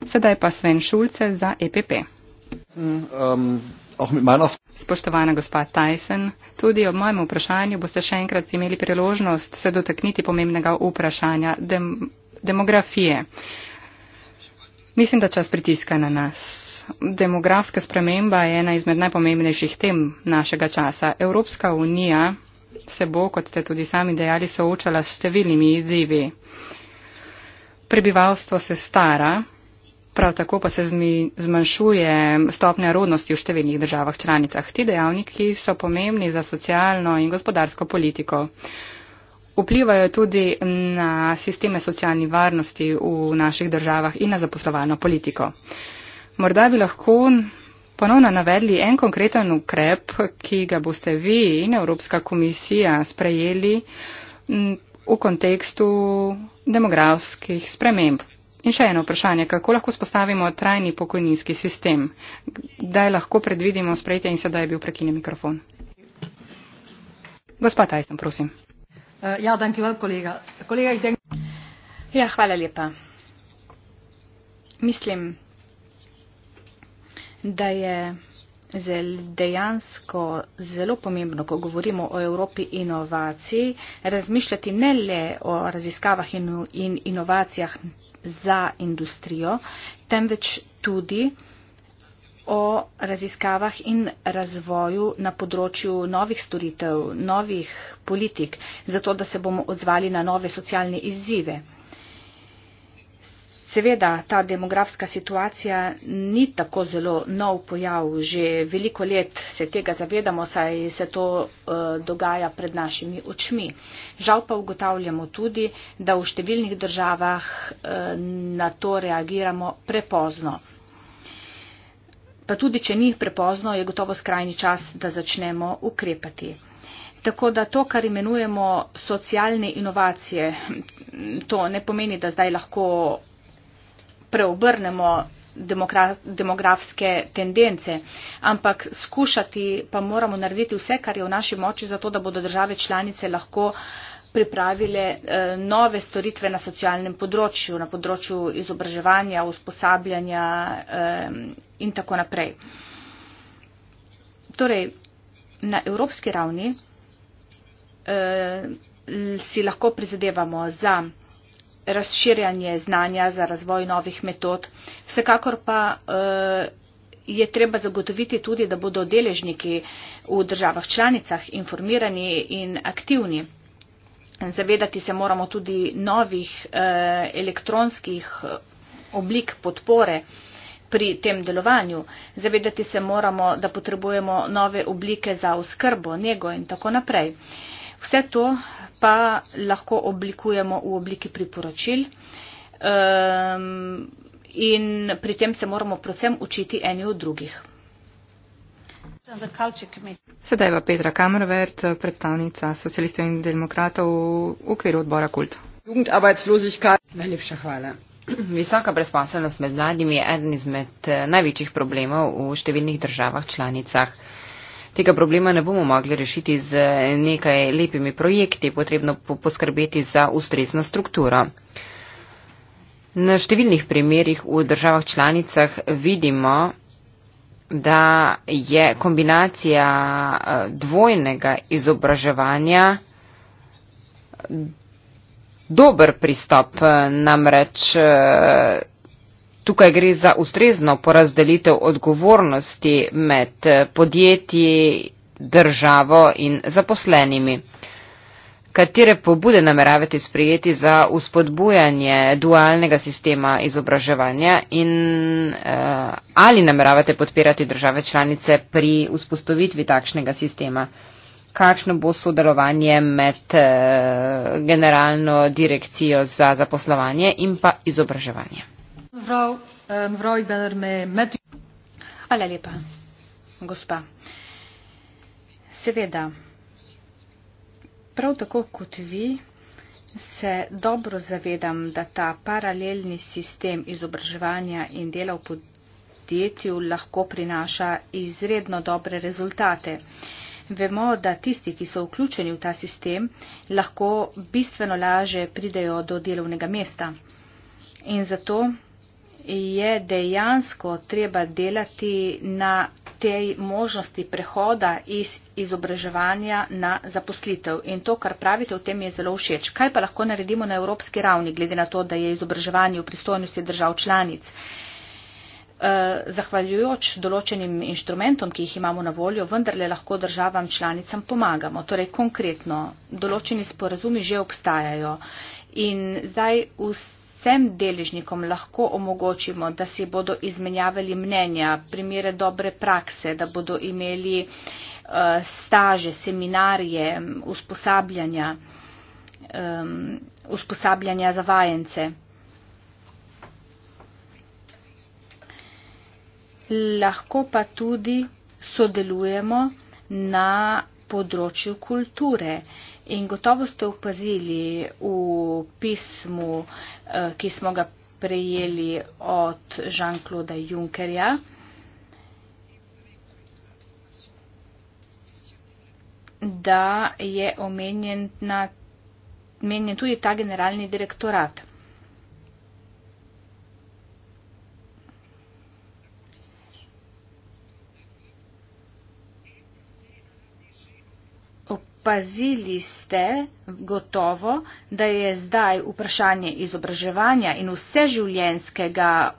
Sedaj pa Sven Šulce za EPP. Spoštovana gospa Tyson, tudi ob mojem vprašanju boste še enkrat imeli priložnost se dotakniti pomembnega vprašanja dem demografije. Mislim, da čas pritiska na nas. Demografska sprememba je ena izmed najpomembnejših tem našega časa. Evropska unija se bo, kot ste tudi sami dejali, soočala s številnimi izzivi. Prebivalstvo se stara Prav tako pa se zmanjšuje stopnja rodnosti v številnih državah članicah. Ti dejavniki so pomembni za socialno in gospodarsko politiko. Vplivajo tudi na sisteme socialne varnosti v naših državah in na zaposlovalno politiko. Morda bi lahko ponovno navedli en konkreten ukrep, ki ga boste vi in Evropska komisija sprejeli v kontekstu demografskih sprememb. In še eno vprašanje, kako lahko spostavimo trajni pokojninski sistem? Kdaj lahko predvidimo sprejetje in sedaj je bil prekinjen mikrofon? Gospa Tajsen, prosim. Eh, ja, danke vam, kolega. kolega den... Ja, hvala lepa. Mislim, da je zel, dejansko zelo pomembno, ko govorimo o Evropi inovacij, razmišljati ne le o raziskavah in, in inovacijah za industrijo, temveč tudi o raziskavah in razvoju na področju novih storitev, novih politik, zato da se bomo odzvali na nove socialne izzive. Seveda ta demografska situacija ni tako zelo nov pojav, že veliko let se tega zavedamo, saj se to uh, dogaja pred našimi očmi. Žal pa ugotavljamo tudi, da v številnih državah uh, na to reagiramo prepozno. Pa tudi, če ni prepozno, je gotovo skrajni čas, da začnemo ukrepati. Tako da to, kar imenujemo socialne inovacije, to ne pomeni, da zdaj lahko preobrnemo demografske tendence, ampak skušati pa moramo narediti vse, kar je v naši moči, zato da bodo države članice lahko pripravile eh, nove storitve na socialnem področju, na področju izobraževanja, usposabljanja eh, in tako naprej. Torej, na evropski ravni eh, si lahko prizadevamo za razširjanje znanja za razvoj novih metod. Vsekakor pa eh, je treba zagotoviti tudi, da bodo deležniki v državah članicah informirani in aktivni. Zavedati se moramo tudi novih eh, elektronskih eh, oblik podpore pri tem delovanju. Zavedati se moramo, da potrebujemo nove oblike za oskrbo, nego in tako naprej. Vse to pa lahko oblikujemo v obliki priporočil um, in pri tem se moramo predvsem učiti eni od drugih. Sedaj pa Petra Kamervert, predstavnica socialistov in demokratov v okviru odbora Kult. Najlepša hvala. Visoka brezposelnost med mladimi je eden izmed eh, največjih problemov v številnih državah članicah tega problema ne bomo mogli rešiti z nekaj lepimi projekti, potrebno poskrbeti za ustrezno strukturo. Na številnih primerjih v državah članicah vidimo, da je kombinacija eh, dvojnega izobraževanja dober pristop eh, namreč. Eh, Tukaj gre za ustrezno porazdelitev odgovornosti med eh, podjetji, državo in zaposlenimi. Katere pobude nameravate sprijeti za uspodbujanje dualnega sistema izobraževanja in uh, ali nameravate podpirati države članice pri vzpostavitvi takšnega sistema? Kakšno bo sodelovanje med uh, generalno direkcijo za zaposlovanje in pa izobraževanje? Eh, er hvala lepa gospa seveda prav tako kot vi se dobro zavedam da ta paralelni sistem izobraževanja in dela v podjetju lahko prinaša izredno dobre rezultate Vemo, da tisti, ki so vključeni v ta sistem, lahko bistveno laže pridejo do delovnega mesta. In zato je dejansko treba delati na tej možnosti prehoda iz izobraževanja na zaposlitev. In to, kar pravite o tem, je zelo všeč. Kaj pa lahko naredimo na evropski ravni, glede na to, da je izobraževanje v pristojnosti držav članic? Eh, zahvaljujoč določenim inštrumentom, ki jih imamo na voljo, vendarle lahko državam članicam pomagamo. Torej, konkretno, določeni sporazumi že obstajajo. In zdaj vse vsem deležnikom lahko omogočimo, da si bodo izmenjavali mnenja, primere dobre prakse, da bodo imeli eh, staže, seminarije, usposabljanja, usposabljanja za vajence. Lahko pa tudi sodelujemo na področju kulture. In gotovo ste upazili v pismu, eh, ki smo ga prejeli od Jean-Claude Junckerja, da je omenjen, na, omenjen tudi ta generalni direktorat. Pazili ste gotovo, da je zdaj vprašanje izobraževanja in vseživljenskega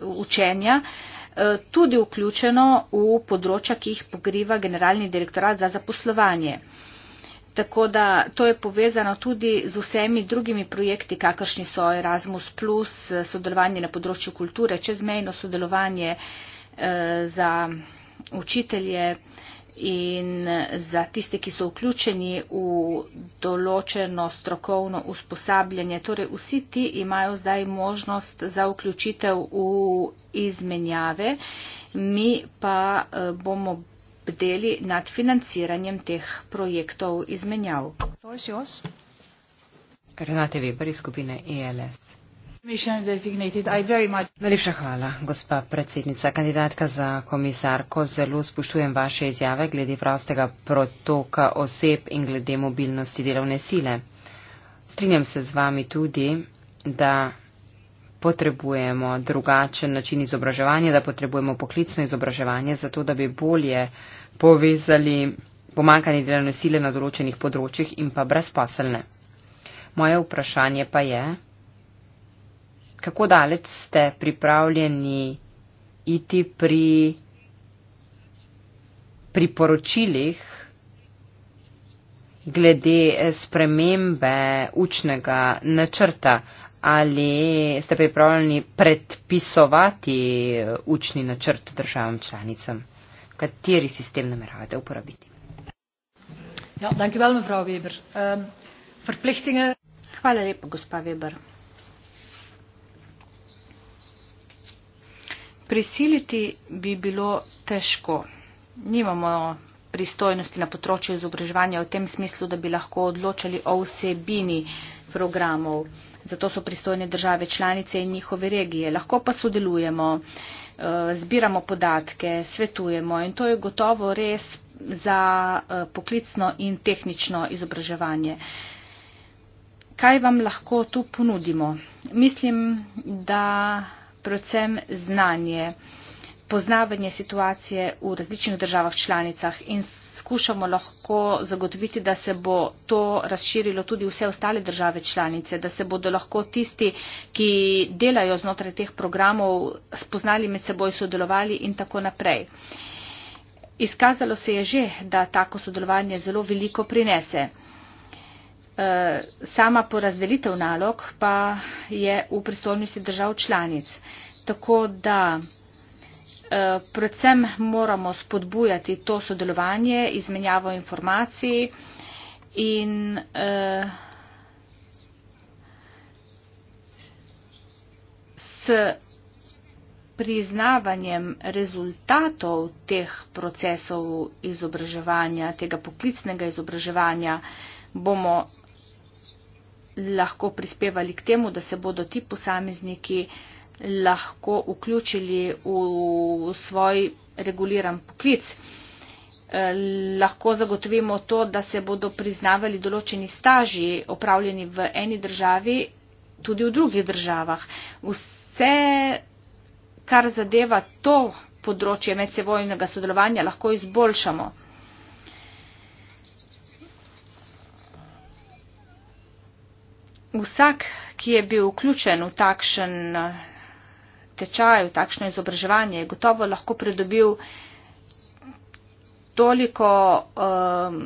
učenja eh, tudi vključeno v področja, ki jih pogriva Generalni direktorat za zaposlovanje. Tako da to je povezano tudi z vsemi drugimi projekti, kakršni so Erasmus, eh, sodelovanje na področju kulture, čezmejno sodelovanje eh, za učitelje in za tiste, ki so vključeni v določeno strokovno usposabljanje. Torej, vsi ti imajo zdaj možnost za vključitev v izmenjave, mi pa eh, bomo bdeli nad financiranjem teh projektov izmenjav. Renate Weber iz skupine ELS. Najlepša hvala, gospa predsednica, kandidatka za komisarko. Zelo spoštujem vaše izjave glede prostega protoka oseb in glede mobilnosti delovne sile. Strinjam se z vami tudi, da potrebujemo drugačen način izobraževanja, da potrebujemo poklicno izobraževanje, zato da bi bolje povezali pomankanje delovne sile na določenih področjih in pa brezposelne. Moje vprašanje pa je, kako daleč ste pripravljeni iti pri priporočilih glede spremembe učnega načrta? Ali ste pripravljeni predpisovati učni načrt državam članicam? Kateri sistem nameravate uporabiti? Ja, dank u wel, mevrouw Weber. Um, verplichtingen. Hvala lepa, gospa Weber. Prisiliti bi bilo težko. Nimamo pristojnosti na področju izobraževanja v tem smislu, da bi lahko odločali o vsebini programov. Zato so pristojne države članice in njihove regije. Lahko pa sodelujemo, eh, zbiramo podatke, svetujemo in to je gotovo res za eh, poklicno in tehnično izobraževanje. Kaj vam lahko tu ponudimo? Mislim, da predvsem znanje, poznavanje situacije v različnih državah članicah in skušamo lahko zagotoviti, da se bo to razširilo tudi vse ostale države članice, da se bodo lahko tisti, ki delajo znotraj teh programov, spoznali med seboj, sodelovali in tako naprej. Izkazalo se je že, da tako sodelovanje zelo veliko prinese. Eh, sama porazdelitev nalog pa je v pristojnosti držav članic. Tako da eh, predvsem moramo spodbujati to sodelovanje, izmenjavo informacij in eh, s priznavanjem rezultatov teh procesov izobraževanja, tega poklicnega izobraževanja, bomo lahko prispevali k temu, da se bodo ti posamezniki lahko vključili v svoj reguliran poklic. Eh, lahko zagotovimo to, da se bodo priznavali določeni staži opravljeni v eni državi, tudi v drugih državah. Vse, kar zadeva to področje medsebojnega sodelovanja, lahko izboljšamo. vsak, ki je bil vključen v takšen eh, tečaj, v takšno izobraževanje, je gotovo lahko pridobil toliko um,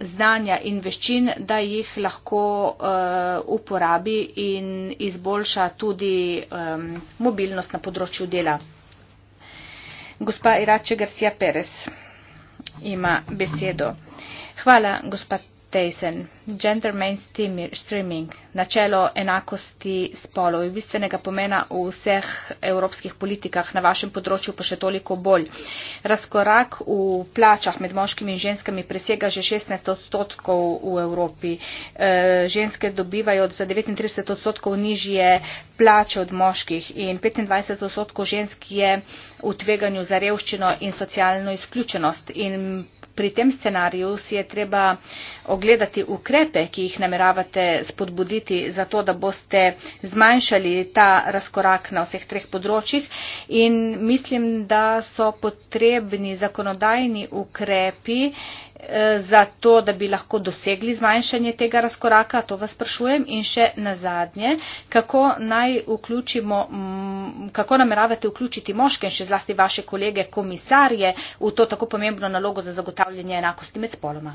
znanja in veščin, da jih lahko uh, uporabi in izboljša tudi um, mobilnost na področju dela. Gospa Irače Garcia Perez ima besedo. Hvala, gospod Tejsen, gender mainstreaming, načelo enakosti spolov in bistvenega pomena v vseh evropskih politikah na vašem področju pa še toliko bolj. Razkorak v plačah med moškimi in ženskami presega že 16 odstotkov v Evropi. E, ženske dobivajo za 39 odstotkov nižje plače od moških in 25 odstotkov žensk je v tveganju za revščino in socialno izključenost. In Pri tem scenariju si je treba pogledati ukrepe, ki jih nameravate spodbuditi za to, da boste zmanjšali ta razkorak na vseh treh področjih. In mislim, da so potrebni zakonodajni ukrepi eh, za to, da bi lahko dosegli zmanjšanje tega razkoraka. To vas sprašujem. In še na zadnje, kako, kako nameravate vključiti moške in še zlasti vaše kolege komisarje v to tako pomembno nalogo za zagotavljanje enakosti med spoloma?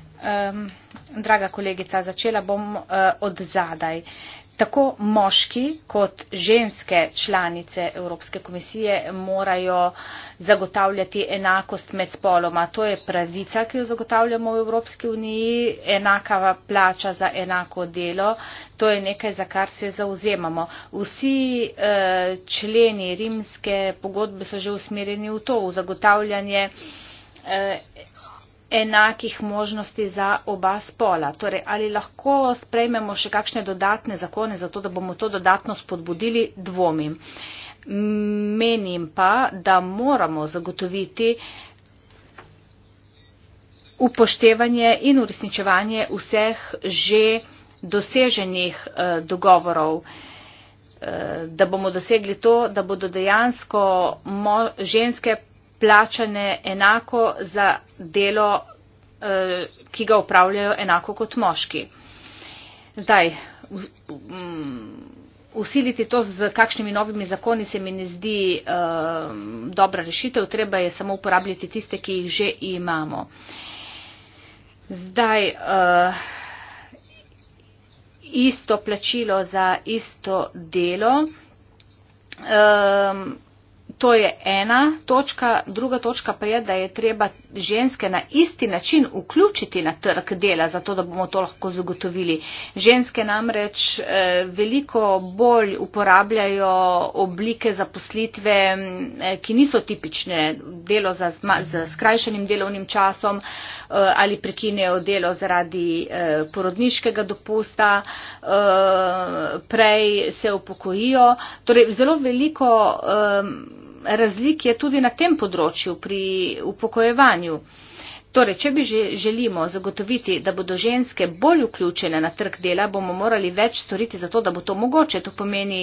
um, draga kolegica, začela bom uh, od zadaj. Tako moški kot ženske članice Evropske komisije morajo zagotavljati enakost med spoloma. To je pravica, ki jo zagotavljamo v Evropski uniji, enaka plača za enako delo. To je nekaj, za kar se zauzemamo. Vsi eh, členi rimske pogodbe so že usmerjeni v to, v zagotavljanje eh, enakih možnosti za oba spola. Torej, ali lahko sprejmemo še kakšne dodatne zakone za to, da bomo to dodatno spodbudili, dvomim. Menim pa, da moramo zagotoviti upoštevanje in uresničevanje vseh že doseženih eh, dogovorov, eh, da bomo dosegli to, da bodo dejansko mo ženske plačane enako za delo, eh, ki ga upravljajo enako kot moški. Zdaj, mm, usiliti to z kakšnimi novimi zakoni se mi ne zdi eh, dobra rešitev, treba je samo uporabljati tiste, ki jih že imamo. Zdaj, eh, isto plačilo za isto delo. To je ena točka. Druga točka pa je, da je treba ženske na isti način vključiti na trg dela, zato da bomo to lahko zagotovili. Ženske namreč eh, veliko bolj uporabljajo oblike zaposlitve, eh, ki niso tipične delo za, za skrajšanim delovnim časom eh, ali prekinejo delo zaradi porodniškega dopusta, prej se upokojijo. Torej, zelo veliko razlik je tudi na tem področju pri upokojevanju. Torej, če bi želimo zagotoviti, da bodo ženske bolj vključene na trg dela, bomo morali več storiti za to, da bo to mogoče. To pomeni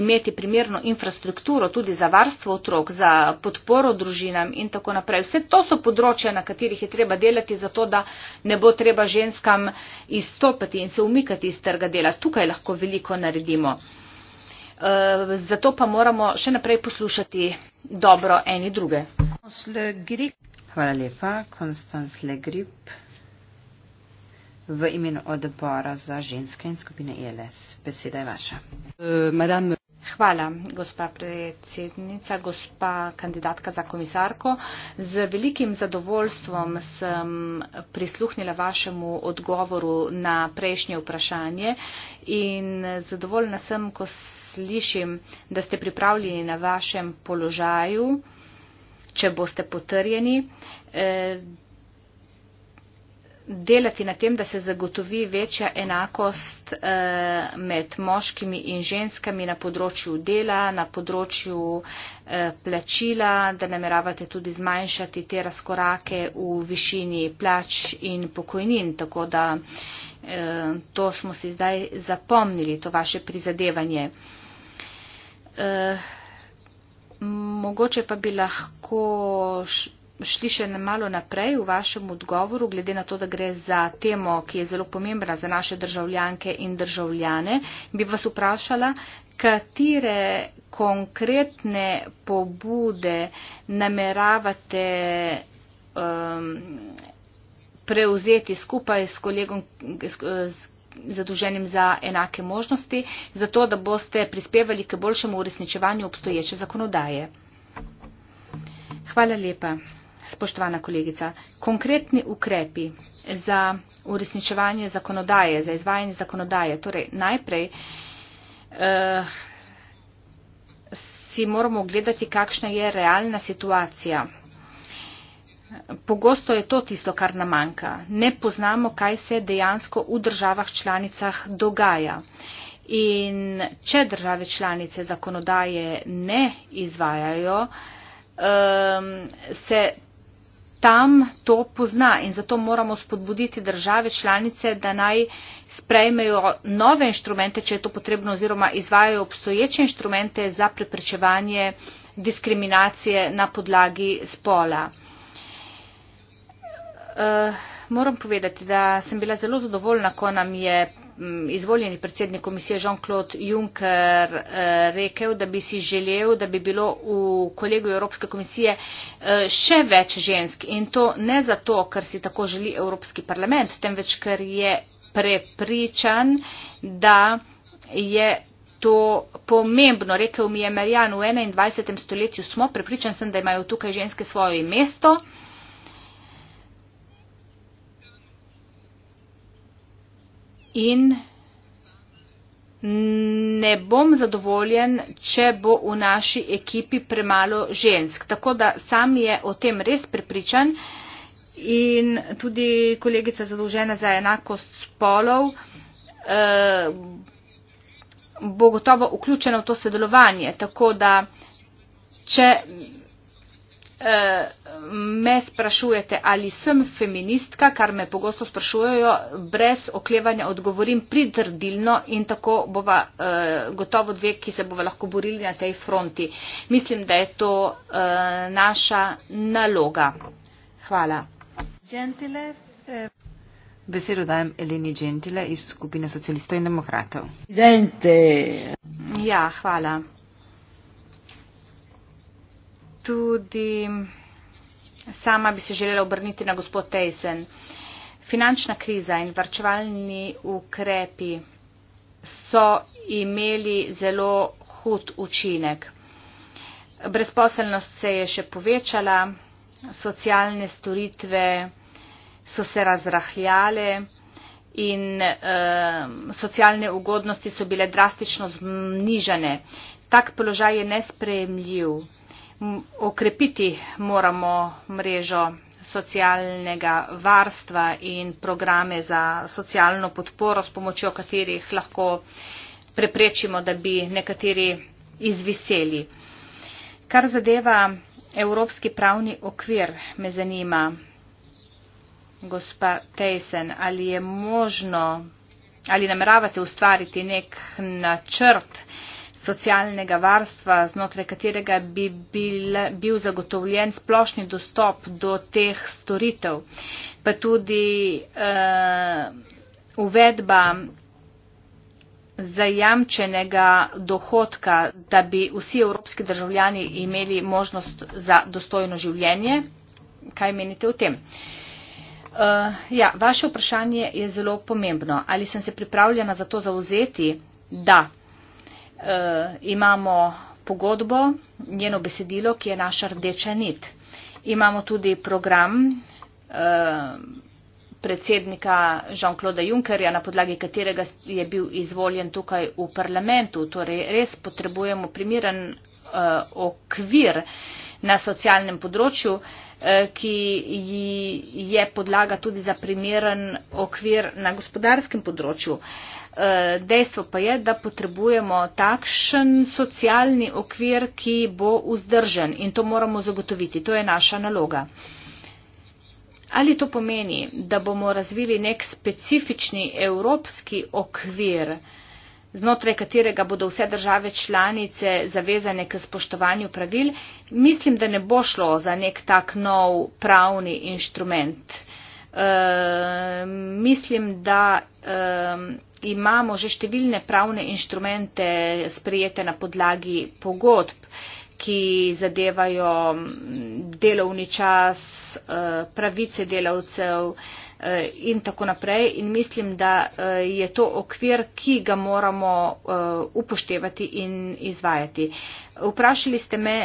imeti primerno infrastrukturo tudi za varstvo otrok, za podporo družinam in tako naprej. Vse to so področja, na katerih je treba delati za to, da ne bo treba ženskam izstopati in se umikati iz trga dela. Tukaj lahko veliko naredimo. Eh, zato pa moramo še naprej poslušati dobro eni druge. Hvala lepa, Konstanc Legrip, v imenu odbora za ženske in skupine ELS. Beseda je vaša. Eh, Hvala, gospa predsednica, gospa kandidatka za komisarko. Z velikim zadovoljstvom sem prisluhnila vašemu odgovoru na prejšnje vprašanje in zadovoljna sem, ko sem slišim, da ste pripravljeni na vašem položaju, če boste potrjeni, eh, delati na tem, da se zagotovi večja enakost eh, med moškimi in ženskami na področju dela, na področju eh, plačila, da nameravate tudi zmanjšati te razkorake v višini plač in pokojnin. Tako da to smo si zdaj zapomnili, to vaše prizadevanje. Eh, mogoče pa bi lahko šli še malo naprej v vašem odgovoru, glede na to, da gre za temo, ki je zelo pomembna za naše državljanke in državljane, bi vas vprašala, katere konkretne pobude nameravate um, prevzeti skupaj s kolegom, s, s, eh, zadruženim za enake možnosti, zato da boste prispevali k boljšemu uresničevanju obstoječe zakonodaje. Hvala lepa, spoštovana kolegica. Konkretni ukrepi za uresničevanje zakonodaje, za izvajanje zakonodaje, torej najprej uh, si moramo gledati, kakšna je realna situacija. Pogosto je to tisto, kar nam manjka. Ne poznamo, kaj se dejansko v državah članicah dogaja. In če države članice zakonodaje ne izvajajo, se tam to pozna in zato moramo spodbuditi države članice, da naj sprejmejo nove inštrumente, če je to potrebno, oziroma izvajajo obstoječe inštrumente za preprečevanje diskriminacije na podlagi spola. Eh, moram povedati, da sem bila zelo zadovoljna, ko nam je mm, izvoljeni predsednik komisije Jean-Claude Juncker eh, rekel, da bi si želel, da bi bilo v kolegu Evropske komisije eh, še več žensk. In to ne zato, ker si tako želi Evropski parlament, temveč ker je prepričan, da je to pomembno. Rekel mi je Marjan, v 21. stoletju smo, prepričan sem, da imajo tukaj ženske svoje mesto. in ne bom zadovoljen, če bo v naši ekipi premalo žensk. Tako da sam je o tem res prepričan in tudi kolegica zadolžena za enakost spolov eh, bo gotovo vključena v to sodelovanje. Tako da, če Eh, me sprašujete, ali sem feministka, kar me pogosto sprašujejo, brez oklevanja odgovorim pritrdilno in tako bova eh, gotovo dve, ki se bova lahko borili na tej fronti. Mislim, da je to eh, naša naloga. Hvala. Gentile. Besedo dajem Eleni Gentile iz skupine socialistov in demokratov. Gente. Ja, hvala tudi sama bi se želela obrniti na gospod Tejsen. Finančna kriza in varčevalni ukrepi so imeli zelo hud učinek. Brezposelnost se je še povečala, socialne storitve so se razrahljale in e, socialne ugodnosti so bile drastično znižane. Tak položaj je nespremljiv okrepiti moramo mrežo socialnega varstva in programe za socialno podporo, s pomočjo katerih lahko preprečimo, da bi nekateri izviseli. Kar zadeva Evropski pravni okvir, me zanima, gospa Tejsen, ali je možno, ali nameravate ustvariti nek načrt, socialnega varstva, znotraj katerega bi bil, bil zagotovljen splošni dostop do teh storitev, pa tudi uh, uvedba zajamčenega dohodka, da bi vsi evropski državljani imeli možnost za dostojno življenje. Kaj menite o tem? Uh, ja, vaše vprašanje je zelo pomembno. Ali sem se pripravljena za to zauzeti? Da. Eh, imamo pogodbo, njeno besedilo, ki je naša rdeča nit. Imamo tudi program eh, predsednika Jean-Claude Junckerja, na podlagi katerega je bil izvoljen tukaj v parlamentu. Torej, res potrebujemo primiren eh, okvir na socialnem področju, ki je podlaga tudi za primeren okvir na gospodarskem področju. Eh, dejstvo pa je, da potrebujemo takšen socialni okvir, ki bo vzdržen in to moramo zagotoviti. To je naša naloga. Ali to pomeni, da bomo razvili nek specifični evropski okvir, znotraj katerega bodo vse države članice zavezane k spoštovanju pravil, mislim, da ne bo šlo za nek tak nov pravni inštrument. Ehm, mislim, da uh, imamo že številne pravne inštrumente sprejete na podlagi pogodb, ki zadevajo mm, delovni čas, uh, pravice delavcev uh, in tako naprej. In mislim, da uh, je to okvir, ki ga moramo uh, upoštevati in izvajati. Vprašali ste me,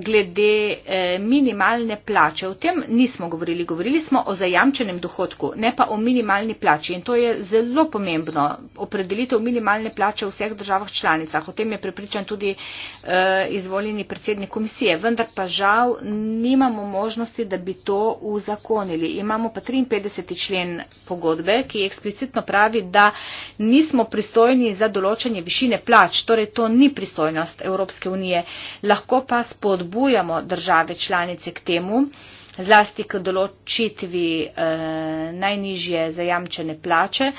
glede eh, minimalne plače. O tem nismo govorili. Govorili smo o zajamčenem dohodku, ne pa o minimalni plači. In to je zelo pomembno. Opredelitev minimalne plače v vseh državah članicah. O tem je prepričan tudi eh, izvoljeni predsednik komisije. Vendar pa žal nimamo možnosti, da bi to uzakonili. Imamo pa 53. člen pogodbe, ki eksplicitno pravi, da nismo pristojni za določanje višine plač. Torej, to ni pristojnost Evropske unije. Lahko pa spodbujamo spodbujamo države članice k temu, zlasti k določitvi eh, najnižje zajamčene plače,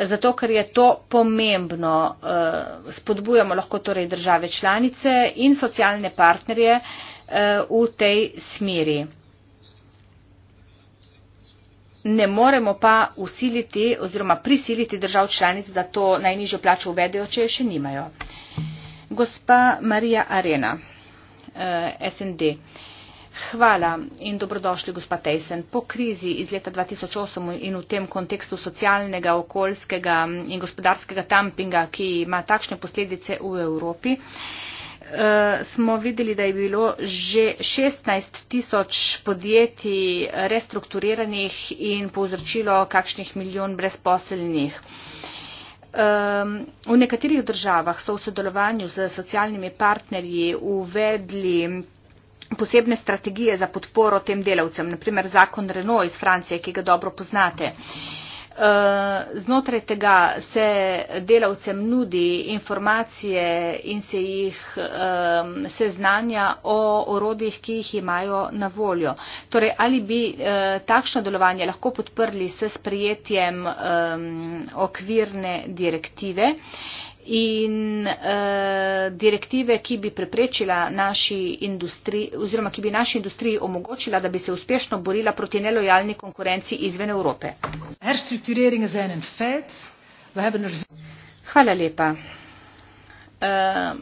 zato ker je to pomembno. Eh, spodbujamo lahko torej države članice in socialne partnerje eh, v tej smeri. Ne moremo pa usiliti oziroma prisiliti držav članic, da to najnižjo plačo uvedejo, če še nimajo. Gospa Marija Arena. Eh, SND. Hvala in dobrodošli, gospa Tejsen. Po krizi iz leta 2008 in v tem kontekstu socialnega, okoljskega in gospodarskega tampinga, ki ima takšne posledice v Evropi, eh, smo videli, da je bilo že 16 tisoč podjetij restrukturiranih in povzročilo kakšnih milijon brezposelnih. Um, v nekaterih državah so v sodelovanju z socialnimi partnerji uvedli posebne strategije za podporo tem delavcem, naprimer zakon Renault iz Francije, ki ga dobro poznate. Uh, Eh, znotraj tega se delavcem nudi informacije in se jih seznanja o orodjih, ki jih imajo na voljo. Torej, ali bi eh, takšno delovanje lahko podprli s sprejetjem okvirne direktive? in uh, direktive, ki bi preprečila naši industriji oziroma ki bi naši industriji omogočila, da bi se uspešno borila proti nelojalni konkurenci izven Evrope. Er- Hvala lepa. Uh,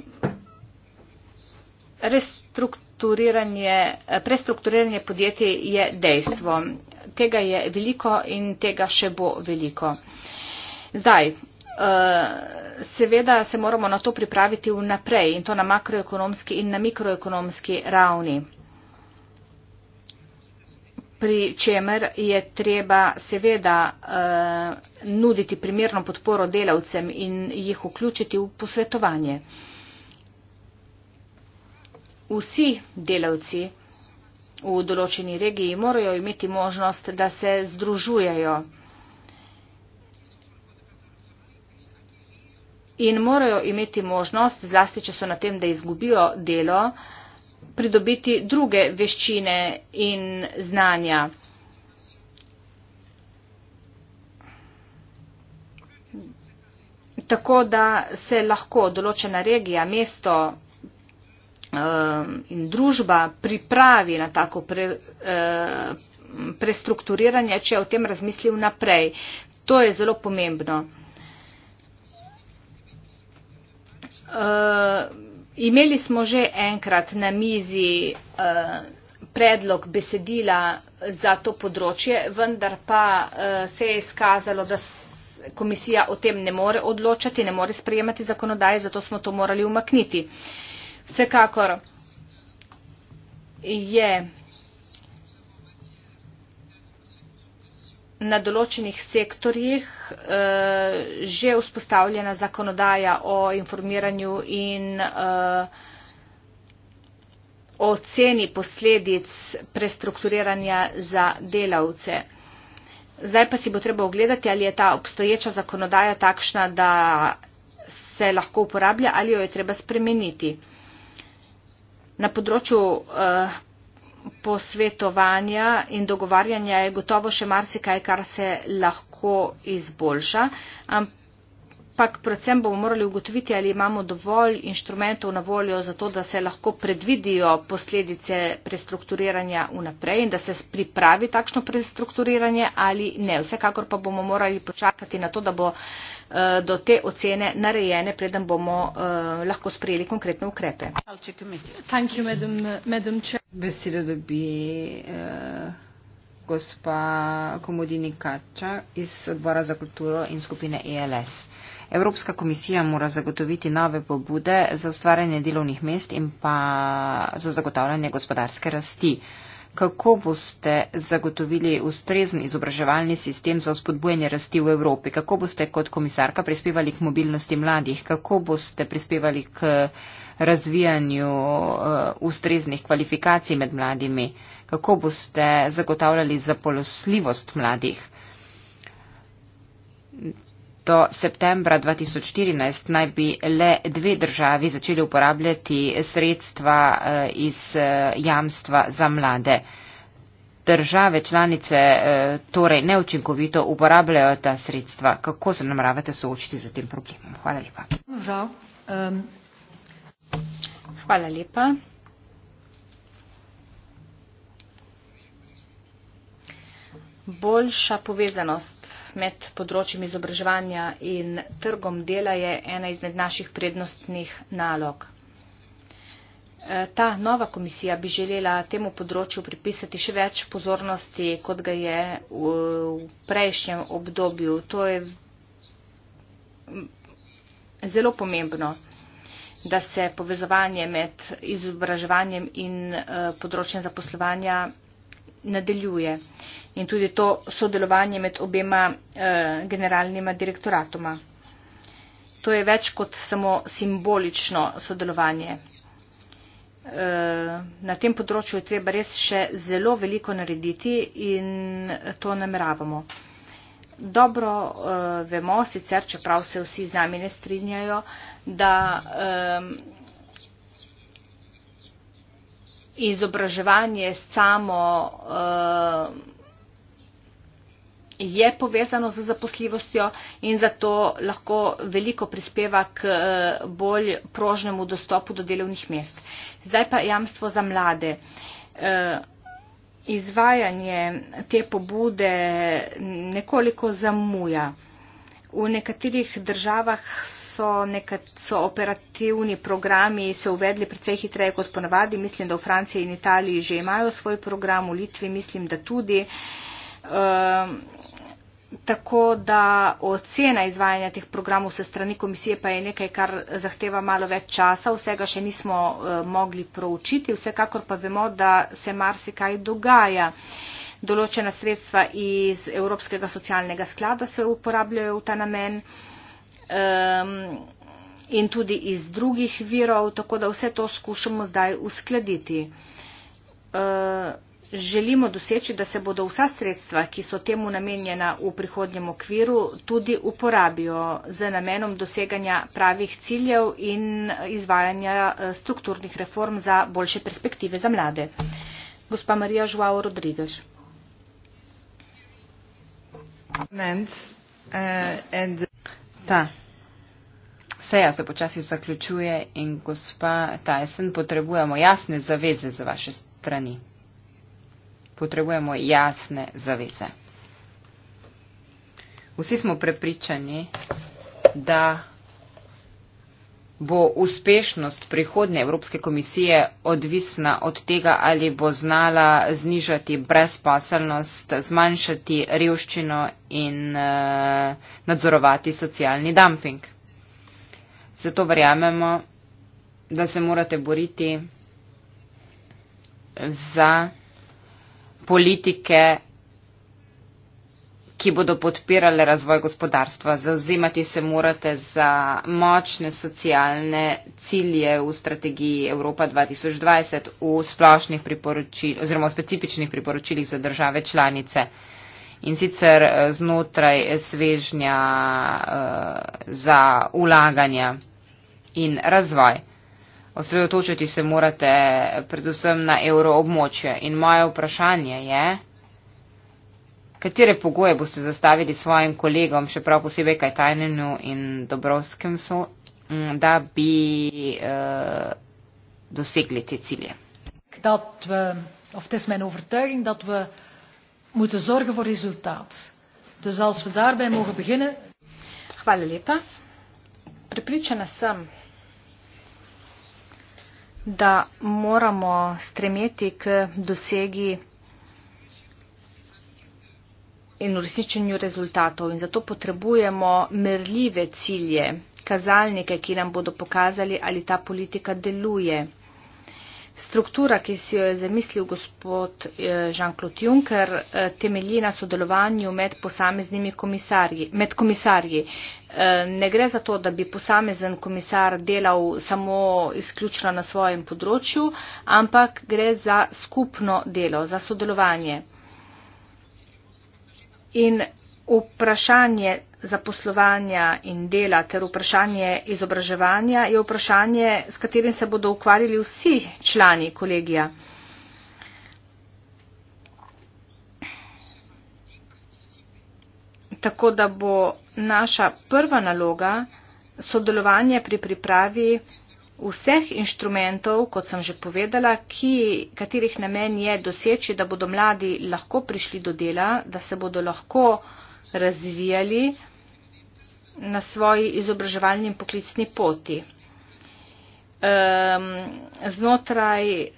prestrukturiranje podjetij je dejstvo. Tega je veliko in tega še bo veliko. Zdaj, uh, seveda se moramo na to pripraviti vnaprej in to na makroekonomski in na mikroekonomski ravni. Pri čemer je treba seveda uh, nuditi primerno podporo delavcem in jih vključiti v posvetovanje. Vsi delavci v določeni regiji morajo imeti možnost, da se združujajo. in morajo imeti možnost, zlasti če so na tem, da izgubijo delo, pridobiti druge veščine in znanja. Tako da se lahko določena regija, mesto um, in družba pripravi na tako pre, uh, prestrukturiranje, če o tem razmisli vnaprej. To je zelo pomembno. Eh, imeli smo že enkrat na mizi uh, predlog besedila za to področje, vendar pa uh, se je izkazalo, da komisija o tem ne more odločati, ne more sprejemati zakonodaje, zato smo to morali umakniti. Vsekakor je. Yeah. na določenih sektorjih eh, že vzpostavljena zakonodaja o informiranju in eh, oceni posledic prestrukturiranja za delavce. Zdaj pa si bo treba ogledati, ali je ta obstoječa zakonodaja takšna, da se lahko uporablja ali jo je treba spremeniti. Na področju eh, posvetovanja in dogovarjanja je gotovo še marsikaj, kar se lahko izboljša. Ampak ampak predvsem bomo morali ugotoviti, ali imamo dovolj inštrumentov na voljo za to, da se lahko predvidijo posledice prestrukturiranja vnaprej in da se pripravi takšno prestrukturiranje ali ne. Vsekakor pa bomo morali počakati na to, da bo eh, do te ocene narejene, preden bomo eh, lahko sprejeli konkretne ukrepe. Besedo dobi uh, gospa Komodini Kača iz odbora za kulturo in skupine ELS. Evropska komisija mora zagotoviti nove pobude za ustvarjanje delovnih mest in pa za zagotavljanje gospodarske rasti. Kako boste zagotovili ustrezen izobraževalni sistem za vzpodbujanje rasti v Evropi? Kako boste kot komisarka prispevali k mobilnosti mladih? Kako boste prispevali k razvijanju uh, ustreznih kvalifikacij med mladimi? Kako boste zagotavljali zaposljivost mladih? Do septembra 2014 naj bi le dve državi začeli uporabljati sredstva eh, iz eh, jamstva za mlade. Države članice eh, torej neučinkovito uporabljajo ta sredstva. Kako se namravate soočiti z tem problemom? Hvala lepa. Dobro, um, hvala lepa. Boljša povezanost med področjem izobraževanja in trgom dela je ena izmed naših prednostnih nalog. E, ta nova komisija bi želela temu področju pripisati še več pozornosti, kot ga je v prejšnjem obdobju. To je zelo pomembno da se povezovanje med izobraževanjem in e, področjem zaposlovanja nadaljuje. In tudi to sodelovanje med obema eh, generalnima direktoratoma. To je več kot samo simbolično sodelovanje. Eh, na tem področju je treba res še zelo veliko narediti in to nameravamo. Dobro eh, vemo, sicer čeprav se vsi z nami ne strinjajo, da. Eh, izobraževanje samo uh, je povezano z zaposljivostjo in zato lahko veliko prispeva k uh, bolj prožnemu dostopu do delovnih mest. Zdaj pa jamstvo za mlade. Uh, izvajanje te pobude nekoliko zamuja. V nekaterih državah so, nekat, so operativni programi se uvedli precej hitreje kot ponavadi. Mislim, da v Franciji in Italiji že imajo svoj program, v Litvi mislim, da tudi. Um, tako da ocena izvajanja teh programov se strani komisije pa je nekaj, kar zahteva malo več časa. Vsega še nismo uh, mogli proučiti, vsekakor pa vemo, da se marsikaj dogaja. Uh, določena sredstva iz Evropskega socialnega sklada se uporabljajo v ta namen um, in tudi iz drugih virov, tako da vse to skušamo zdaj uskladiti. Uh, želimo doseči, da se bodo vsa sredstva, ki so temu namenjena v prihodnjem okviru, tudi uporabijo z namenom doseganja pravih ciljev in izvajanja eh, strukturnih reform za boljše perspektive za mlade. Gospa Marija Žuao Rodrigež. Uh, Ta seja se počasi zaključuje in gospa Tyson, potrebujemo jasne zaveze za vaše strani. Potrebujemo jasne zaveze. Vsi smo prepričani, da bo uspešnost prihodne Evropske komisije odvisna od tega, ali bo znala znižati brezpaselnost, zmanjšati revščino in uh, nadzorovati socialni dumping. Zato verjamemo, da se morate boriti za politike ki bodo podpirale razvoj gospodarstva. Zauzemati se morate za močne socialne cilje v strategiji Evropa 2020 v splošnih priporočil oziroma v specifičnih priporočilih za države članice. In sicer eh, znotraj svežnja uh, za ulaganja in razvoj. Osredotočiti se morate predvsem na evroobmočje. In moje vprašanje je, Katere pogoje boste zastavili svojim kolegom, še prav posebej Kajtajnenu in Dobrovskem, so, mm, da bi uh, dosegli te cilje? Dat we, of het is mijn overtuiging dat we moeten zorgen voor resultaat. Dus als we daarbij mogen beginnen. Hvala lepa. Prepričana sem, da moramo stremeti k dosegi in uresničenju rezultatov. In zato potrebujemo merljive cilje, kazalnike, ki nam bodo pokazali, ali ta politika deluje. Struktura, ki si jo je zamislil gospod eh, Jean-Claude Juncker, eh, temelji na sodelovanju med posameznimi komisarji. Med komisarji. Eh, ne gre za to, da bi posamezen komisar delal samo izključno na svojem področju, ampak gre za skupno delo, za sodelovanje in vprašanje zaposlovanja in dela ter vprašanje izobraževanja je vprašanje, s katerim se bodo ukvarjali vsi člani kolegija. Tako da bo naša prva naloga sodelovanje pri pripravi vseh inštrumentov, kot sem že povedala, ki, katerih namen je doseči, da bodo mladi lahko prišli do dela, da se bodo lahko razvijali na svoji izobraževalni in poklicni poti. Ehm, znotraj e,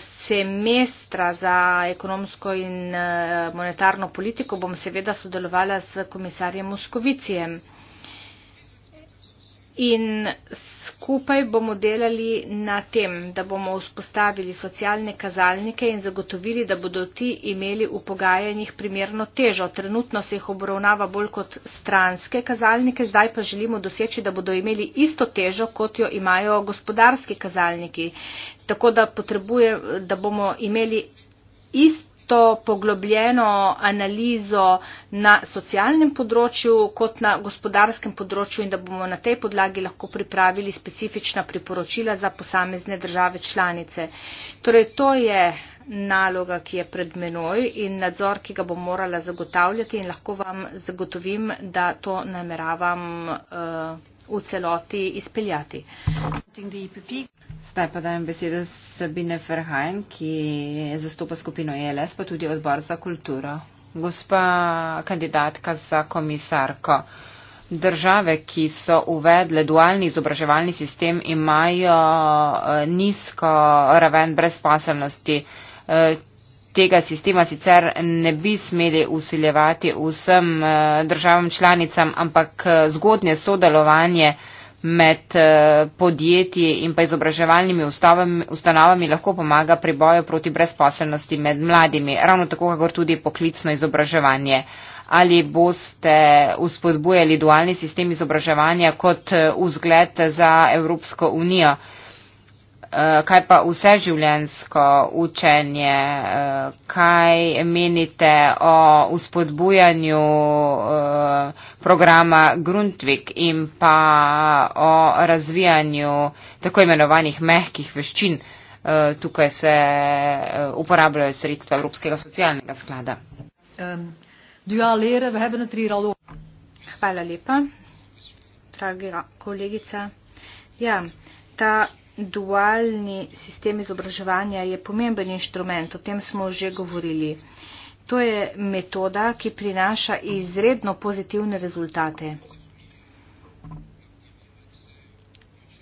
semestra za ekonomsko in e, monetarno politiko bom seveda sodelovala s komisarjem Moskovicijem in skupaj bomo delali na tem, da bomo vzpostavili socialne kazalnike in zagotovili, da bodo ti imeli v pogajanjih primerno težo. Trenutno se jih obravnava bolj kot stranske kazalnike, zdaj pa želimo doseči, da bodo imeli isto težo, kot jo imajo gospodarski kazalniki. Tako da potrebuje, da bomo imeli isto to poglobljeno analizo na socialnem področju kot na gospodarskem področju in da bomo na tej podlagi lahko pripravili specifična priporočila za posamezne države članice. Torej, to je naloga, ki je pred menoj in nadzor, ki ga bom morala zagotavljati in lahko vam zagotovim, da to nameravam. Uh, v celoti izpeljati. Zdaj pa dajem besedo Sabine Ferhajn, ki zastopa skupino ELS, pa tudi odbor za kulturo. Gospa kandidatka za komisarko. Države, ki so uvedle dualni izobraževalni sistem, imajo eh, nizko raven brezposelnosti. Eh, tega sistema sicer ne bi smeli usiljevati vsem eh, državam članicam, ampak eh, zgodnje sodelovanje med eh, podjetji in pa izobraževalnimi ustanovami lahko pomaga pri boju proti brezposelnosti med mladimi, ravno tako, kakor tudi poklicno izobraževanje. Ali boste uspodbujali dualni sistem izobraževanja kot vzgled za Evropsko unijo? Eh, kaj pa vseživljensko učenje, eh, kaj menite o uspodbujanju eh, programa Grundtvig in pa o razvijanju tako imenovanih mehkih veščin. Tukaj se uporabljajo sredstva Evropskega socialnega sklada. Ehm, Hvala lepa, dragi kolegica. Ja, ta dualni sistem izobraževanja je pomemben inštrument, o tem smo že govorili. To je metoda, ki prinaša izredno pozitivne rezultate.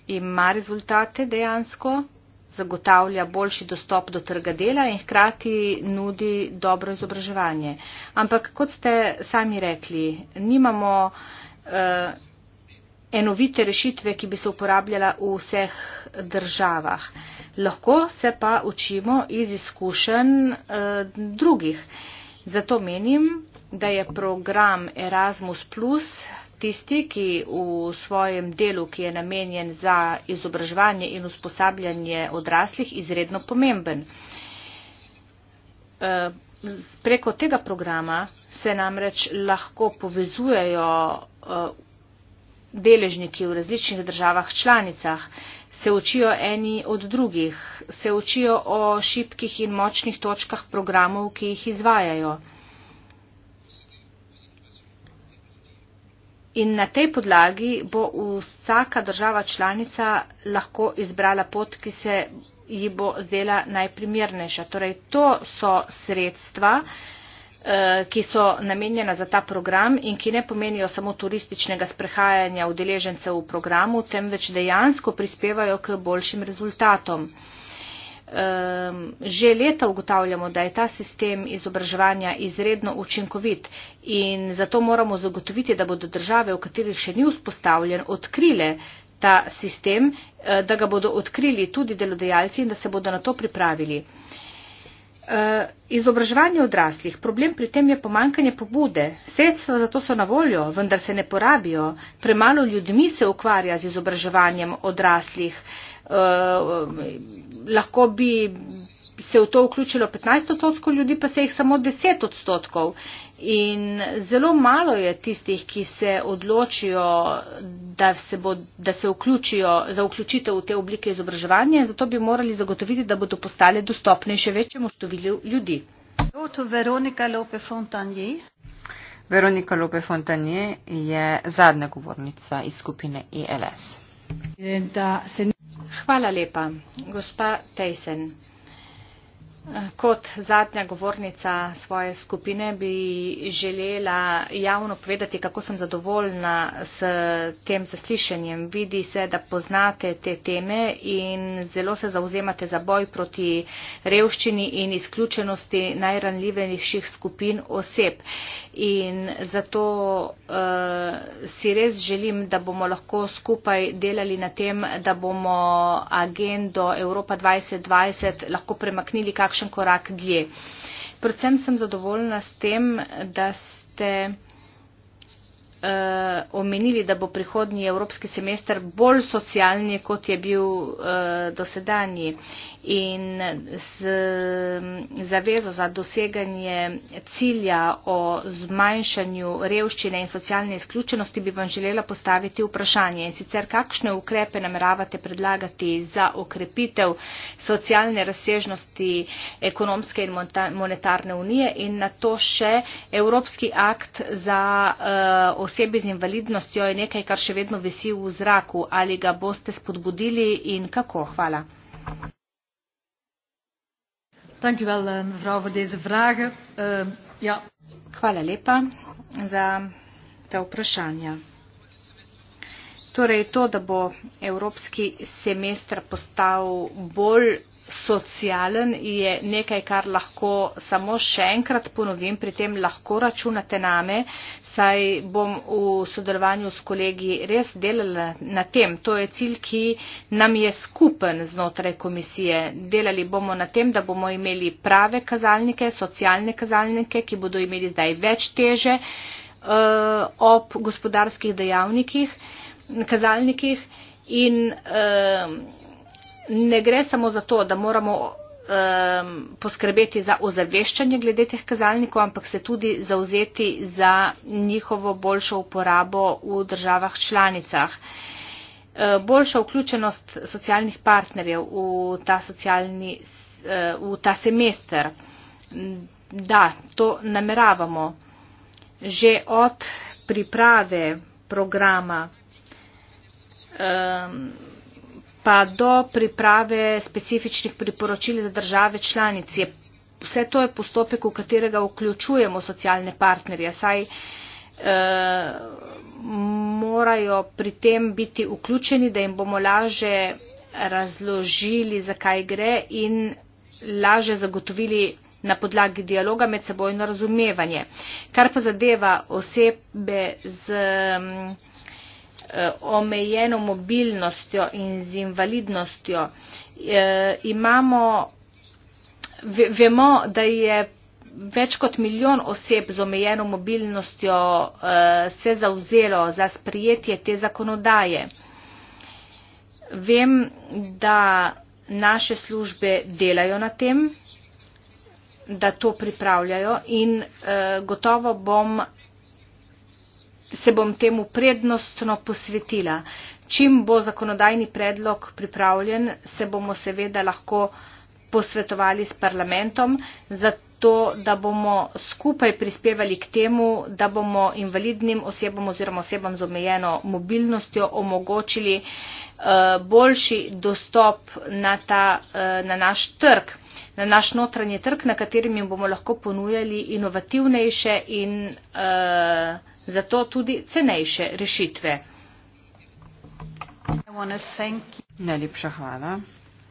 Ima rezultate dejansko, zagotavlja boljši dostop do trga dela in hkrati nudi dobro izobraževanje. Ampak, kot ste sami rekli, nimamo. Uh, enovite rešitve, ki bi se uporabljala v vseh državah. Lahko se pa učimo iz izkušenj eh, drugih. Zato menim, da je program Erasmus Plus tisti, ki v svojem delu, ki je namenjen za izobraževanje in usposabljanje odraslih, izredno pomemben. Eh, preko tega programa se namreč lahko povezujejo eh, deležniki v različnih državah članicah, se učijo eni od drugih, se učijo o šibkih in močnih točkah programov, ki jih izvajajo. In na tej podlagi bo vsaka država članica lahko izbrala pot, ki se ji bo zdela najprimernejša. Torej, to so sredstva, Eh, ki so namenjena za ta program in ki ne pomenijo samo turističnega sprehajanja udeležencev v programu, temveč dejansko prispevajo k boljšim rezultatom. Že leta ugotavljamo, da je ta sistem izobraževanja izredno učinkovit in zato moramo zagotoviti, da bodo države, v katerih še ni vzpostavljen, odkrile ta sistem, eh, da ga bodo odkrili tudi delodajalci in da se bodo na to pripravili. Uh, Eh, izobraževanje odraslih. Problem pri tem je pomankanje pobude. Sredstva za to so na voljo, vendar se ne porabijo. Premalo ljudmi se ukvarja z izobraževanjem odraslih. Uh, lahko bi se v to vključilo 15 odstotkov ljudi, pa se jih samo 10 odstotkov. In zelo malo je tistih, ki se odločijo, da se, bo, da se vključijo za vključitev v te oblike izobraževanja, zato bi morali zagotoviti, da bodo postale dostopne še večjemu številu ljudi. Veronika Lope Fontanje je zadnja govornica iz skupine ELS. Hvala lepa, gospa Tejsen. Kot zadnja govornica svoje skupine bi želela javno povedati, kako sem zadovoljna s tem zaslišanjem. Vidi se, da poznate te teme in zelo se zauzemate za boj proti revščini in izključenosti najranljivejših skupin oseb. In zato uh, si res želim, da bomo lahko skupaj delali na tem, da bomo agendo Evropa 2020 lahko premaknili kakšno kakšen korak dlje. Predvsem sem zadovoljna s tem, da ste uh, omenili, da bo prihodnji evropski semester bolj socialni, kot je bil uh, dosedanji in z zavezo za doseganje cilja o zmanjšanju revščine in socialne izključenosti bi vam želela postaviti vprašanje. In sicer, kakšne ukrepe nameravate predlagati za okrepitev socialne razsežnosti ekonomske in monetarne unije in na to še Evropski akt za uh, eh, osebi z invalidnostjo je nekaj, kar še vedno visi v zraku. Ali ga boste spodbudili in kako? Hvala. Eh, eh, ja. Hvala lepa za te vprašanja. Torej to, da bo evropski semestr postal bolj socialen je nekaj, kar lahko samo še enkrat ponovim, pri tem lahko računate name, saj bom v sodelovanju s kolegi res delala na tem. To je cilj, ki nam je skupen znotraj komisije. Delali bomo na tem, da bomo imeli prave kazalnike, socialne kazalnike, ki bodo imeli zdaj več teže eh, ob gospodarskih dejavnikih, kazalnikih in. Eh, ne gre samo za to, da moramo um, poskrbeti za ozaveščanje glede teh kazalnikov, ampak se tudi zauzeti za njihovo boljšo uporabo v državah članicah. E, boljša vključenost socialnih partnerjev v ta, socialni, e, v ta semester. Da, to nameravamo. Že od priprave programa um, pa do priprave specifičnih priporočil za države članice. Vse to je postopek, v katerega vključujemo socialne partnerje, saj eh, morajo pri tem biti vključeni, da jim bomo laže razložili, zakaj gre in laže zagotovili na podlagi dialoga medsebojno razumevanje. Kar pa zadeva osebe z. Hm, Eh, omejeno mobilnostjo in z invalidnostjo. Eh, imamo, vemo, da je več kot milijon oseb z omejeno mobilnostjo eh, se zauzelo za sprijetje te zakonodaje. Vem, da naše službe delajo na tem, da to pripravljajo in gotovo bom se bom temu prednostno posvetila. Čim bo zakonodajni predlog pripravljen, se bomo seveda lahko posvetovali s parlamentom, zato da bomo skupaj prispevali k temu, da bomo invalidnim osebam oziroma osebam z omejeno mobilnostjo omogočili uh, boljši dostop na, ta, uh, na naš trg na naš notranji trg, na katerem jim bomo lahko ponujali inovativnejše in uh, eh, zato tudi cenejše rešitve. Najlepša hvala.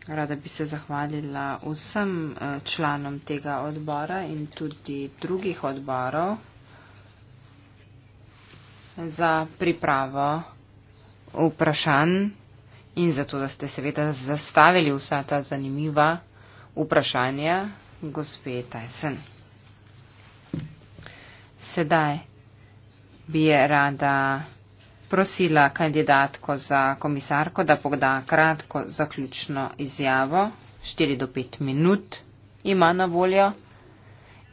Rada bi se zahvalila vsem eh, članom tega odbora in tudi drugih odborov za pripravo vprašanj in za to, da ste seveda zastavili vsa ta zanimiva vprašanja vprašanja gospe Tyson. Sedaj bi rada prosila kandidatko za komisarko, da pogda kratko zaključno izjavo, 4 do 5 minut ima na voljo.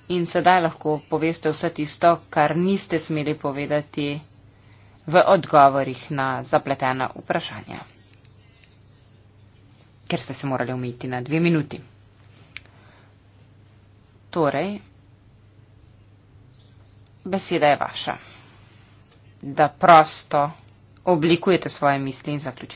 In sedaj lahko poveste vse tisto, kar niste smeli povedati v odgovorih na zapletena vprašanja, ker ste se morali umiti na dve minuti. Torej, beseda je vaša, da prosto oblikujete svoje misli in zaključite.